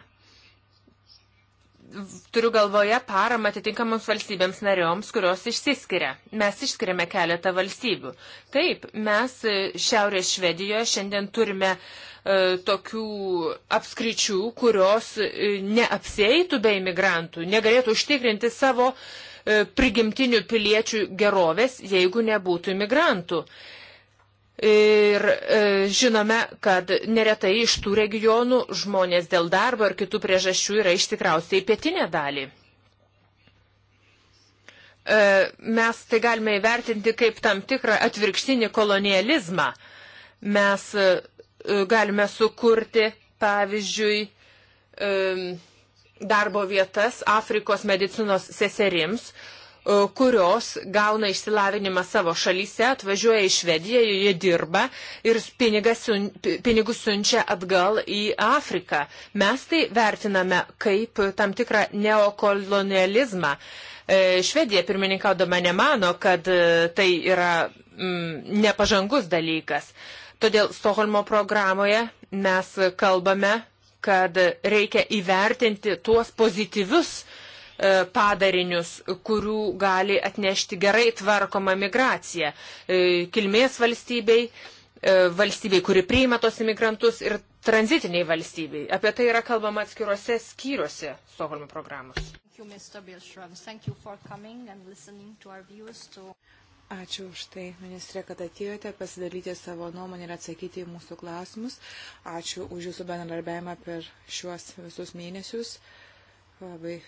Turiu galvoje paramą atitinkamoms valstybėms narėms, kurios išsiskiria. Mes išskiriame keletą valstybių. Taip, mes e, Šiaurės Švedijoje šiandien turime e, tokių apskričių, kurios e, neapseitų be imigrantų, negalėtų užtikrinti savo prigimtinių piliečių gerovės, jeigu nebūtų imigrantų. Ir e, žinome, kad neretai iš tų regionų žmonės dėl darbo ar kitų priežasčių yra išsikrausti į pietinę dalį. E, mes tai galime įvertinti kaip tam tikrą atvirkštinį kolonializmą. Mes e, galime sukurti, pavyzdžiui, e, darbo vietas Afrikos medicinos seserims, E, kurios gauna išsilavinimą savo šalyse, atvažiuoja į Švediją, jie dirba ir siun, pinigus siunčia atgal į Afriką. Mes tai vertiname kaip tam tikrą neokolonializmą. E, Švedija pirmininkaudama nemano, kad e, tai yra mm, nepažangus dalykas. Todėl Stoholmo programoje mes kalbame, kad reikia įvertinti tuos pozityvius uh, E, padarinius, kurių gali atnešti gerai tvarkoma migracija e, kilmės valstybei, e, valstybei, kuri priima tos imigrantus ir tranzitiniai valstybei. Apie tai yra kalbama atskiruose skyriuose Stokholmo programos. Ačiū už tai, ministrė, kad atėjote pasidalyti savo nuomonę ir atsakyti į mūsų klausimus. Ačiū už jūsų bendradarbiavimą per šiuos visus mėnesius. Labai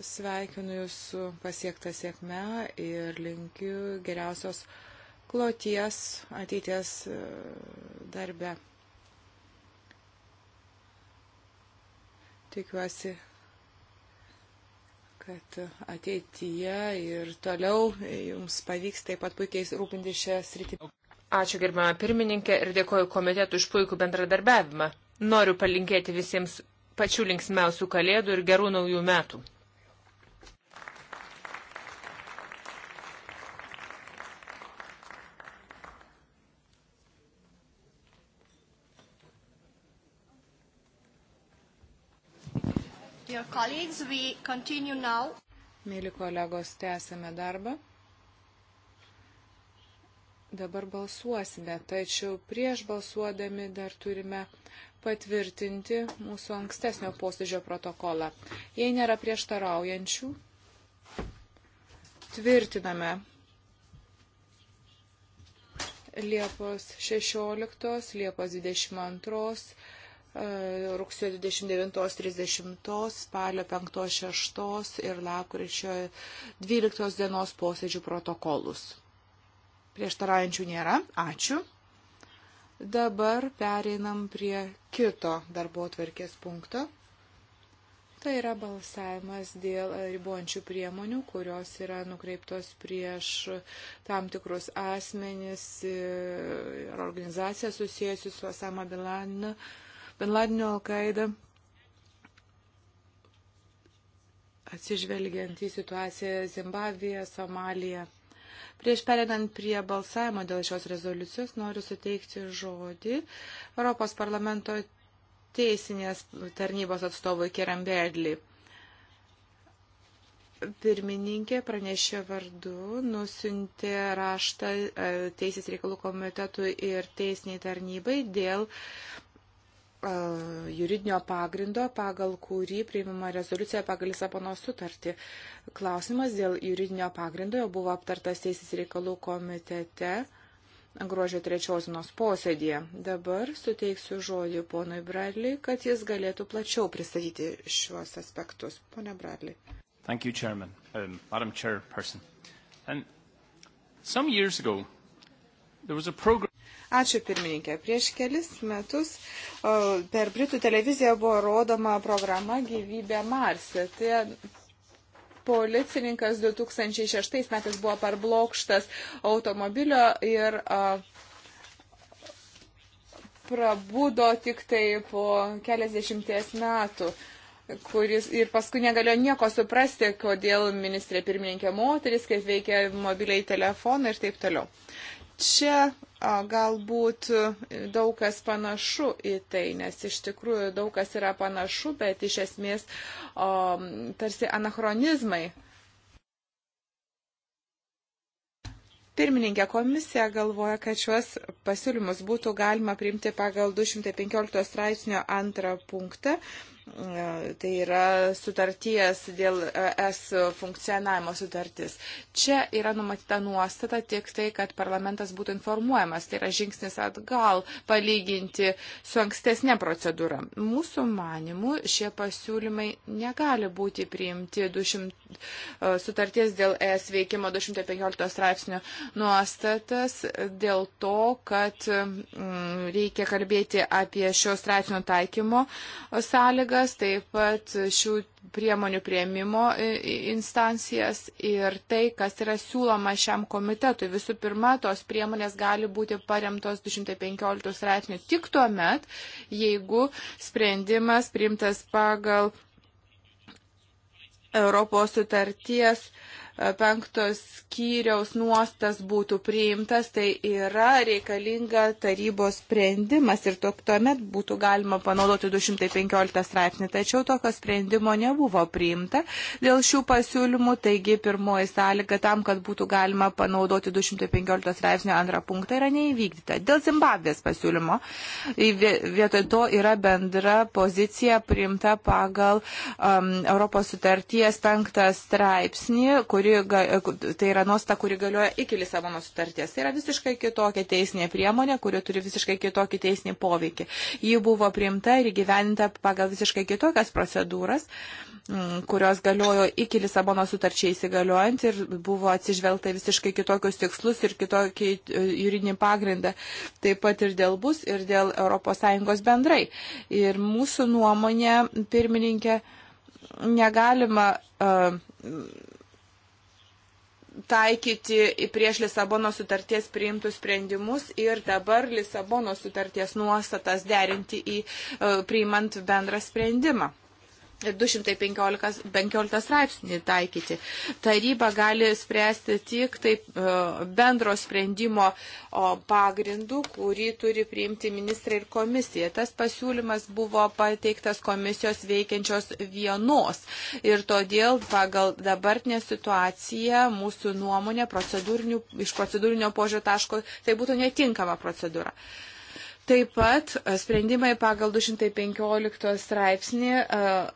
sveikinu Jūs su pasiektą sėkme ir linkiu geriausios kloties ateities e, darbe. Tikiuosi, kad ateityje ir toliau Jums pavyks taip pat puikiai rūpinti šią sritį. Ačiū gerbama pirmininkė ir dėkoju komitetu už puikų bendradarbiavimą. Noriu palinkėti visiems pačių linksmiausių kalėdų ir gerų naujų metų. Dear colleagues, we continue now. Mėly kolegos, tęsime darbą. Dabar balsuosime, tačiau prieš balsuodami dar turime patvirtinti mūsų ankstesnio posėdžio protokolą. Jei nėra prieštaraujančių, tvirtiname Liepos 16, Liepos 22 E, rugsėjo 29-30, spalio 5-6 ir lapkričio 12 dienos posėdžių protokolus. Prieštaraujančių nėra. Ačiū. Dabar pereinam prie kito darbo atverkės punkto. Tai yra balsavimas dėl ribojančių priemonių, kurios yra nukreiptos prieš tam tikrus asmenis ir organizaciją susijusius su Osama Bilan Ben Ladino Alkaida atsižvelgiant į situaciją Zimbabvėje, Somalija. Prieš perėdant prie balsavimo dėl šios rezoliucijos noriu suteikti žodį Europos parlamento teisinės tarnybos atstovui Kiram Berdli. Pirmininkė pranešė vardu, nusintė raštą e, Teisės reikalų komitetui ir teisiniai tarnybai dėl E, juridinio pagrindo, pagal kurį priimama rezoliucija pagal Lisabono sutartį. Klausimas dėl juridinio pagrindo jau buvo aptartas Teisės reikalų komitete gruožio trečiosinos posėdėje. Dabar suteiksiu žodį ponui Bradley, kad jis galėtų plačiau pristatyti šiuos aspektus. Pone Bradley. Thank you, Chairman. Um, Madam Chairperson. Um, some years ago, there was a program... Ačiū pirmininkė. Prieš kelis metus per Britų televiziją buvo rodoma programa Gyvybė Marse. Tai policininkas 2006 metais buvo parblokštas automobilio ir prabudo tik tai po keliasdešimties metų kuris ir paskui negalėjo nieko suprasti, kodėl ministrė pirmininkė moteris, kaip veikia mobiliai telefonai ir taip toliau. Čia galbūt daug kas panašu į tai, nes iš tikrųjų daug kas yra panašu, bet iš esmės o, tarsi anachronizmai. Pirmininkė komisija galvoja, kad šiuos pasiūlymus būtų galima priimti pagal 215 straipsnio antrą punktą, E, tai yra sutarties dėl es funkcionavimo sutartis. Čia yra numatyta nuostata tik tai, kad parlamentas būtų informuojamas. Tai yra žingsnis atgal palyginti su ankstesnė procedūra. Mūsų manimų šie pasiūlymai negali būti priimti 200, e, sutarties dėl es veikimo 215 straipsnio nuostatas dėl to, kad mm, reikia kalbėti apie šio straipsnio taikymo sąlygą institucijas, taip pat šių priemonių prieimimo instancijas ir tai, kas yra siūloma šiam komitetui. Visų pirma, tos priemonės gali būti paremtos 215 straipsnių tik tuo met, jeigu sprendimas priimtas pagal Europos sutarties penktos skyriaus nuostas būtų priimtas, tai yra reikalinga tarybos sprendimas ir tuomet būtų galima panaudoti 215 straipsnį. Tačiau tokio sprendimo nebuvo priimta dėl šių pasiūlymų, taigi pirmoji sąlyga tam, kad būtų galima panaudoti 215 straipsnį antrą punktą yra neįvykdyta. Dėl Zimbabvės pasiūlymo vietoj to yra bendra pozicija priimta pagal um, Europos sutarties penktą straipsnį, kuri kuri, e, tai yra nuosta, kuri galioja iki Lisabono sutarties. Tai yra visiškai kitokia teisinė priemonė, kuri turi visiškai kitokį teisinį poveikį. Ji buvo priimta ir gyventa pagal visiškai kitokias procedūras mm, kurios galiojo iki Lisabono sutarčiai įsigaliojant ir buvo atsižvelgta visiškai kitokius tikslus ir kitokį e, juridinį pagrindą, taip pat ir dėl bus ir dėl ES bendrai. Ir mūsų nuomonė, pirmininkė, negalima uh, taikyti prieš Lisabono sutarties priimtus sprendimus ir dabar Lisabono sutarties nuostatas derinti į e, priimant bendrą sprendimą. 215 straipsnį taikyti. Taryba gali spręsti tik taip e, bendro sprendimo pagrindų, kurį turi priimti ministrai ir komisija. Tas pasiūlymas buvo pateiktas komisijos veikiančios vienos ir todėl pagal dabartinę situaciją mūsų nuomonė procedūrinių, iš procedūrinio požiūrio taško tai būtų netinkama procedūra. Uh, Taip pat e, sprendimai pagal 215 straipsnį e,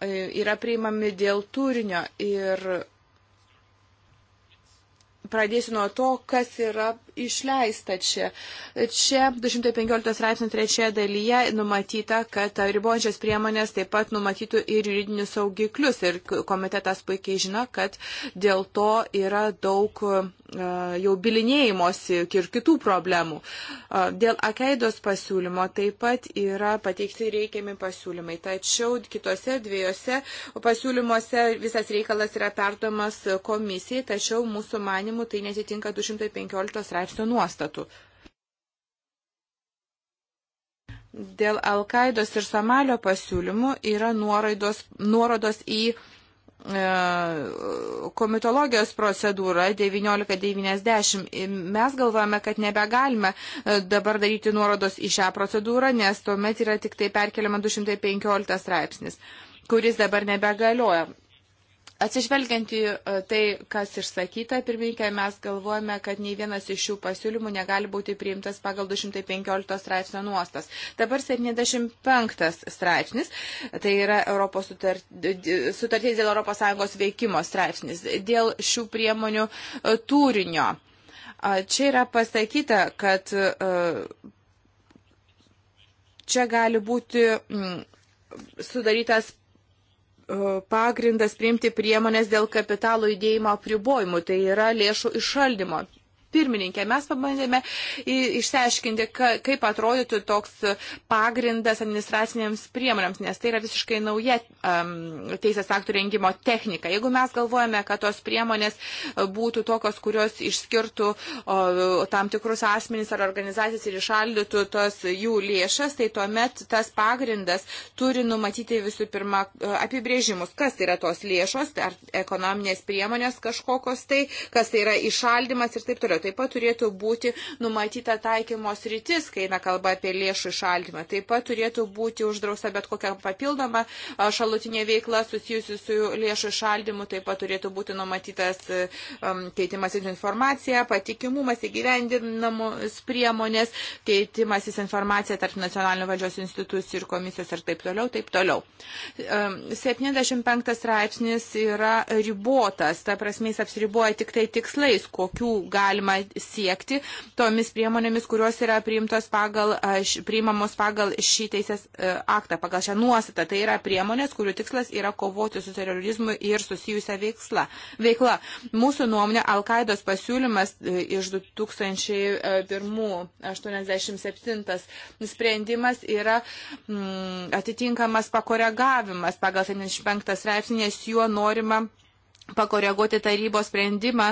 e, yra priimami dėl turinio ir pradėsiu nuo to, kas yra išleista čia. Čia 215 straipsnių trečioje dalyje numatyta, kad ribojančios priemonės taip pat numatytų ir juridinius saugiklius. Ir komitetas puikiai žino, kad dėl to yra daug e, jau bilinėjimosi ir kitų problemų. E, dėl akeidos pasiūlymo taip pat yra pateikti reikiami pasiūlymai. Tačiau kitose dviejose pasiūlymuose visas reikalas yra perdomas komisijai, tačiau mūsų manimų tai netitinka 215 straipsnių straipsnio nuostatų. Dėl Alkaidos ir Somalio pasiūlymų yra nuorodos, nuorodos į e, komitologijos procedūrą 1990. Mes galvojame, kad nebegalime e, dabar daryti nuorodos į šią procedūrą, nes tuomet yra tik tai perkeliama 215 straipsnis kuris dabar nebegalioja. Atsižvelgiant į e, tai, kas išsakyta, pirmininkė, mes galvojame, kad nei vienas iš šių pasiūlymų negali būti priimtas pagal 215 straipsnio nuostas. Dabar 75 straipsnis, tai yra Europos sutart, sutartys dėl ES veikimo straipsnis, dėl šių priemonių e, turinio. Čia yra pasakyta, kad e, čia gali būti sudarytas E, pagrindas priimti priemonės dėl kapitalo įdėjimo apribojimų, tai yra lėšų išaldymo pirmininkė. Mes pabandėme išsiaiškinti, kaip atrodytų toks pagrindas administracinėms priemonėms, nes tai yra visiškai nauja um, teisės aktų rengimo technika. Jeigu mes galvojame, kad tos priemonės būtų tokios, kurios išskirtų o, tam tikrus asmenys ar organizacijas ir išaldytų tos jų lėšas, tai tuomet tas pagrindas turi numatyti visų pirma e, apibrėžimus, kas tai yra tos lėšos, ar ekonominės priemonės kažkokios tai, kas tai yra išaldymas ir taip toliau. Taip pat turėtų būti numatyta taikymos rytis, kai eina kalba apie lėšų išaldymą. Taip pat turėtų būti uždrausta bet kokia papildoma šalutinė veikla susijusi su lėšų išaldymu. Taip pat turėtų būti numatytas e, keitimasis informacija, patikimumas įgyvendinamos priemonės, keitimasis informacija tarp nacionalinių valdžios institucijų ir komisijos ir taip toliau, taip toliau. 75 straipsnis yra ribotas, ta prasme jis apsiriboja tik tai tikslais, kokių galima galima siekti tomis priemonėmis, kurios yra priimtos pagal, priimamos pagal šį teisės e, aktą, pagal šią nuostatą. Tai yra priemonės, kurių tikslas yra kovoti su terorizmu ir susijusią veiksla. veikla. Mūsų nuomonė, Al-Qaidos pasiūlymas e, iš 2001-87 sprendimas yra mm, atitinkamas pakoregavimas pagal 75 straipsnį, nes juo norima pakoreguoti tarybos sprendimą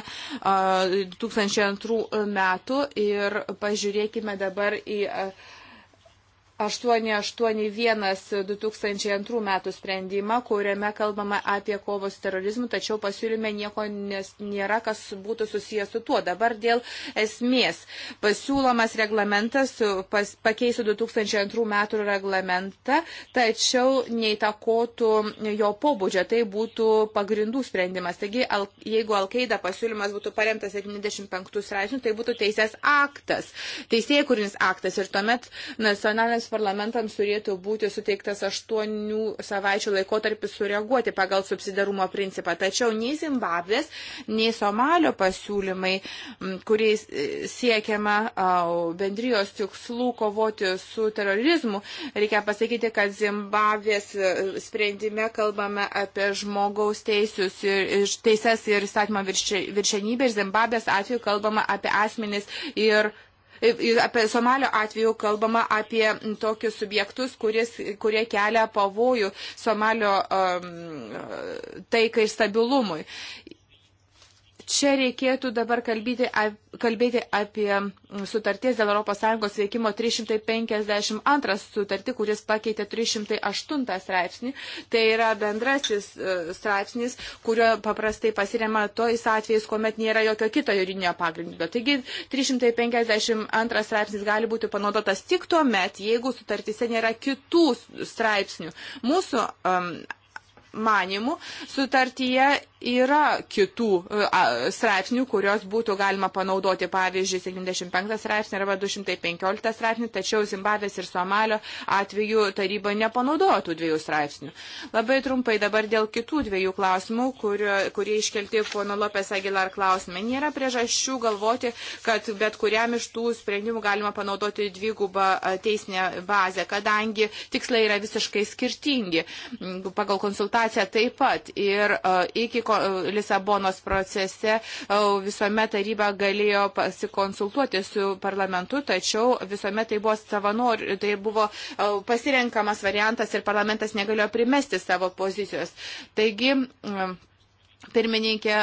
2002 metų ir pažiūrėkime dabar į 881-2002 metų sprendimą, kuriame kalbama apie kovos terorizmų, tačiau pasiūlyme nieko nes, nėra, kas būtų susijęs su tuo. Dabar dėl esmės. Pasiūlomas reglamentas pas, pakeisų 2002 metų reglamentą, tačiau neįtakotų jo pobūdžio. Tai būtų pagrindų sprendimas. Taigi, al, jeigu Alkaida pasiūlymas būtų paremtas 75 straipsnių, tai būtų teisės aktas, teisėjų kūrinis aktas ir tuomet nacionalinis parlamentams turėtų būti suteiktas aštuonių savaičių laikotarpis sureaguoti pagal subsidarumo principą. Tačiau nei Zimbabvės, nei Somalio pasiūlymai, kuriais e, siekiama bendrijos tikslų kovoti su terorizmu, reikia pasakyti, kad Zimbabvės e, sprendime kalbame apie žmogaus teisius ir teises ir įstatymą viršenybę ir Zimbabvės atveju kalbama apie asmenis ir Apie Somalio atveju kalbama apie tokius subjektus, kuris, kurie kelia pavojų Somalio um, taikai ir stabilumui. Čia reikėtų dabar kalbėti, kalbėti apie mm, sutarties dėl ES veikimo 352 sutartį, kuris pakeitė 308 straipsnį. Tai yra bendrasis e, straipsnis, kurio paprastai pasirema tojais atvejais, kuomet nėra jokio kito juridinio pagrindo. Taigi 352 straipsnis gali būti panaudotas tik tuo met, jeigu sutartise nėra kitų straipsnių. Mūsų um, manimų sutartyje yra kitų e, straipsnių, kurios būtų galima panaudoti, pavyzdžiui, 75 straipsnį arba 215 straipsnį, tačiau Zimbabvės ir Somalio atveju taryba nepanaudotų dviejų straipsnių. Labai trumpai dabar dėl kitų dviejų klausimų, kurio, kurie iškelti pono Lopės Agilar klausimai. Nėra priežasčių galvoti, kad bet kuriam iš tų sprendimų galima panaudoti dvigubą e, teisinę bazę, kadangi tikslai yra visiškai skirtingi. Pagal konsultaciją taip pat. Ir e, iki Lisabonos procese e, visuomet taryba galėjo pasikonsultuoti su parlamentu, tačiau visuomet tai buvo savanori, tai buvo e, pasirenkamas variantas ir parlamentas negalėjo primesti savo pozicijos. Taigi, e, Pirmininkė,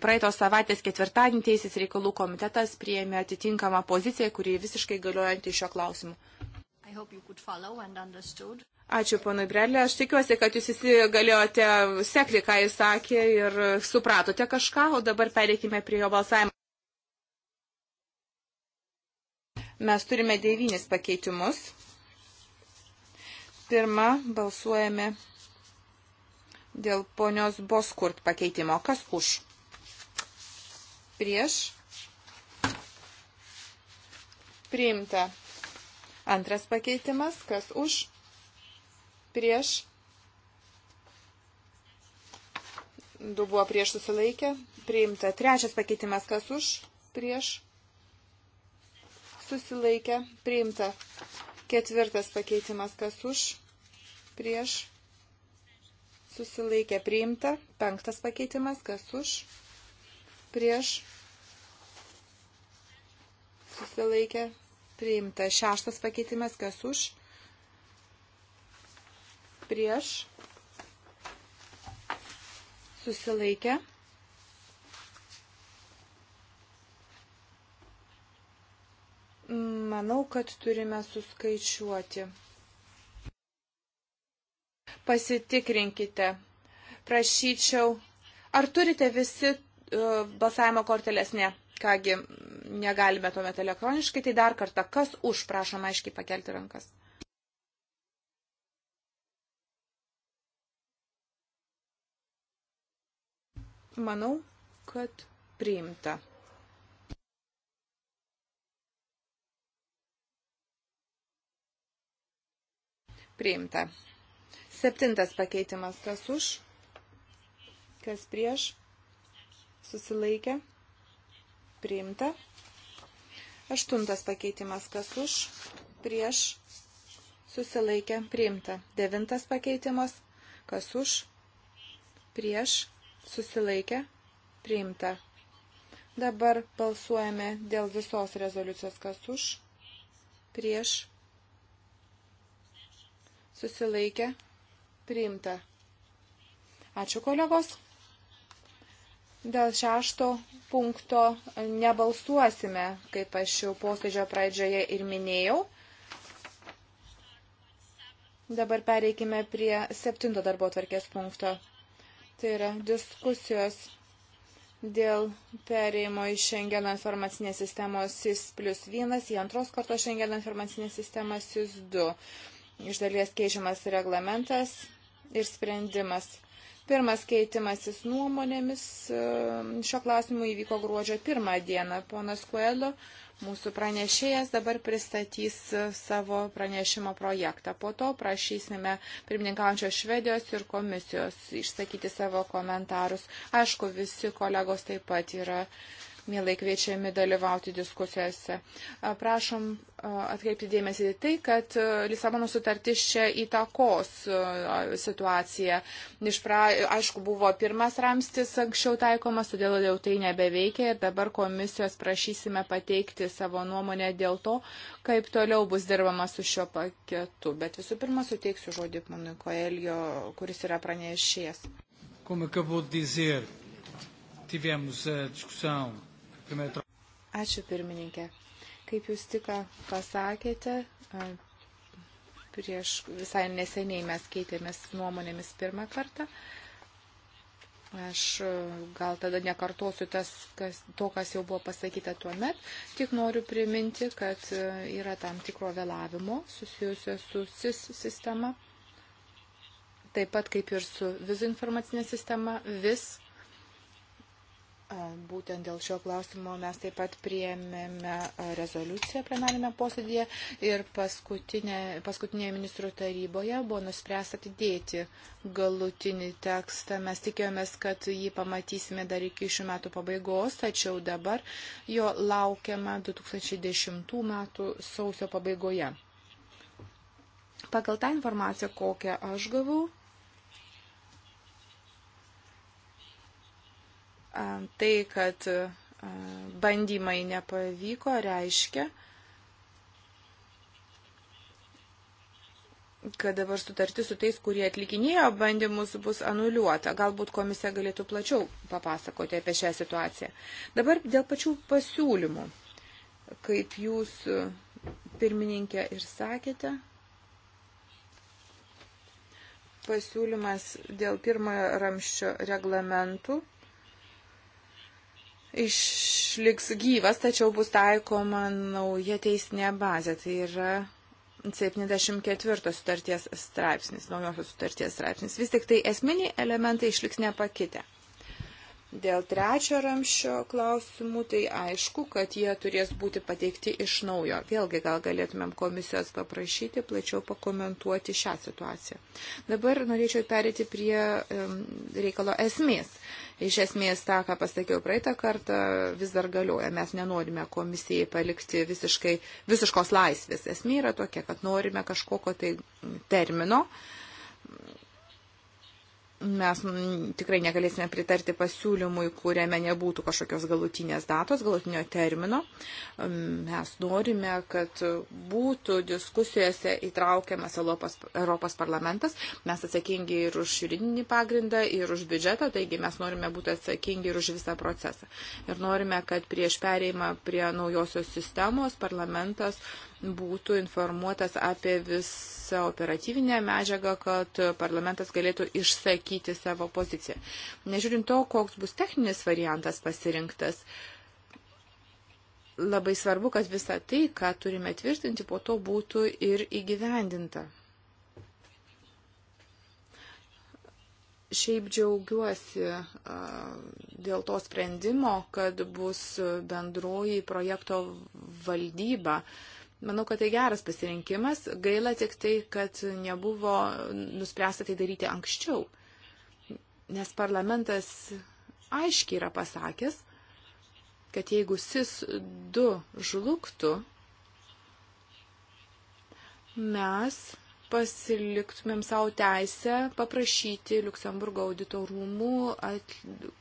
praeitos savaitės ketvirtadienį Teisės reikalų komitetas prieėmė atitinkamą poziciją, kuri visiškai galiojanti šio klausimu. Ačiū, ponui Brelė. Aš tikiuosi, kad jūs visi galėjote sekti, ką jis sakė ir supratote kažką, o dabar pereikime prie jo balsavimo. Mes turime devynis pakeitimus. Pirma, balsuojame dėl ponios Boskurt pakeitimo. Kas už? Prieš. Priimta. Antras pakeitimas. Kas už? prieš. Du buvo prieš susilaikę. Priimta. Trečias pakeitimas kas už? Prieš. Susilaikę. Priimta. Ketvirtas pakeitimas kas už? Prieš. Susilaikę. Priimta. Penktas pakeitimas kas už? Prieš. Susilaikę. Priimta. Šeštas pakeitimas kas už? Prieš prieš, susilaikę. Manau, kad turime suskaičiuoti. Pasitikrinkite. Prašyčiau, ar turite visi e, balsavimo kortelės? Ne. Kągi, negalime tuomet elektroniškai, tai dar kartą, kas už, prašom aiškiai pakelti rankas. Manau, kad priimta. Priimta. Septintas pakeitimas. Kas už? Kas prieš? Susilaikė. Priimta. Aštuntas pakeitimas. Kas už? Prieš? Susilaikė. Priimta. Devintas pakeitimas. Kas už? Prieš? susilaikė, priimta. Dabar balsuojame dėl visos rezoliucijos, kas už, prieš, susilaikė, priimta. Ačiū kolegos. Dėl šešto punkto nebalsuosime, kaip aš jau posėdžio pradžioje ir minėjau. Dabar pereikime prie septinto darbo tvarkės punkto. Tai yra diskusijos dėl pereimo iš Schengeno informacinės sistemos SIS plus 1 į antros kartos Schengeno informacinę sistemą SIS 2. Iš dalies keičiamas reglamentas ir sprendimas. Pirmas keitimasis nuomonėmis e, šio klausimu įvyko gruodžio pirmą dieną. Ponas Kuelo, mūsų pranešėjas, dabar pristatys e, savo pranešimo projektą. Po to prašysime pirmininkaujančios Švedijos ir komisijos išsakyti savo komentarus. Aišku, visi kolegos taip pat yra mielai kviečiami dalyvauti diskusijose. Prašom atkreipti dėmesį į tai, kad Lisabono sutartis čia įtakos situaciją. Iš pra, aišku, buvo pirmas ramstis anksčiau taikomas, todėl jau tai nebeveikia ir dabar komisijos prašysime pateikti savo nuomonę dėl to, kaip toliau bus dirbama su šio paketu. Bet visų pirma, suteiksiu žodį ponui Koelio, kuris yra pranešėjas. Como acabou de dizer, tivemos a discussão Ačiū pirmininkė. Kaip jūs tik pasakėte, prieš visai neseniai mes keitėmės nuomonėmis pirmą kartą. Aš gal tada nekartosiu tas, kas, to, kas jau buvo pasakyta tuo met, tik noriu priminti, kad yra tam tikro vėlavimo susijusio su SIS sistema, taip pat kaip ir su vizų informacinė sistema, vis Būtent dėl šio klausimo mes taip pat priėmėme rezoliuciją plenarinėme posėdėje ir paskutinė, paskutinėje ministrų taryboje buvo nuspręsta atidėti galutinį tekstą. Mes tikėjomės, kad jį pamatysime dar iki šių metų pabaigos, tačiau dabar jo laukiama 2010 metų sausio pabaigoje. Pagal tą informaciją, kokią aš gavau, tai, kad bandymai nepavyko, reiškia, kad dabar sutartis su tais, kurie atlikinėjo bandymus, bus anuliuota. Galbūt komisija galėtų plačiau papasakoti apie šią situaciją. Dabar dėl pačių pasiūlymų. Kaip jūs pirmininkė ir sakėte, pasiūlymas dėl pirmojo ramščio reglamentų išliks gyvas, tačiau bus taikoma nauja teisinė bazė. Tai yra 74 sutarties straipsnis, naujosios sutarties straipsnis. Vis tik tai esminiai elementai išliks nepakitę. Dėl trečio ramščio klausimų, tai aišku, kad jie turės būti pateikti iš naujo. Vėlgi gal galėtumėm komisijos paprašyti plačiau pakomentuoti šią situaciją. Dabar norėčiau perėti prie um, reikalo esmės. Iš esmės tą, ką pasakiau praeitą kartą, vis dar galioja. Mes nenorime komisijai palikti visiškai, visiškos laisvės. Esmė yra tokia, kad norime kažkokio tai termino mes tikrai negalėsime pritarti pasiūlymui, kuriame nebūtų kažkokios galutinės datos, galutinio termino. Mes norime, kad būtų diskusijose įtraukiamas Europos, Europos parlamentas. Mes atsakingi ir už juridinį pagrindą, ir už biudžetą, taigi mes norime būti atsakingi ir už visą procesą. Ir norime, kad prieš pereimą prie naujosios sistemos parlamentas būtų informuotas apie visą operatyvinę medžiagą, kad parlamentas galėtų išsakyti savo poziciją. Nežiūrint to, koks bus techninis variantas pasirinktas, labai svarbu, kad visa tai, ką turime tvirtinti, po to būtų ir įgyvendinta. Šiaip džiaugiuosi dėl to sprendimo, kad bus bendroji projekto valdyba. Uh, Manau, kad tai geras pasirinkimas. Gaila tik tai, kad nebuvo nuspręsta tai daryti anksčiau. Nes parlamentas aiškiai yra pasakęs, kad jeigu SIS 2 žlugtų, mes pasiliktumėm savo teisę paprašyti Luksemburgo audito rūmų,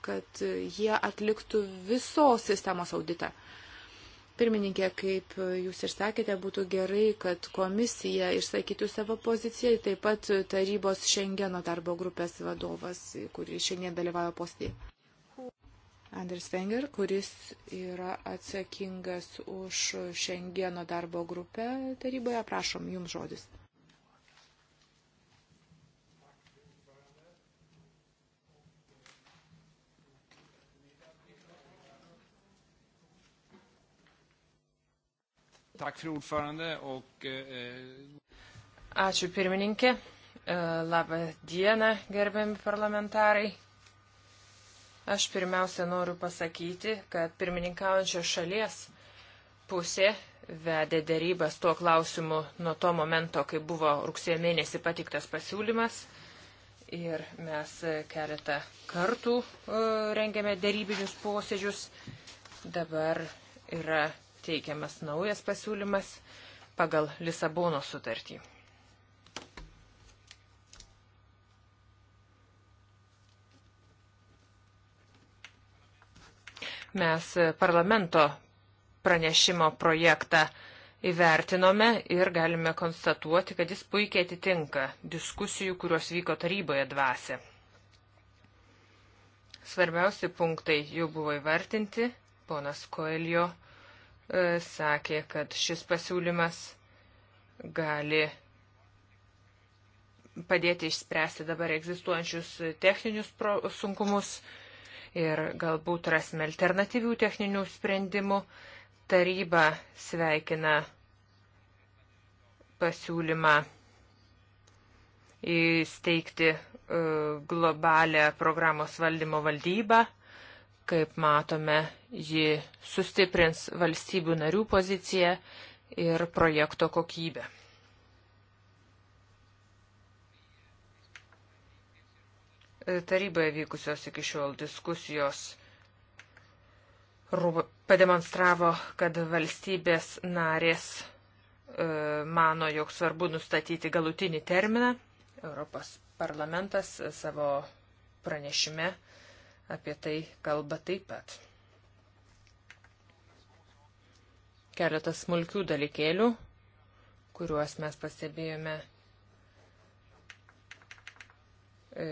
kad jie atliktų visos sistemos auditą. Pirmininkė, kaip jūs ir sakėte, būtų gerai, kad komisija išsakytų savo poziciją, taip pat tarybos Šengeno darbo grupės vadovas, kuris šiandien dalyvavo postį. Anders Wenger, kuris yra atsakingas už Šengeno darbo grupę taryboje, prašom, jums žodis. Eh, eh, Ačiū pirmininkė. Eh, labą dieną, gerbiami parlamentarai. Aš pirmiausia noriu pasakyti, kad pirmininkaujančios šalies pusė vedė dėrybas tuo klausimu nuo to momento, kai buvo rugsėjo mėnesį patiktas pasiūlymas. Ir mes keletą kartų rengėme dėrybinius posėdžius. Dabar yra teikiamas naujas pasiūlymas pagal Lisabono sutartį. Mes parlamento pranešimo projektą įvertinome ir galime konstatuoti, kad jis puikiai atitinka diskusijų, kurios vyko taryboje dvasė. Svarbiausi punktai jau buvo įvertinti, ponas Koelio E, sakė, kad šis pasiūlymas gali padėti išspręsti dabar egzistuojančius techninius sunkumus ir galbūt rasime alternatyvių techninių sprendimų. Taryba sveikina pasiūlymą įsteigti e, globalę programos valdymo valdybą Kaip matome, ji sustiprins valstybių narių poziciją ir projekto kokybę. Taryboje vykusios iki šiol diskusijos pademonstravo, kad valstybės narės e, mano, jog svarbu nustatyti galutinį terminą. Europos parlamentas savo pranešime uh, apie tai kalba taip pat. Keletas smulkių dalykėlių, kuriuos mes pastebėjome e,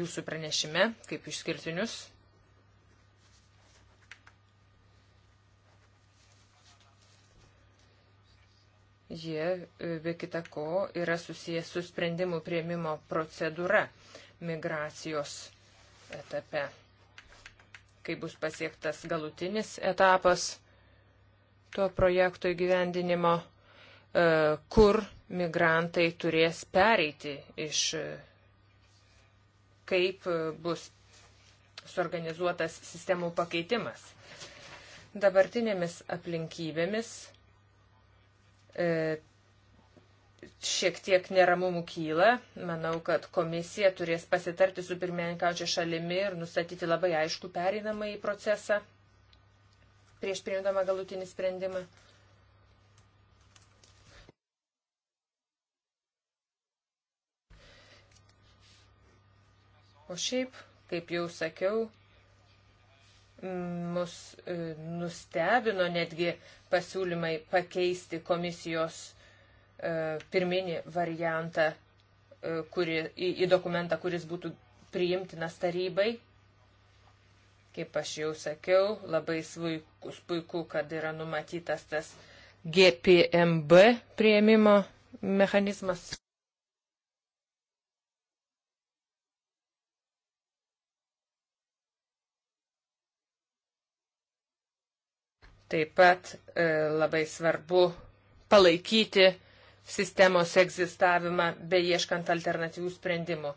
jūsų pranešime kaip išskirtinius. Jie, e, be kita ko, yra susijęs su sprendimų prieimimo procedūra migracijos etape. Kai bus pasiektas galutinis etapas tuo projekto įgyvendinimo, e, kur migrantai turės pereiti iš e, kaip bus suorganizuotas sistemų pakeitimas. Dabartinėmis aplinkybėmis e, šiek tiek neramumų kyla. Manau, kad komisija turės pasitarti su pirmininkaučia šalimi ir nustatyti labai aišku pereinamą į procesą prieš priimdama galutinį sprendimą. O šiaip, kaip jau sakiau, mus e, nustebino netgi pasiūlymai pakeisti komisijos E, pirminį variantą e, kuri, į, į dokumentą, kuris būtų priimtinas tarybai. Kaip aš jau sakiau, labai svaikus, puiku, kad yra numatytas tas GPMB prieimimo mechanizmas. Taip pat e, labai svarbu palaikyti sistemos egzistavimą, beieškant alternatyvių sprendimų.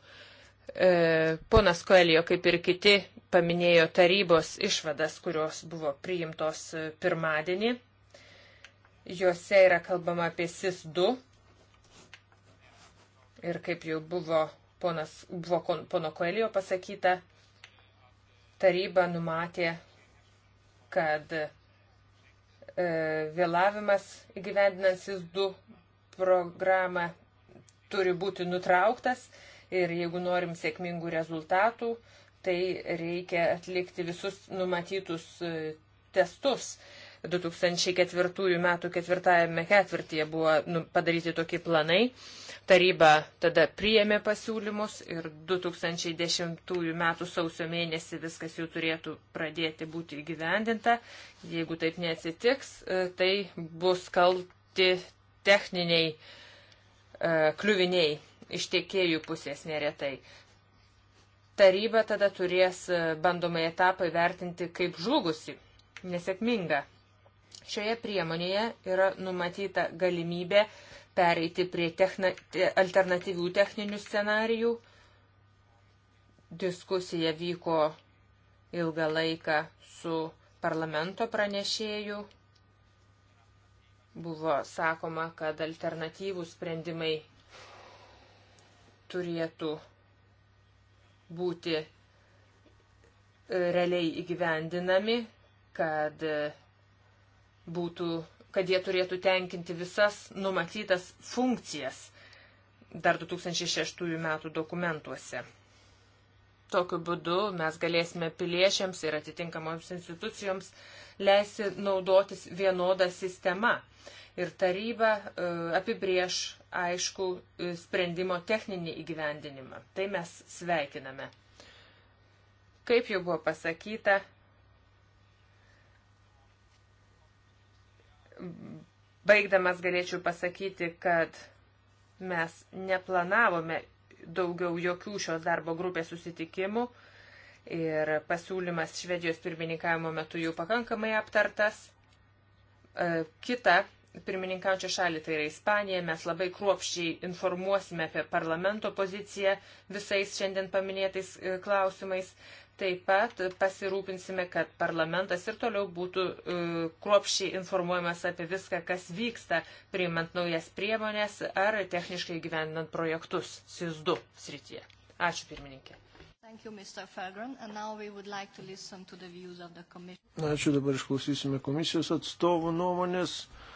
E, ponas Koelio, kaip ir kiti, paminėjo tarybos išvadas, kurios buvo priimtos e, pirmadienį. Juose yra kalbama apie SIS 2 ir kaip jau buvo, ponas, buvo pono Koelio pasakyta, taryba numatė, kad e, vėlavimas įgyvendinant SIS 2 programą turi būti nutrauktas ir jeigu norim sėkmingų rezultatų, tai reikia atlikti visus numatytus e, testus. 2004 m. ketvirtajame ketvirtyje buvo nu, padaryti tokie planai. Taryba tada priėmė pasiūlymus ir 2010 m. sausio mėnesį viskas jau turėtų pradėti būti įgyvendinta. Jeigu taip neatsitiks, e, tai bus kalti techniniai e, kliuviniai iš tiekėjų pusės neretai. Taryba tada turės e, bandomai etapą įvertinti kaip žlugusi, nesėkminga. Šioje priemonėje yra numatyta galimybė pereiti prie techna, alternatyvių techninių scenarijų. Diskusija vyko ilgą laiką su parlamento pranešėjų Buvo sakoma, kad alternatyvų sprendimai turėtų būti e, realiai įgyvendinami, kad, e, būtų, kad jie turėtų tenkinti visas numatytas funkcijas dar 2006 metų dokumentuose. Tokiu būdu mes galėsime piliečiams ir atitinkamoms institucijoms leisti naudotis vienodą sistemą. Ir taryba e, apibrieš aišku e, sprendimo techninį įgyvendinimą. Tai mes sveikiname. Kaip jau buvo pasakyta, baigdamas galėčiau pasakyti, kad mes neplanavome daugiau jokių šios darbo grupės susitikimų ir pasiūlymas Švedijos pirmininkavimo metu jau pakankamai aptartas. E, kita pirmininkaučią šalį, tai yra Ispanija, mes labai kruopščiai informuosime apie parlamento poziciją visais šiandien paminėtais e, klausimais. Taip pat pasirūpinsime, kad parlamentas ir toliau būtų e, kruopščiai informuojamas apie viską, kas vyksta, priimant naujas priemonės ar techniškai gyvendant projektus SIS2 srityje. Ačiū pirmininkė. Thank you, Mr. Fagron. And now we would like to listen to the views of the Commission. Ačiū, dabar išklausysime komisijos atstovų nuomonės. Uh,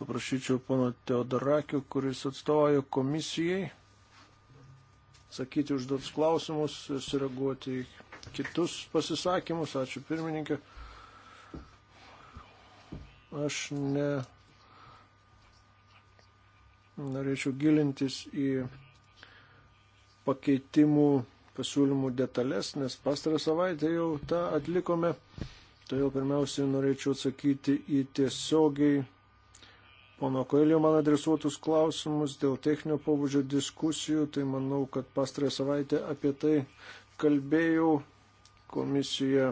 Paprašyčiau pono Teodorakių, kuris atstovauja komisijai, sakyti užduotus klausimus ir sureaguoti į kitus pasisakymus. Ačiū pirmininkė. Aš ne norėčiau gilintis į pakeitimų pasiūlymų detalės, nes pastarą savaitę jau tą atlikome. Todėl pirmiausiai norėčiau atsakyti į tiesiogiai pono Koelio man adresuotus klausimus dėl techninio pobūdžio diskusijų, tai manau, kad pastarąją savaitę apie tai kalbėjau. Komisija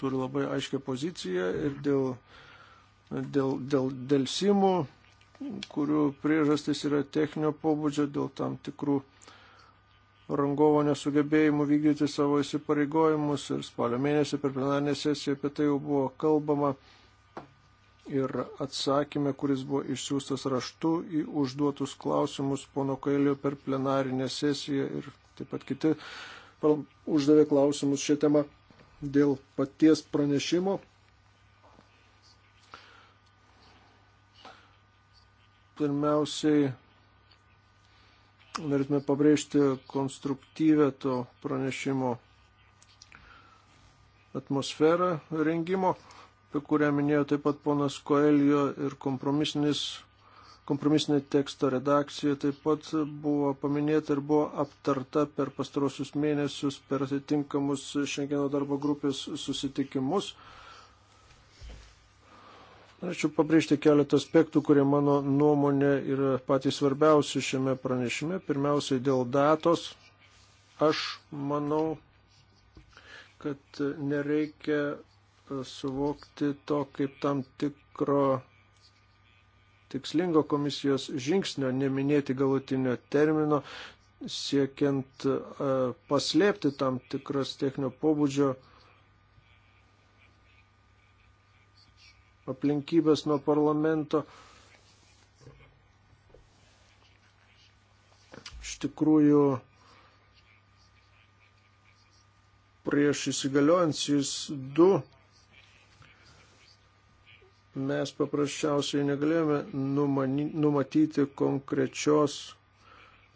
turi labai aiškę poziciją ir dėl, dėl, dėl, dėl simų, kurių priežastis yra techninio pobūdžio dėl tam tikrų rangovo nesugebėjimų vykdyti savo įsipareigojimus ir spalio mėnesį per plenarinę sesiją apie tai jau buvo kalbama ir atsakymė, kuris buvo išsiųstas raštu į užduotus klausimus pono Kailio per plenarinę sesiją ir taip pat kiti uždavė klausimus šią temą dėl paties pranešimo. Pirmiausiai norėtume pabrėžti konstruktyvę to pranešimo atmosferą rengimo apie kurią minėjo taip pat ponas Koelio ir kompromisinė teksto redakcija taip pat buvo paminėta ir buvo aptarta per pastarosius mėnesius per atitinkamus Šengeno darbo grupės susitikimus. Norėčiau pabrėžti keletą aspektų, kurie mano nuomonė yra patys svarbiausi šiame pranešime. Pirmiausiai dėl datos. Aš manau, kad nereikia suvokti to kaip tam tikro tikslingo komisijos žingsnio, neminėti galutinio termino, siekiant e, paslėpti tam tikras techninio pobūdžio aplinkybės nuo parlamento. Iš tikrųjų, prieš įsigaliojant SIS 2 mes paprasčiausiai negalėjome numatyti konkrečios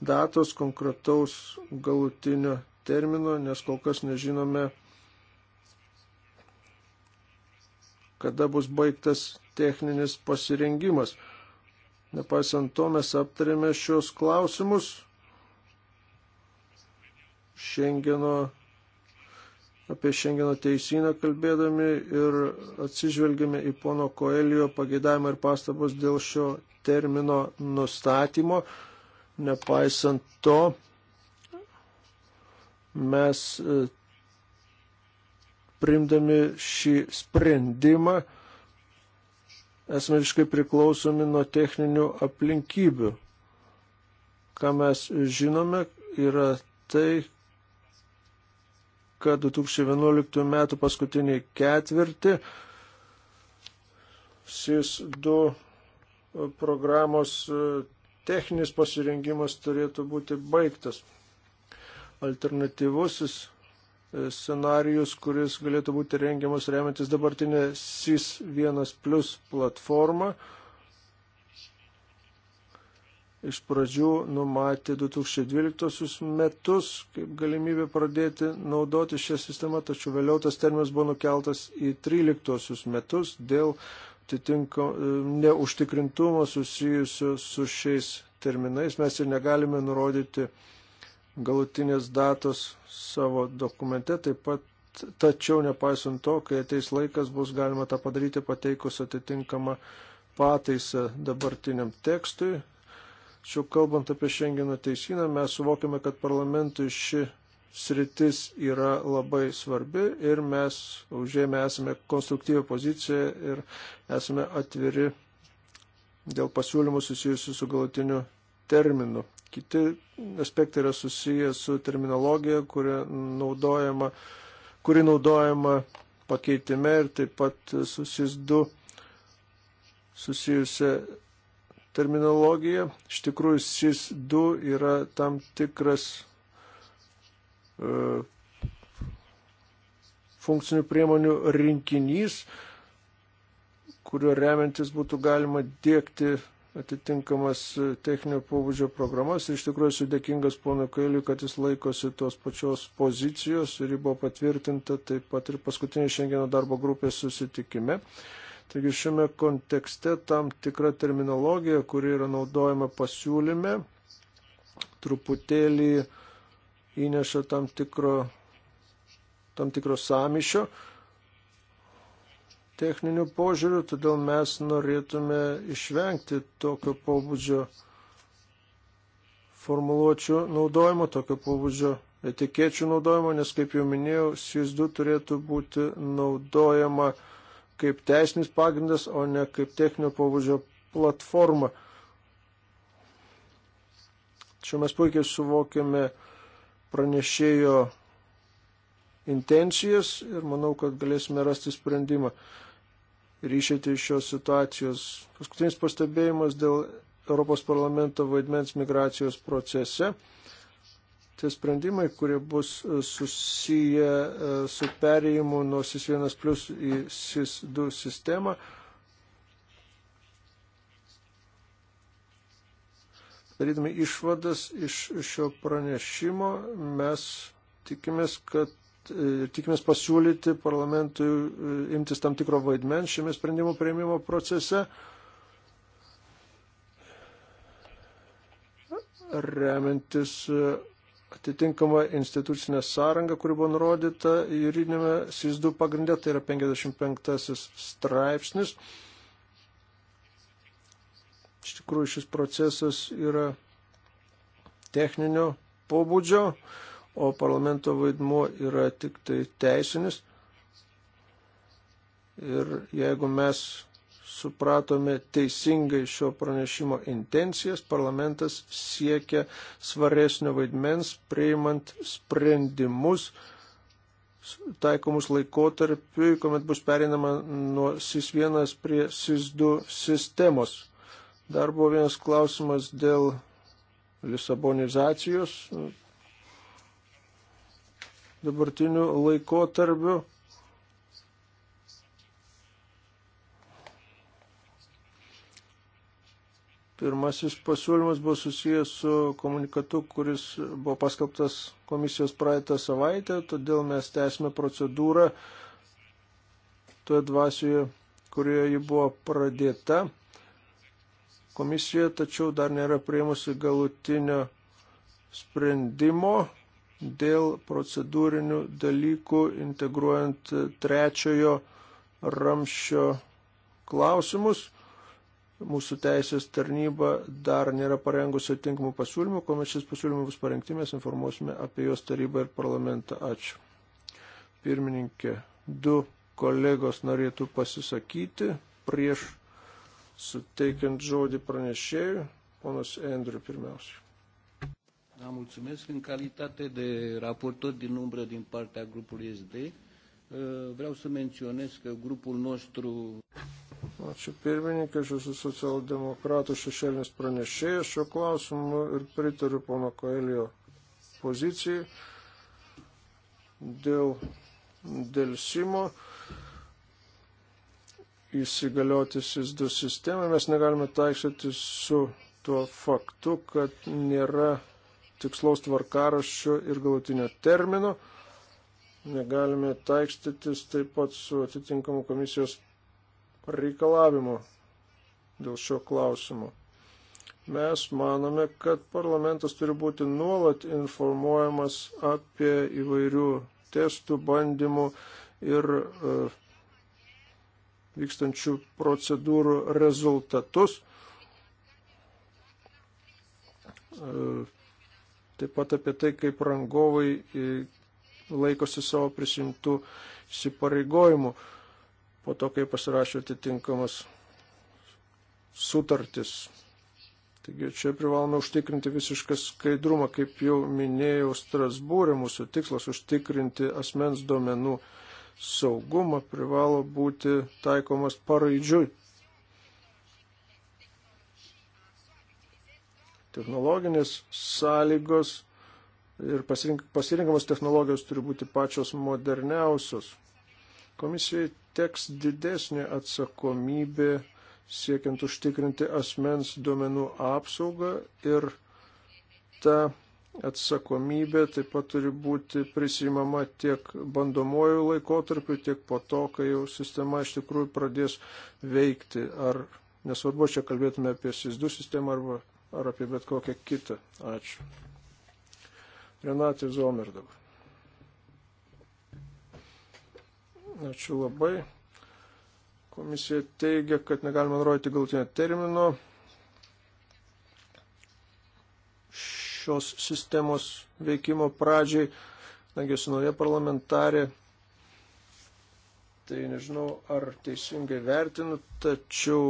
datos, konkretaus galutinio termino, nes kol kas nežinome, kada bus baigtas techninis pasirengimas. Nepaisant to, mes aptarėme šios klausimus Šengeno apie Šengeno teisyną kalbėdami ir atsižvelgėme į pono Koelio pageidavimą ir pastabos dėl šio termino nustatymo. Nepaisant to, mes e, primdami šį sprendimą esame visiškai priklausomi nuo techninių aplinkybių. Ką mes žinome, yra tai, kad 2011 metų paskutinį ketvirtį SIS-2 programos e, techninis pasirengimas turėtų būti baigtas. Alternatyvusis e, scenarius, kuris galėtų būti rengiamas remiantis dabartinė SIS 1 plus platforma, iš pradžių numatė 2012 metus kaip galimybę pradėti naudoti šią sistemą, tačiau vėliau tas terminas buvo nukeltas į 13 metus dėl atitinko e, neužtikrintumo susijusio su šiais terminais. Mes ir negalime nurodyti galutinės datos savo dokumente, taip pat, tačiau nepaisant to, kai ateis laikas, bus galima tą padaryti pateikus atitinkamą pataisą dabartiniam tekstui, Tačiau kalbant apie Šengeno teisiną, mes suvokiame, kad parlamentui ši sritis yra labai svarbi ir mes užėmę esame konstruktyvę poziciją ir esame atviri dėl pasiūlymų susijusių su galutiniu terminu. Kiti aspektai yra susiję su terminologija, kuri naudojama, kuri naudojama pakeitime ir taip pat susijus du susijusia terminologija. Iš tikrųjų, šis 2 yra tam tikras e, funkcinių priemonių rinkinys, kuriuo remiantis būtų galima dėkti atitinkamas techninio pobūdžio programas. Ir iš tikrųjų esu dėkingas ponui Kailiui, kad jis laikosi tos pačios pozicijos ir ji buvo patvirtinta taip pat ir paskutinė šiandieno darbo grupės susitikime. Uh, Taigi šiame kontekste tam tikra terminologija, kuri yra naudojama pasiūlyme, truputėlį įneša tam tikro, tam tikro samišio techninių požiūrių, todėl mes norėtume išvengti tokio pobūdžio formuluočių naudojimo, tokio pobūdžio etikėčių naudojimo, nes, kaip jau minėjau, SIS2 turėtų būti naudojama kaip teisinis pagrindas, o ne kaip techninio pobūdžio platforma. Čia mes puikiai suvokiame pranešėjo intencijas ir manau, kad galėsime rasti sprendimą ir išėti iš šios situacijos. Paskutinis pastebėjimas dėl Europos parlamento vaidmens migracijos procese tie sprendimai, kurie bus e, susiję e, su perėjimu nuo SIS1 plus į SIS2 sistemą, darydami išvadas iš šio pranešimo, mes tikimės, kad e, tikimės pasiūlyti parlamentui imtis tam tikro vaidmens šiame sprendimų prieimimo procese. remiantis atitinkama institucinė sąranga, kuri buvo nurodyta juridinėme SIS2 pagrindė, tai yra 55 straipsnis. Iš tikrųjų šis procesas yra techninio pobūdžio, o parlamento vaidmuo yra tik tai teisinis. Ir jeigu mes supratome teisingai šio pranešimo intencijas, parlamentas siekia svaresnio vaidmens, priimant sprendimus taikomus laikotarpiu, kuomet bus perinama nuo SIS1 prie SIS2 sistemos. Dar buvo vienas klausimas dėl Lisabonizacijos dabartiniu laikotarpiu Pirmasis pasiūlymas buvo susijęs su komunikatu, kuris buvo paskelbtas komisijos praeitą savaitę, todėl mes tęsime procedūrą toje dvasioje, kurioje ji buvo pradėta. Komisija tačiau dar nėra prieimusi galutinio sprendimo dėl procedūrinių dalykų integruojant trečiojo ramščio klausimus mūsų teisės tarnyba dar nėra parengusi tinkamų pasiūlymų, kuomet šis pasiūlymas bus parengti, mes informuosime apie juos tarybą ir parlamentą. Ačiū. Pirmininkė, du kolegos norėtų pasisakyti prieš suteikiant žodį pranešėjui, ponas Andriu pirmiausiai. Da, mulțumesc. În calitate de raportor din umbră din partea grupului SD, eh, vreau să menționez că grupul nostru... Ačiū pirmininkė, aš esu socialdemokratų šešėlinis pranešėjas šio klausimu ir pritariu pono Koelio pozicijai dėl dėlsimo įsigalioti SISDU sistemą. Mes negalime taikšyti su tuo faktu, kad nėra tikslaus tvarkaraščio ir galutinio termino. Negalime taikstytis taip pat su atitinkamu komisijos reikalavimo dėl šio klausimo. Mes manome, kad parlamentas turi būti nuolat informuojamas apie įvairių testų, bandymų ir uh, vykstančių procedūrų rezultatus. Uh, taip pat apie tai, kaip rangovai e, laikosi savo prisimtų įsipareigojimų. Uh, po to, kai pasirašė atitinkamas sutartis. Taigi čia privalome užtikrinti visišką skaidrumą, kaip jau minėjau, Strasbūrė mūsų tikslas užtikrinti asmens duomenų saugumą privalo būti taikomas paraidžiui. Technologinės sąlygos ir pasirink, pasirinkamos technologijos turi būti pačios moderniausios. Komisijai teks didesnė atsakomybė siekiant užtikrinti asmens duomenų apsaugą ir ta atsakomybė taip pat turi būti prisimama tiek bandomojų laikotarpių, tiek po to, kai jau sistema iš tikrųjų pradės veikti. Ar nesvarbu, čia kalbėtume apie SIS2 sistemą arba, ar apie bet kokią kitą. Ačiū. Renatė Zomer dabar. Ačiū labai. Komisija teigia, kad negalima nurodyti galtinio termino šios sistemos veikimo pradžiai, nagi su nauja parlamentarė. Tai nežinau, ar teisingai vertinu, tačiau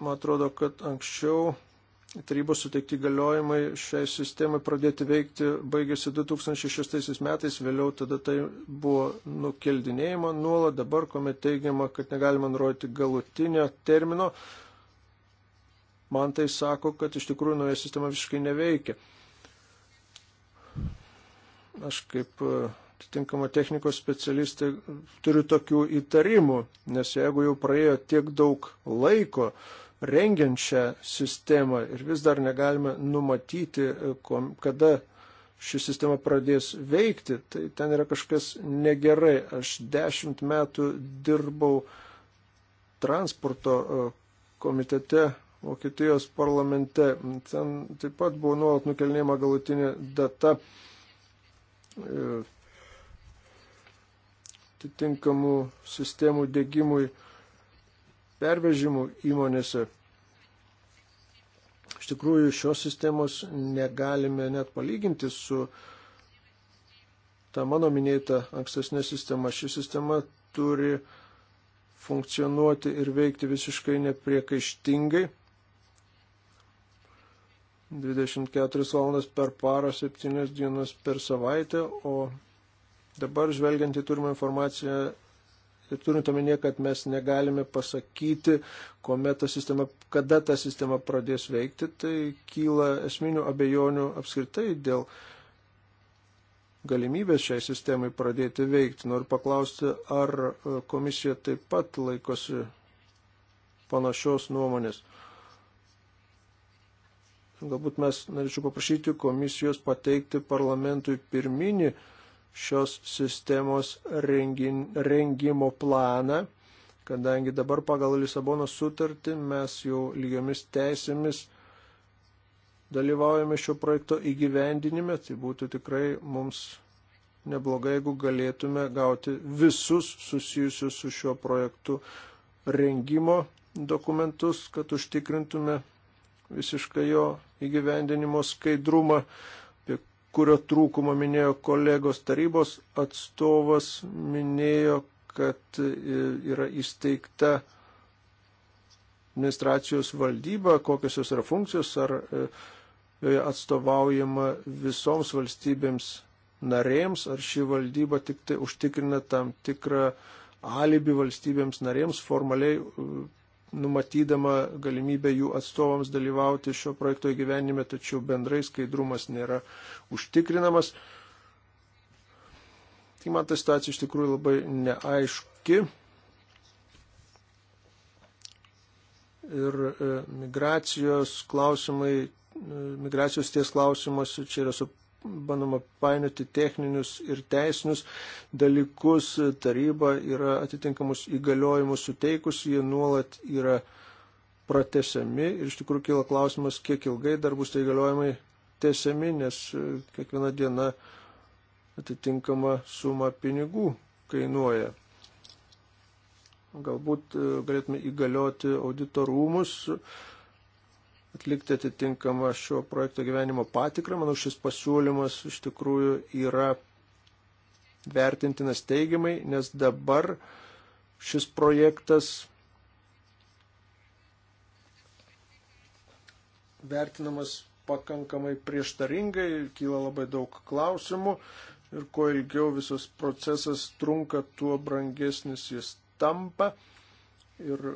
man atrodo, kad anksčiau tarybos suteikti galiojimai šiai sistemai pradėti veikti baigėsi 2006 metais, vėliau tada tai buvo nukeldinėjama nuolat, dabar kuomet teigiama, kad negalima nurodyti galutinio termino, man tai sako, kad iš tikrųjų nauja sistema visiškai neveikia. Aš kaip e, atitinkama technikos specialistai turiu tokių įtarimų, nes jeigu jau praėjo tiek daug laiko, rengiančią sistemą ir vis dar negalime numatyti, e, kada ši sistema pradės veikti, tai ten yra kažkas negerai. Aš dešimt metų dirbau transporto e, komitete Vokietijos parlamente. Ten taip pat buvo nuolat nukelnėjama galutinė data e, atitinkamų sistemų dėgymui pervežimų įmonėse. Iš tikrųjų, šios sistemos negalime net palyginti su ta mano minėta ankstesnė sistema. Ši sistema turi funkcionuoti ir veikti visiškai nepriekaištingai. 24 valandas per parą, 7 dienas per savaitę, o dabar žvelgiant į turimą informaciją Ir turint omenyje, kad mes negalime pasakyti, ta sistema, kada ta sistema pradės veikti, tai kyla esminių abejonių apskritai dėl galimybės šiai sistemai pradėti veikti. Noriu paklausti, ar e, komisija taip pat laikosi panašios nuomonės. Galbūt mes norėčiau paprašyti komisijos pateikti parlamentui pirminį uh, šios sistemos rengin, rengimo planą, kadangi dabar pagal Lisabono sutartį mes jau lygiomis teisėmis dalyvaujame šio projekto įgyvendinime, tai būtų tikrai mums neblogai, jeigu galėtume gauti visus susijusius su šiuo projektu rengimo dokumentus, kad užtikrintume visišką jo įgyvendinimo skaidrumą kurio trūkumo minėjo kolegos tarybos atstovas, minėjo, kad yra įsteigta administracijos valdyba, kokios jos yra funkcijos, ar e, joje atstovaujama visoms valstybėms narėms, ar ši valdyba tik tai užtikrina tam tikrą alibi valstybėms narėms formaliai numatydama galimybę jų atstovams dalyvauti šio projekto įgyvenime, tačiau bendrai skaidrumas nėra užtikrinamas. Tai man ta situacija iš tikrųjų labai neaiški. Ir e, migracijos klausimai, e, migracijos ties klausimas čia yra su bandoma painioti techninius ir teisinius dalykus. Taryba yra atitinkamus įgaliojimus suteikusi, jie nuolat yra pratesiami ir iš tikrųjų kyla klausimas, kiek ilgai dar bus tie įgaliojimai tesiami, nes e, kiekviena diena atitinkama suma pinigų kainuoja. Galbūt e, galėtume įgalioti auditorumus, rūmus atlikti atitinkamą šio projekto gyvenimo patikrą. Manau, šis pasiūlymas iš tikrųjų yra vertintinas teigiamai, nes dabar šis projektas vertinamas pakankamai prieštaringai, kyla labai daug klausimų ir kuo ilgiau visas procesas trunka, tuo brangesnis jis tampa ir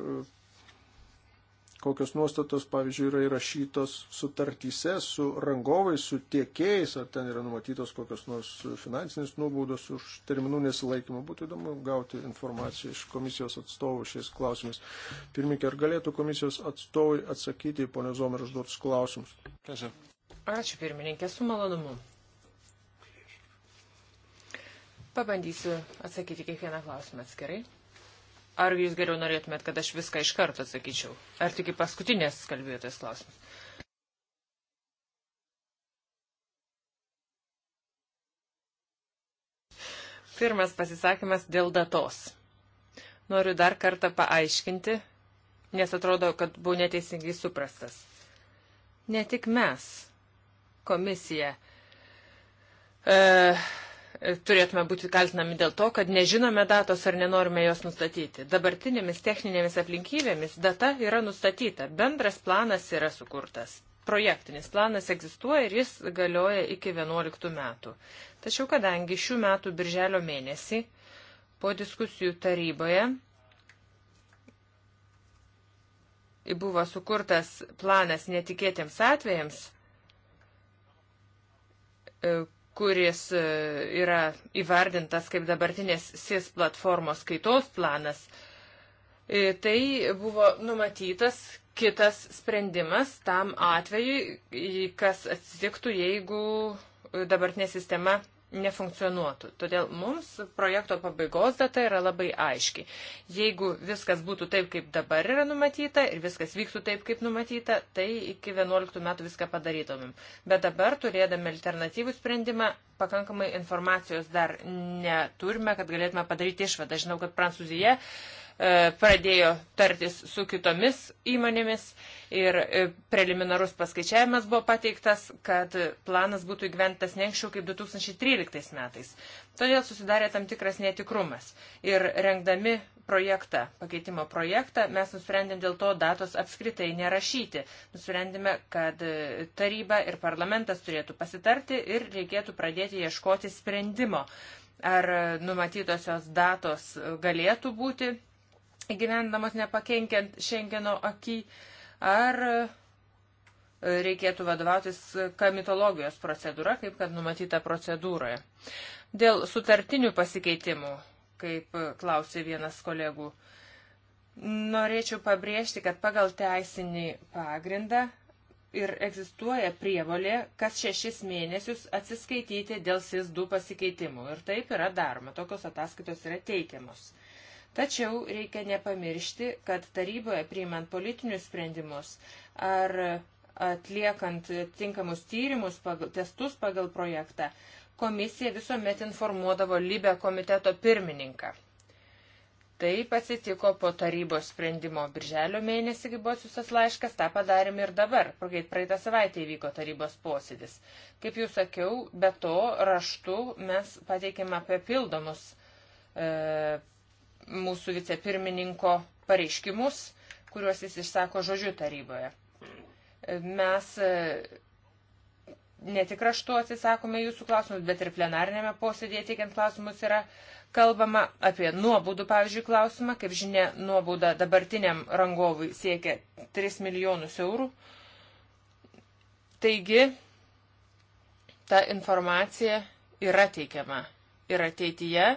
kokios nuostatos, pavyzdžiui, yra įrašytos sutartyse su rangovais, su tiekėjais, ar ten yra numatytos kokios nors finansinės nuobaudos už terminų nesilaikymą. Būtų įdomu gauti informaciją iš komisijos atstovų šiais klausimais. Pirmininkė, ar galėtų komisijos atstovai atsakyti į ponio Zomer užduotus klausimus? Ačiū. Ačiū pirmininkė, su malonumu. Pabandysiu atsakyti kiekvieną klausimą atskirai. Ar jūs geriau norėtumėt, kad aš viską iš karto atsakyčiau? Ar tik į paskutinės kalbėtojas klausimas? Pirmas pasisakymas dėl datos. Noriu dar kartą paaiškinti, nes atrodo, kad buvau neteisingai suprastas. Ne tik mes, komisija, e, turėtume būti kaltinami dėl to, kad nežinome datos ar nenorime jos nustatyti. Dabartinėmis techninėmis aplinkybėmis data yra nustatyta, bendras planas yra sukurtas. Projektinis planas egzistuoja ir jis galioja iki 11 metų. Tačiau kadangi šių metų birželio mėnesį po diskusijų taryboje buvo sukurtas planas netikėtiems atvejams, e, kuris e, yra įvardintas kaip dabartinės SIS platformos kaitos planas, e, tai buvo numatytas kitas sprendimas tam atvejui, kas atsitiktų, jeigu dabartinė sistema nefunkcionuotų. Todėl mums projekto pabaigos data yra labai aiški. Jeigu viskas būtų taip, kaip dabar yra numatyta ir viskas vyktų taip, kaip numatyta, tai iki 11 metų viską padarytumėm. Bet dabar, turėdami alternatyvų sprendimą, pakankamai informacijos dar neturime, kad galėtume padaryti išvadą. Žinau, kad Prancūzija uh, E, pradėjo tartis su kitomis įmonėmis ir e, preliminarus paskaičiavimas buvo pateiktas, kad planas būtų įgyventas ne anksčiau kaip 2013 metais. Todėl susidarė tam tikras netikrumas. Ir rengdami projektą, pakeitimo projektą, mes nusprendėm dėl to datos apskritai nerašyti. Nusprendėme, kad e, taryba ir parlamentas turėtų pasitarti ir reikėtų pradėti ieškoti sprendimo. Ar numatytosios datos galėtų būti gyvendamos nepakenkiant Šengeno akį, ar reikėtų vadovautis kamitologijos procedūra, kaip kad numatyta procedūroje. Dėl sutartinių pasikeitimų, kaip klausė vienas kolegų, norėčiau pabrėžti, kad pagal teisinį pagrindą ir egzistuoja prievolė kas šešis mėnesius atsiskaityti dėl SIS-2 pasikeitimų. Ir taip yra daroma, tokios ataskaitos yra teikiamos. Tačiau reikia nepamiršti, kad taryboje priimant politinius sprendimus ar atliekant tinkamus tyrimus, pagal, testus pagal projektą, komisija visuomet informuodavo Libę komiteto pirmininką. Taip atsitiko po tarybos sprendimo birželio mėnesį, kai buvo atsiustas laiškas, tą padarėm ir dabar, kai praeitą savaitę įvyko tarybos posėdis. Kaip jau sakiau, be to raštu mes pateikėme papildomus e, mūsų vicepirmininko pareiškimus, kuriuos jis išsako žodžiu taryboje. Mes e, ne tik raštu atsisakome jūsų klausimus, bet ir plenarinėme posėdėje teikiant klausimus yra kalbama apie nuobaudų, pavyzdžiui, klausimą. Kaip žinia, nuobauda dabartiniam rangovui siekia 3 milijonus eurų. Taigi, ta informacija yra teikiama ir ateityje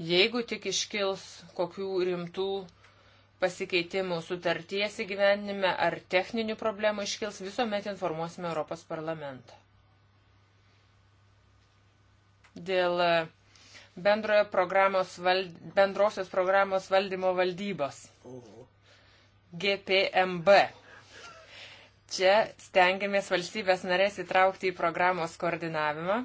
Jeigu tik iškils kokių rimtų pasikeitimų sutarties įgyvenime ar techninių problemų iškils, visuomet informuosime Europos parlamentą. Dėl e, bendrojo programos vald... bendrosios programos valdymo valdybos. GPMB. Čia stengiamės valstybės narės įtraukti į programos koordinavimą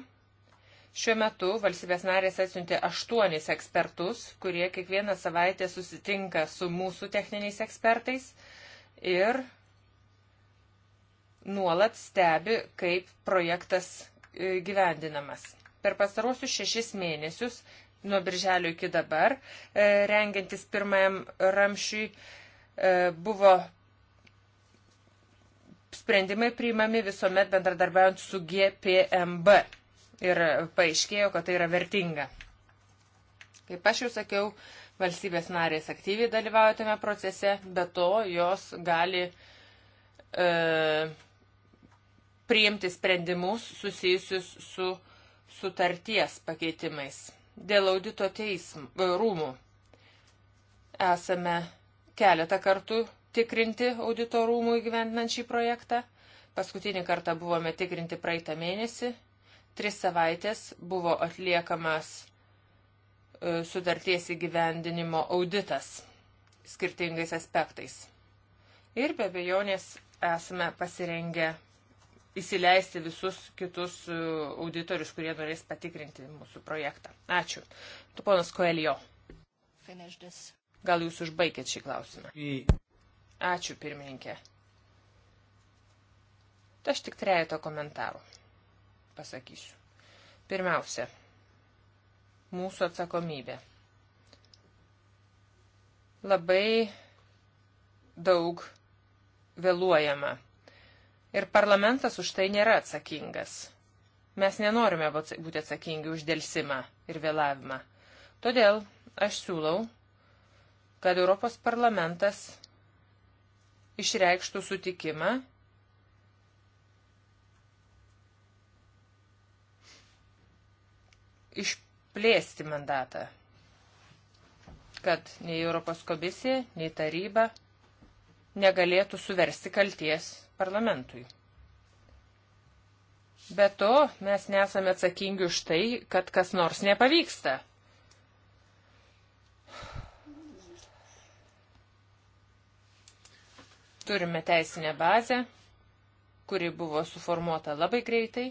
Šiuo metu valstybės narės atsiuntė aštuonis ekspertus, kurie kiekvieną savaitę susitinka su mūsų techniniais ekspertais ir nuolat stebi, kaip projektas e, gyvendinamas. Per pastarosius šešis mėnesius, nuo birželio iki dabar, e, rengiantis pirmajam ramšiui, e, buvo sprendimai priimami visuomet bendradarbiaujant su GPMB ir paaiškėjo, kad tai yra vertinga. Kaip aš jau sakiau, valstybės narės aktyviai dalyvauja tame procese, bet to jos gali e, priimti sprendimus susijusius su sutarties pakeitimais. Dėl audito teism, e, rūmų esame keletą kartų tikrinti audito rūmų įgyvendinant šį projektą. Paskutinį kartą buvome tikrinti praeitą mėnesį Tris savaitės buvo atliekamas e, sutarties įgyvendinimo auditas skirtingais aspektais. Ir be abejonės esame pasirengę įsileisti visus kitus e, auditorius, kurie norės patikrinti mūsų projektą. Ačiū. Tu ponas Koelio. Gal jūs užbaigėt šį klausimą? Ačiū, pirmininkė. Aš tik trejato komentarų pasakysiu. Pirmiausia, mūsų atsakomybė. Labai daug vėluojama. Ir parlamentas už tai nėra atsakingas. Mes nenorime būti atsakingi už dėlsimą ir vėlavimą. Todėl aš siūlau, kad Europos parlamentas išreikštų sutikimą išplėsti mandatą, kad nei Europos komisija, nei taryba negalėtų suversti kalties parlamentui. Be to, mes nesame atsakingi už tai, kad kas nors nepavyksta. Turime teisinę bazę, kuri buvo suformuota labai greitai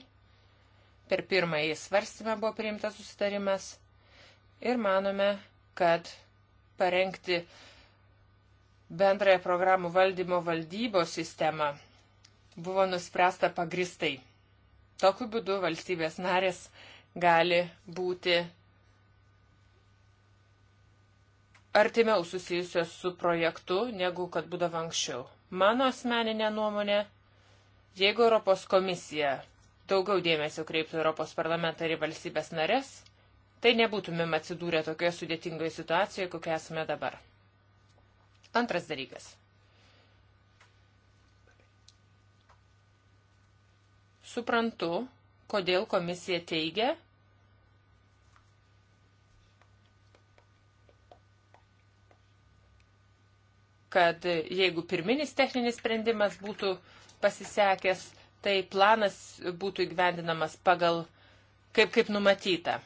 Per pirmąjį svarstymą buvo priimtas susitarimas ir manome, kad parengti bendrąją programų valdymo valdybos sistemą buvo nuspręsta pagristai. Tokiu būdu valstybės narės gali būti artimiau susijusios su projektu, negu kad būdavo anksčiau. Mano asmeninė nuomonė, jeigu Europos komisija daugiau dėmesio kreiptų Europos parlamentą ir valstybės narės, tai nebūtumėm atsidūrę tokioje sudėtingoje situacijoje, kokia esame dabar. Antras dalykas. Suprantu, kodėl komisija teigia, kad jeigu pirminis techninis sprendimas būtų pasisekęs, tai planas būtų įgyvendinamas pagal kaip, kaip numatyta.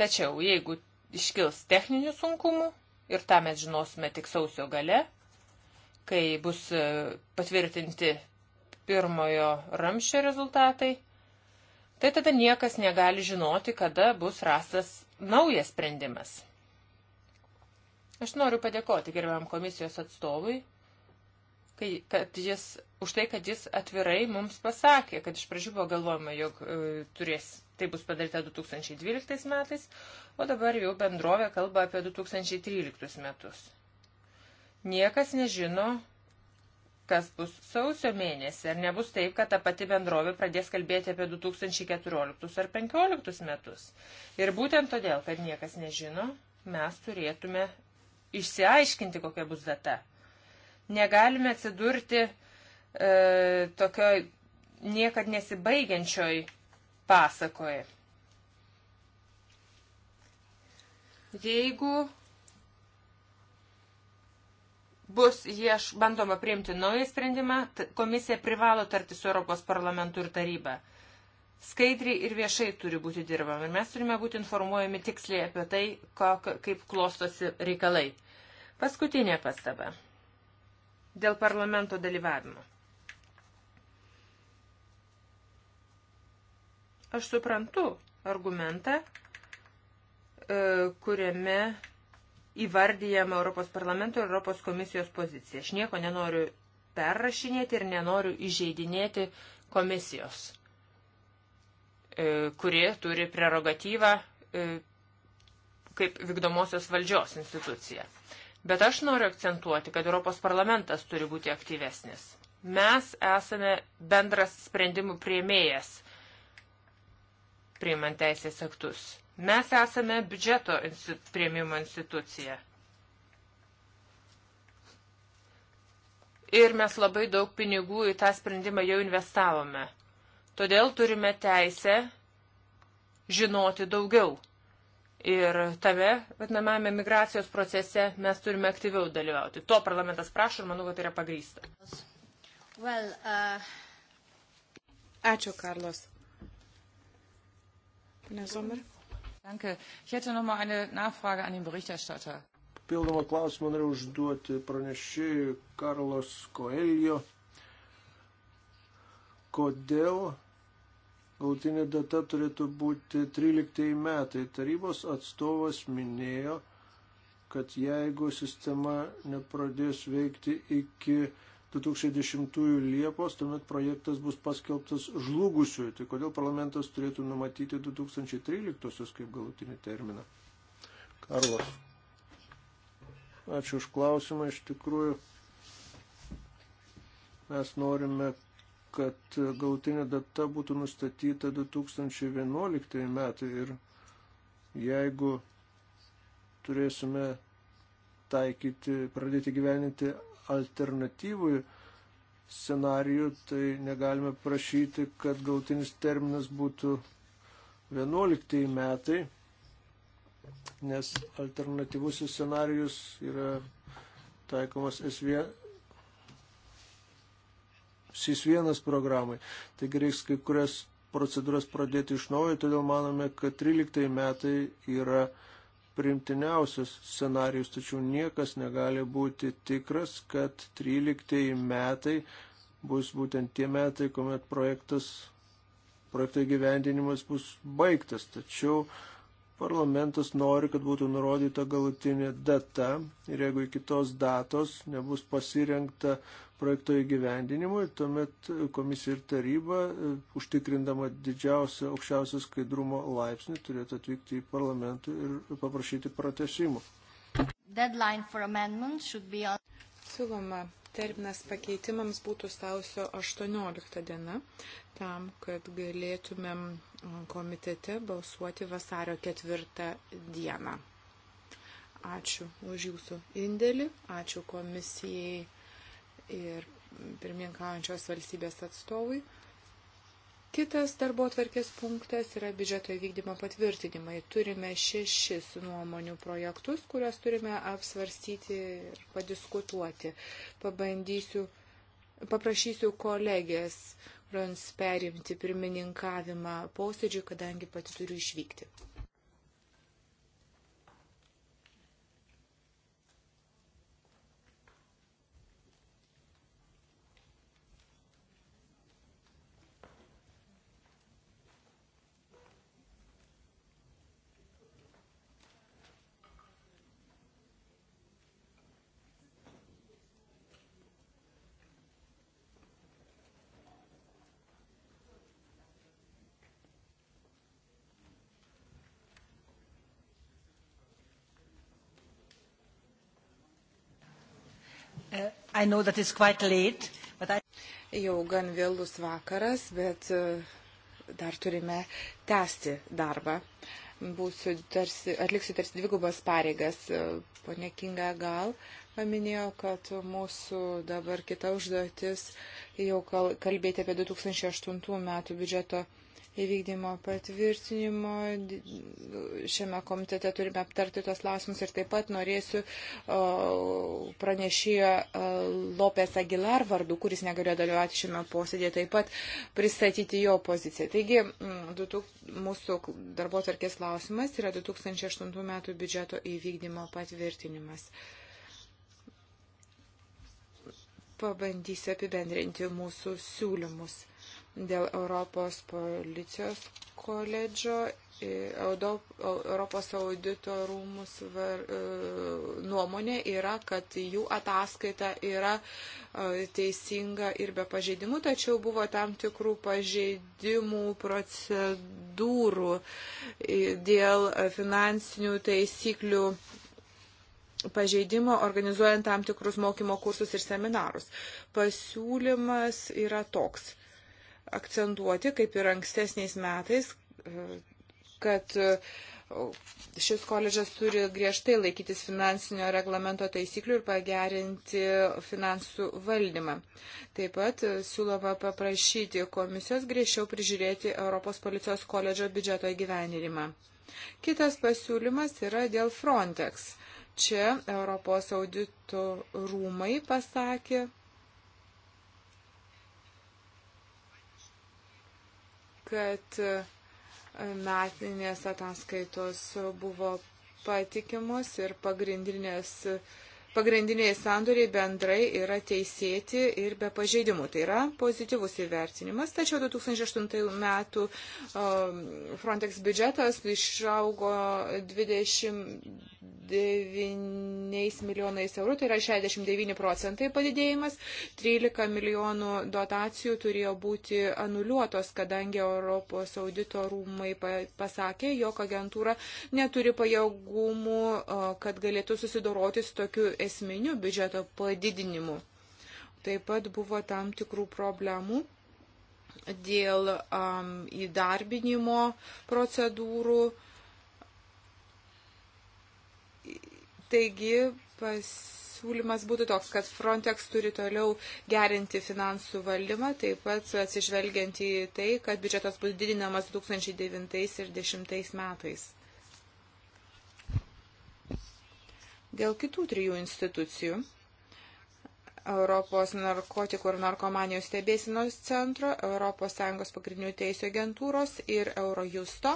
Tačiau, jeigu iškils techninių sunkumų, ir tą mes žinosime tik sausio gale, kai bus e, patvirtinti pirmojo ramščio rezultatai, tai tada niekas negali žinoti, kada bus rastas naujas sprendimas. Aš noriu padėkoti gerbiam komisijos atstovui kai, kad jis, už tai, kad jis atvirai mums pasakė, kad iš pradžių buvo galvojama, jog e, turės, tai bus padaryta 2012 metais, o dabar jau bendrovė kalba apie 2013 metus. Niekas nežino, kas bus sausio mėnesį, ar nebus taip, kad ta pati bendrovė pradės kalbėti apie 2014 ar 2015 metus. Ir būtent todėl, kad niekas nežino, mes turėtume išsiaiškinti, kokia bus data. Negalime atsidurti e, tokioj niekad nesibaigiančioj pasakoje. Jeigu bus ieš bandoma priimti naują sprendimą, komisija privalo tarti su Europos parlamentu ir taryba. Skaidriai ir viešai turi būti dirbama ir mes turime būti informuojami tiksliai apie tai, kok, kaip klostosi reikalai. Paskutinė pastaba. Dėl parlamento dalyvavimo. Aš suprantu argumentą, e, kuriame įvardyjama Europos parlamento ir Europos komisijos pozicija. Aš nieko nenoriu perrašinėti ir nenoriu įžeidinėti komisijos, e, kuri turi prerogatyvą e, kaip vykdomosios valdžios institucija. Bet aš noriu akcentuoti, kad Europos parlamentas turi būti aktyvesnis. Mes esame bendras sprendimų prieimėjas, priimant teisės aktus. Mes esame biudžeto institu, prieimimo institucija. Ir mes labai daug pinigų į tą sprendimą jau investavome. Todėl turime teisę žinoti daugiau Ir tame vadinamame migracijos procese mes turime aktyviau dalyvauti. To parlamentas prašo ir manau, kad tai yra pagrysta. Well, uh... Ačiū, Karlos. Pane Zomer. Danke. Ich hätte noch mal eine Nachfrage an den Berichterstatter. Pildomą klausimą noriu užduoti pranešėjui Karlos Koelio. Kodėl Galutinė data turėtų būti 13 metai. Tarybos atstovas minėjo, kad jeigu sistema nepradės veikti iki 2010 Liepos, tuomet projektas bus paskelbtas žlugusiu. Tai kodėl parlamentas turėtų numatyti 2013 kaip galutinį terminą? Karlos. Ačiū už klausimą. Iš tikrųjų, mes norime, kad gautinė data būtų nustatyta 2011 metai ir jeigu turėsime taikyti, pradėti gyveninti alternatyvų scenarijų, tai negalime prašyti, kad gautinis terminas būtų 11 metai, nes alternatyvusis scenarijus yra taikomas S1 SIS1 programai. Taigi reiks kai kurias procedūras pradėti iš naujo, todėl manome, kad 13 metai yra primtiniausias scenarius, tačiau niekas negali būti tikras, kad 13 metai bus būtent tie metai, kuomet projektas, projekto gyvendinimas bus baigtas. Tačiau parlamentas nori, kad būtų nurodyta galutinė data ir jeigu iki tos datos nebus pasirengta projekto įgyvendinimui, tuomet komisija ir taryba, e, užtikrindama didžiausią aukščiausią skaidrumo laipsnį, turėtų atvykti į parlamentą ir paprašyti pratesimų. On... Siūloma, terminas pakeitimams būtų sausio 18 diena, tam, kad galėtumėm komitete balsuoti vasario 4 dieną. Ačiū už jūsų indėlį, ačiū komisijai ir pirmininkaujančios valstybės atstovui. Kitas darbo atvarkės punktas yra biudžeto įvykdymo patvirtinimai. Turime šešis nuomonių projektus, kuriuos turime apsvarstyti ir padiskutuoti. Pabandysiu, paprašysiu kolegės Rons perimti pirmininkavimą posėdžiui, kadangi pati turiu išvykti. I know that it's quite late, but I... Jau gan vėlus vakaras, bet e, dar turime tęsti darbą. Būsiu tarsi, atliksiu tarsi dvigubas pareigas. E, Pone Kinga gal paminėjo, kad mūsų dabar kita užduotis jau kalbėti apie 2008 metų biudžeto įvykdymo patvirtinimo. Šiame komitete turime aptarti tos klausimus ir taip pat norėsiu pranešėjo Lopės Agilar vardu, kuris negalėjo dalyvauti šiame posėdėje, taip pat pristatyti jo poziciją. Taigi, mūsų darbo tarkės klausimas yra 2008 metų biudžeto įvykdymo patvirtinimas pabandysiu apibendrinti mūsų siūlymus dėl Europos policijos koledžo, Europos audito rūmų e, nuomonė yra, kad jų ataskaita yra e, teisinga ir be pažeidimų, tačiau buvo tam tikrų pažeidimų procedūrų dėl finansinių taisyklių pažeidimo, organizuojant tam tikrus mokymo kursus ir seminarus. Pasiūlymas yra toks akcentuoti, kaip ir ankstesniais metais, kad šis koledžas turi griežtai laikytis finansinio reglamento taisyklių ir pagerinti finansų valdymą. Taip pat siūloma paprašyti komisijos griežčiau prižiūrėti Europos policijos koledžo biudžeto įgyvenimą. Kitas pasiūlymas yra dėl Frontex. Čia Europos auditų rūmai pasakė, kad e, metinės ataskaitos buvo patikimus ir pagrindinės uh, pagrindiniai sandoriai bendrai yra teisėti ir be pažeidimų. Tai yra pozityvus įvertinimas. Tačiau 2008 metų um, Frontex biudžetas išaugo 29 milijonais eurų, tai yra 69 procentai padidėjimas. 13 milijonų dotacijų turėjo būti anuliuotos, kadangi Europos audito rūmai pasakė, jog agentūra neturi pajėgumų, uh, kad galėtų susidoroti su tokiu esminių biudžeto padidinimų. Taip pat buvo tam tikrų problemų dėl um, įdarbinimo procedūrų. Taigi pasiūlymas būtų toks, kad Frontex turi toliau gerinti finansų valdymą, taip pat atsižvelgiant į tai, kad biudžetas bus didinamas 2009 ir 2010 metais. Dėl kitų trijų institucijų Europos narkotikų ir narkomanijos stebėsinos centro, ES pagrindinių teisų agentūros ir Eurojusto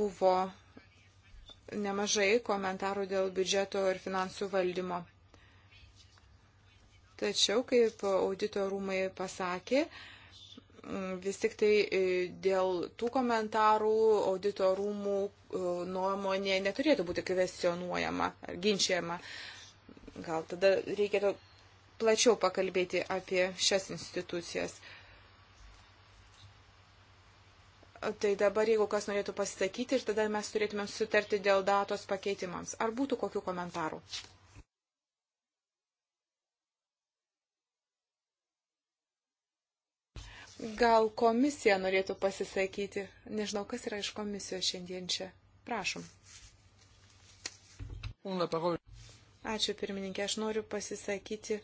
buvo nemažai komentarų dėl biudžeto ir finansų valdymo. Tačiau, kaip audito rūmai pasakė, vis tik tai e, dėl tų komentarų auditorumų e, nuomonė neturėtų būti kvestionuojama ar ginčiama. Gal tada reikėtų plačiau pakalbėti apie šias institucijas. Tai dabar, jeigu kas norėtų pasisakyti, ir tada mes turėtume sutarti dėl datos pakeitimams. Ar būtų kokių komentarų? Gal komisija norėtų pasisakyti? Nežinau, kas yra iš komisijos šiandien čia. Prašom. Ačiū pirmininkė, aš noriu pasisakyti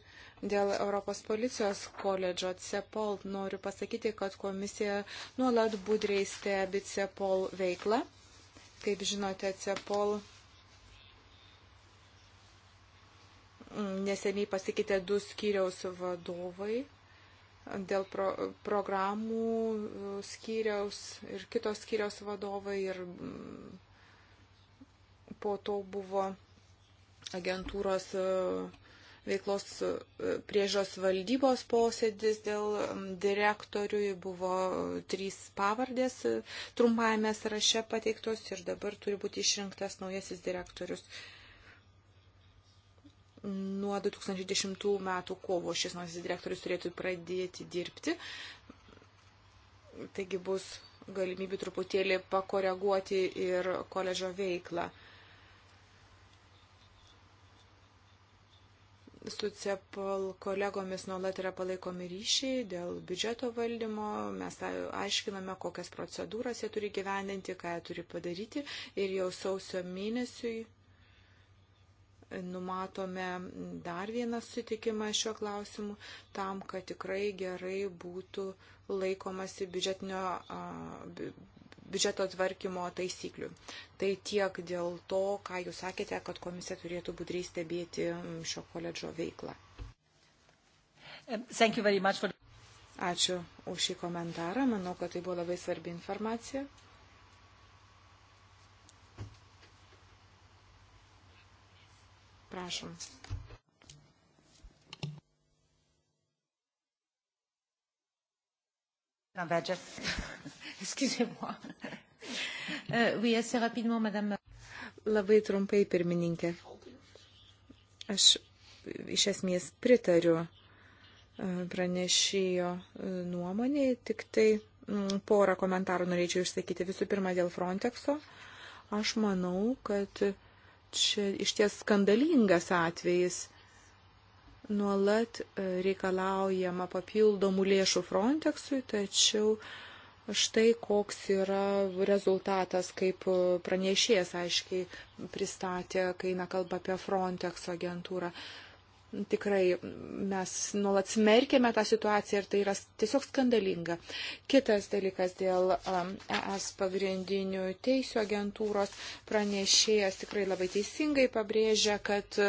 dėl Europos policijos koledžo CEPOL. Noriu pasakyti, kad komisija nuolat budriai stebi CEPOL veiklą. Kaip žinote, CEPOL neseniai pasikeitė du skyriaus vadovai dėl pro, programų e, skyriaus ir kitos skyriaus vadovai ir mm, po to buvo agentūros e, veiklos e, priežos valdybos posėdis dėl direktoriui buvo trys pavardės trumpajame sąraše pateiktos ir dabar turi būti išrinktas naujasis direktorius. Uh, Nuo 2010 metų kovo šis naujasis direktorius turėtų pradėti dirbti. Taigi bus galimybių truputėlį pakoreguoti ir koledžo veiklą. su CEPOL kolegomis nuolat yra palaikomi ryšiai dėl biudžeto valdymo, mes aiškiname, kokias procedūras jie turi gyvendinti, ką jie turi padaryti ir jau sausio mėnesiui numatome dar vieną sutikimą šiuo klausimu, tam, kad tikrai gerai būtų laikomasi biudžetinio, biudžeto tvarkymo taisyklių. Tai tiek dėl to, ką jūs sakėte, kad komisija turėtų budriai stebėti šio koledžo veiklą. Um, for... Ačiū už šį komentarą. Manau, kad tai buvo labai svarbi informacija. Prašom. Euh, Labai trumpai, pirmininkė. Aš e, iš esmės pritariu e, pranešėjo e, nuomonė, tik tai mm, porą komentarų norėčiau išsakyti. Visų pirma, dėl Frontexo. Aš manau, kad čia išties skandalingas atvejis. Nuolat e, reikalaujama papildomų lėšų Frontexui, tačiau štai koks yra rezultatas, kaip pranešėjas aiškiai pristatė, kai eina kalba apie Frontex agentūrą. Tikrai mes nuolat smerkėme tą situaciją ir tai yra tiesiog skandalinga. Kitas dalykas dėl um, ES pagrindinių teisų agentūros pranešėjas tikrai labai teisingai pabrėžia, kad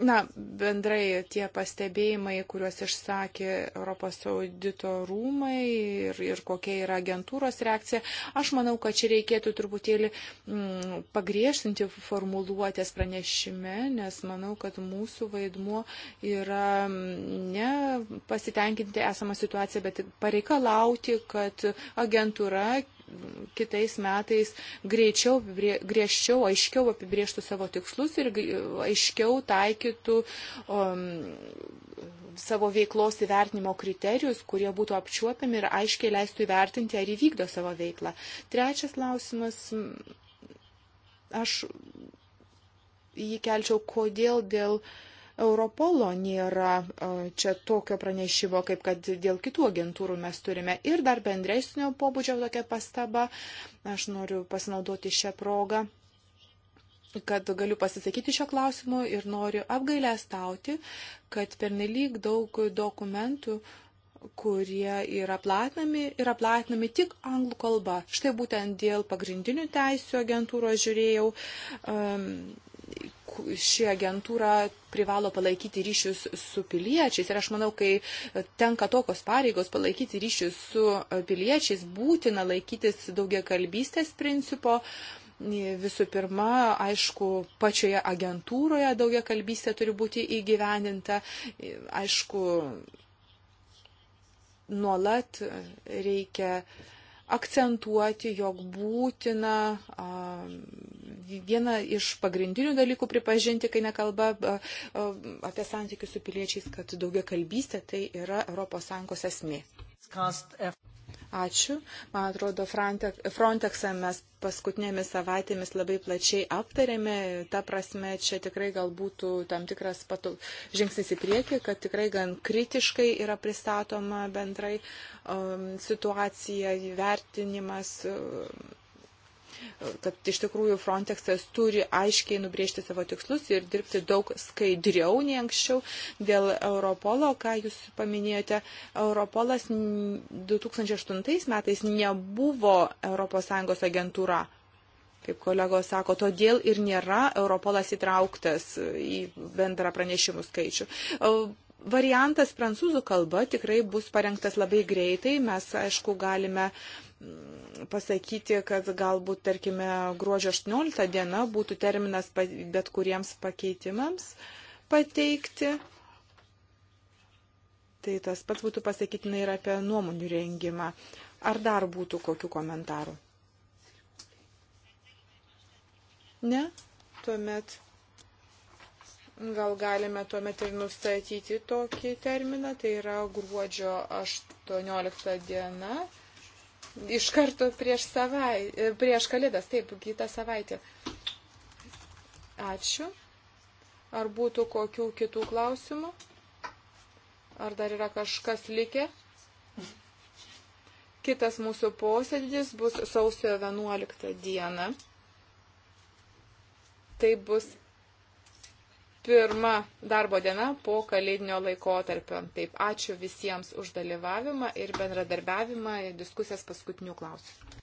Na, bendrai tie pastebėjimai, kuriuos išsakė Europos audito rūmai ir, ir kokia yra agentūros reakcija, aš manau, kad čia reikėtų truputėlį m, mm, pagriežtinti formuluotės pranešime, nes manau, kad mūsų vaidmuo yra mm, ne pasitenkinti esamą situaciją, bet pareikalauti, kad agentūra kitais metais greičiau, griežčiau, aiškiau apibrieštų savo tikslus ir aiškiau taikytų um, savo veiklos įvertinimo kriterijus, kurie būtų apčiuopiami ir aiškiai leistų įvertinti, ar įvykdo savo veiklą. Trečias klausimas. Aš jį kelčiau, kodėl dėl uh, Europolo nėra čia tokio pranešimo, kaip kad dėl kitų agentūrų mes turime. Ir dar bendresnio pobūdžio tokia pastaba. Aš noriu pasinaudoti šią progą kad galiu pasisakyti šio klausimu ir noriu apgailę stauti, kad pernelyg daug dokumentų kurie yra platinami, yra platinami tik anglų kalba. Štai būtent dėl pagrindinių teisų agentūros žiūrėjau um, ši agentūra privalo palaikyti ryšius su piliečiais. Ir aš manau, kai tenka tokios pareigos palaikyti ryšius su e, piliečiais, būtina laikytis daugia kalbystės principo. Visų pirma, aišku, pačioje agentūroje daugia kalbystė turi būti įgyvendinta. Aišku, nuolat reikia uh, akcentuoti, jog būtina a, vieną iš pagrindinių dalykų pripažinti, kai nekalba a, a, apie santykius su piliečiais, kad daugia kalbystė tai yra ES esmė. Ačiū. Man atrodo, Frontexą mes paskutinėmis savaitėmis labai plačiai aptarėme. Ta prasme, čia tikrai gal būtų tam tikras patu... žingsnis į priekį, kad tikrai gan kritiškai yra pristatoma bendrai um, situacija, vertinimas. Um, kad iš tikrųjų Frontexas turi aiškiai nubriežti savo tikslus ir dirbti daug skaidriau nei anksčiau. Dėl Europolo, ką jūs paminėjote, Europolas 2008 metais nebuvo ES agentūra kaip kolegos sako, todėl ir nėra Europolas įtrauktas į bendrą pranešimų skaičių. E, variantas prancūzų kalba tikrai bus parengtas labai greitai. Mes, aišku, galime uh, Mm, pasakyti, kad galbūt, tarkime, gruodžio 18 diena būtų terminas bet kuriems pakeitimams pateikti. Tai tas pats būtų pasakytina ir apie nuomonių rengimą. Ar dar būtų kokių komentarų? Ne? Tuomet Gal galime tuomet ir nustatyti tokį terminą, tai yra gruodžio 18 diena, iš karto prieš, savai, e, prieš kalėdas, taip, kitą savaitę. Ačiū. Ar būtų kokių kitų klausimų? Ar dar yra kažkas likę? Kitas mūsų posėdis bus sausio 11 dieną. Tai bus pirma darbo diena po kalėdinio laikotarpio. Taip, ačiū visiems už dalyvavimą ir bendradarbiavimą, diskusijas paskutinių klausimų.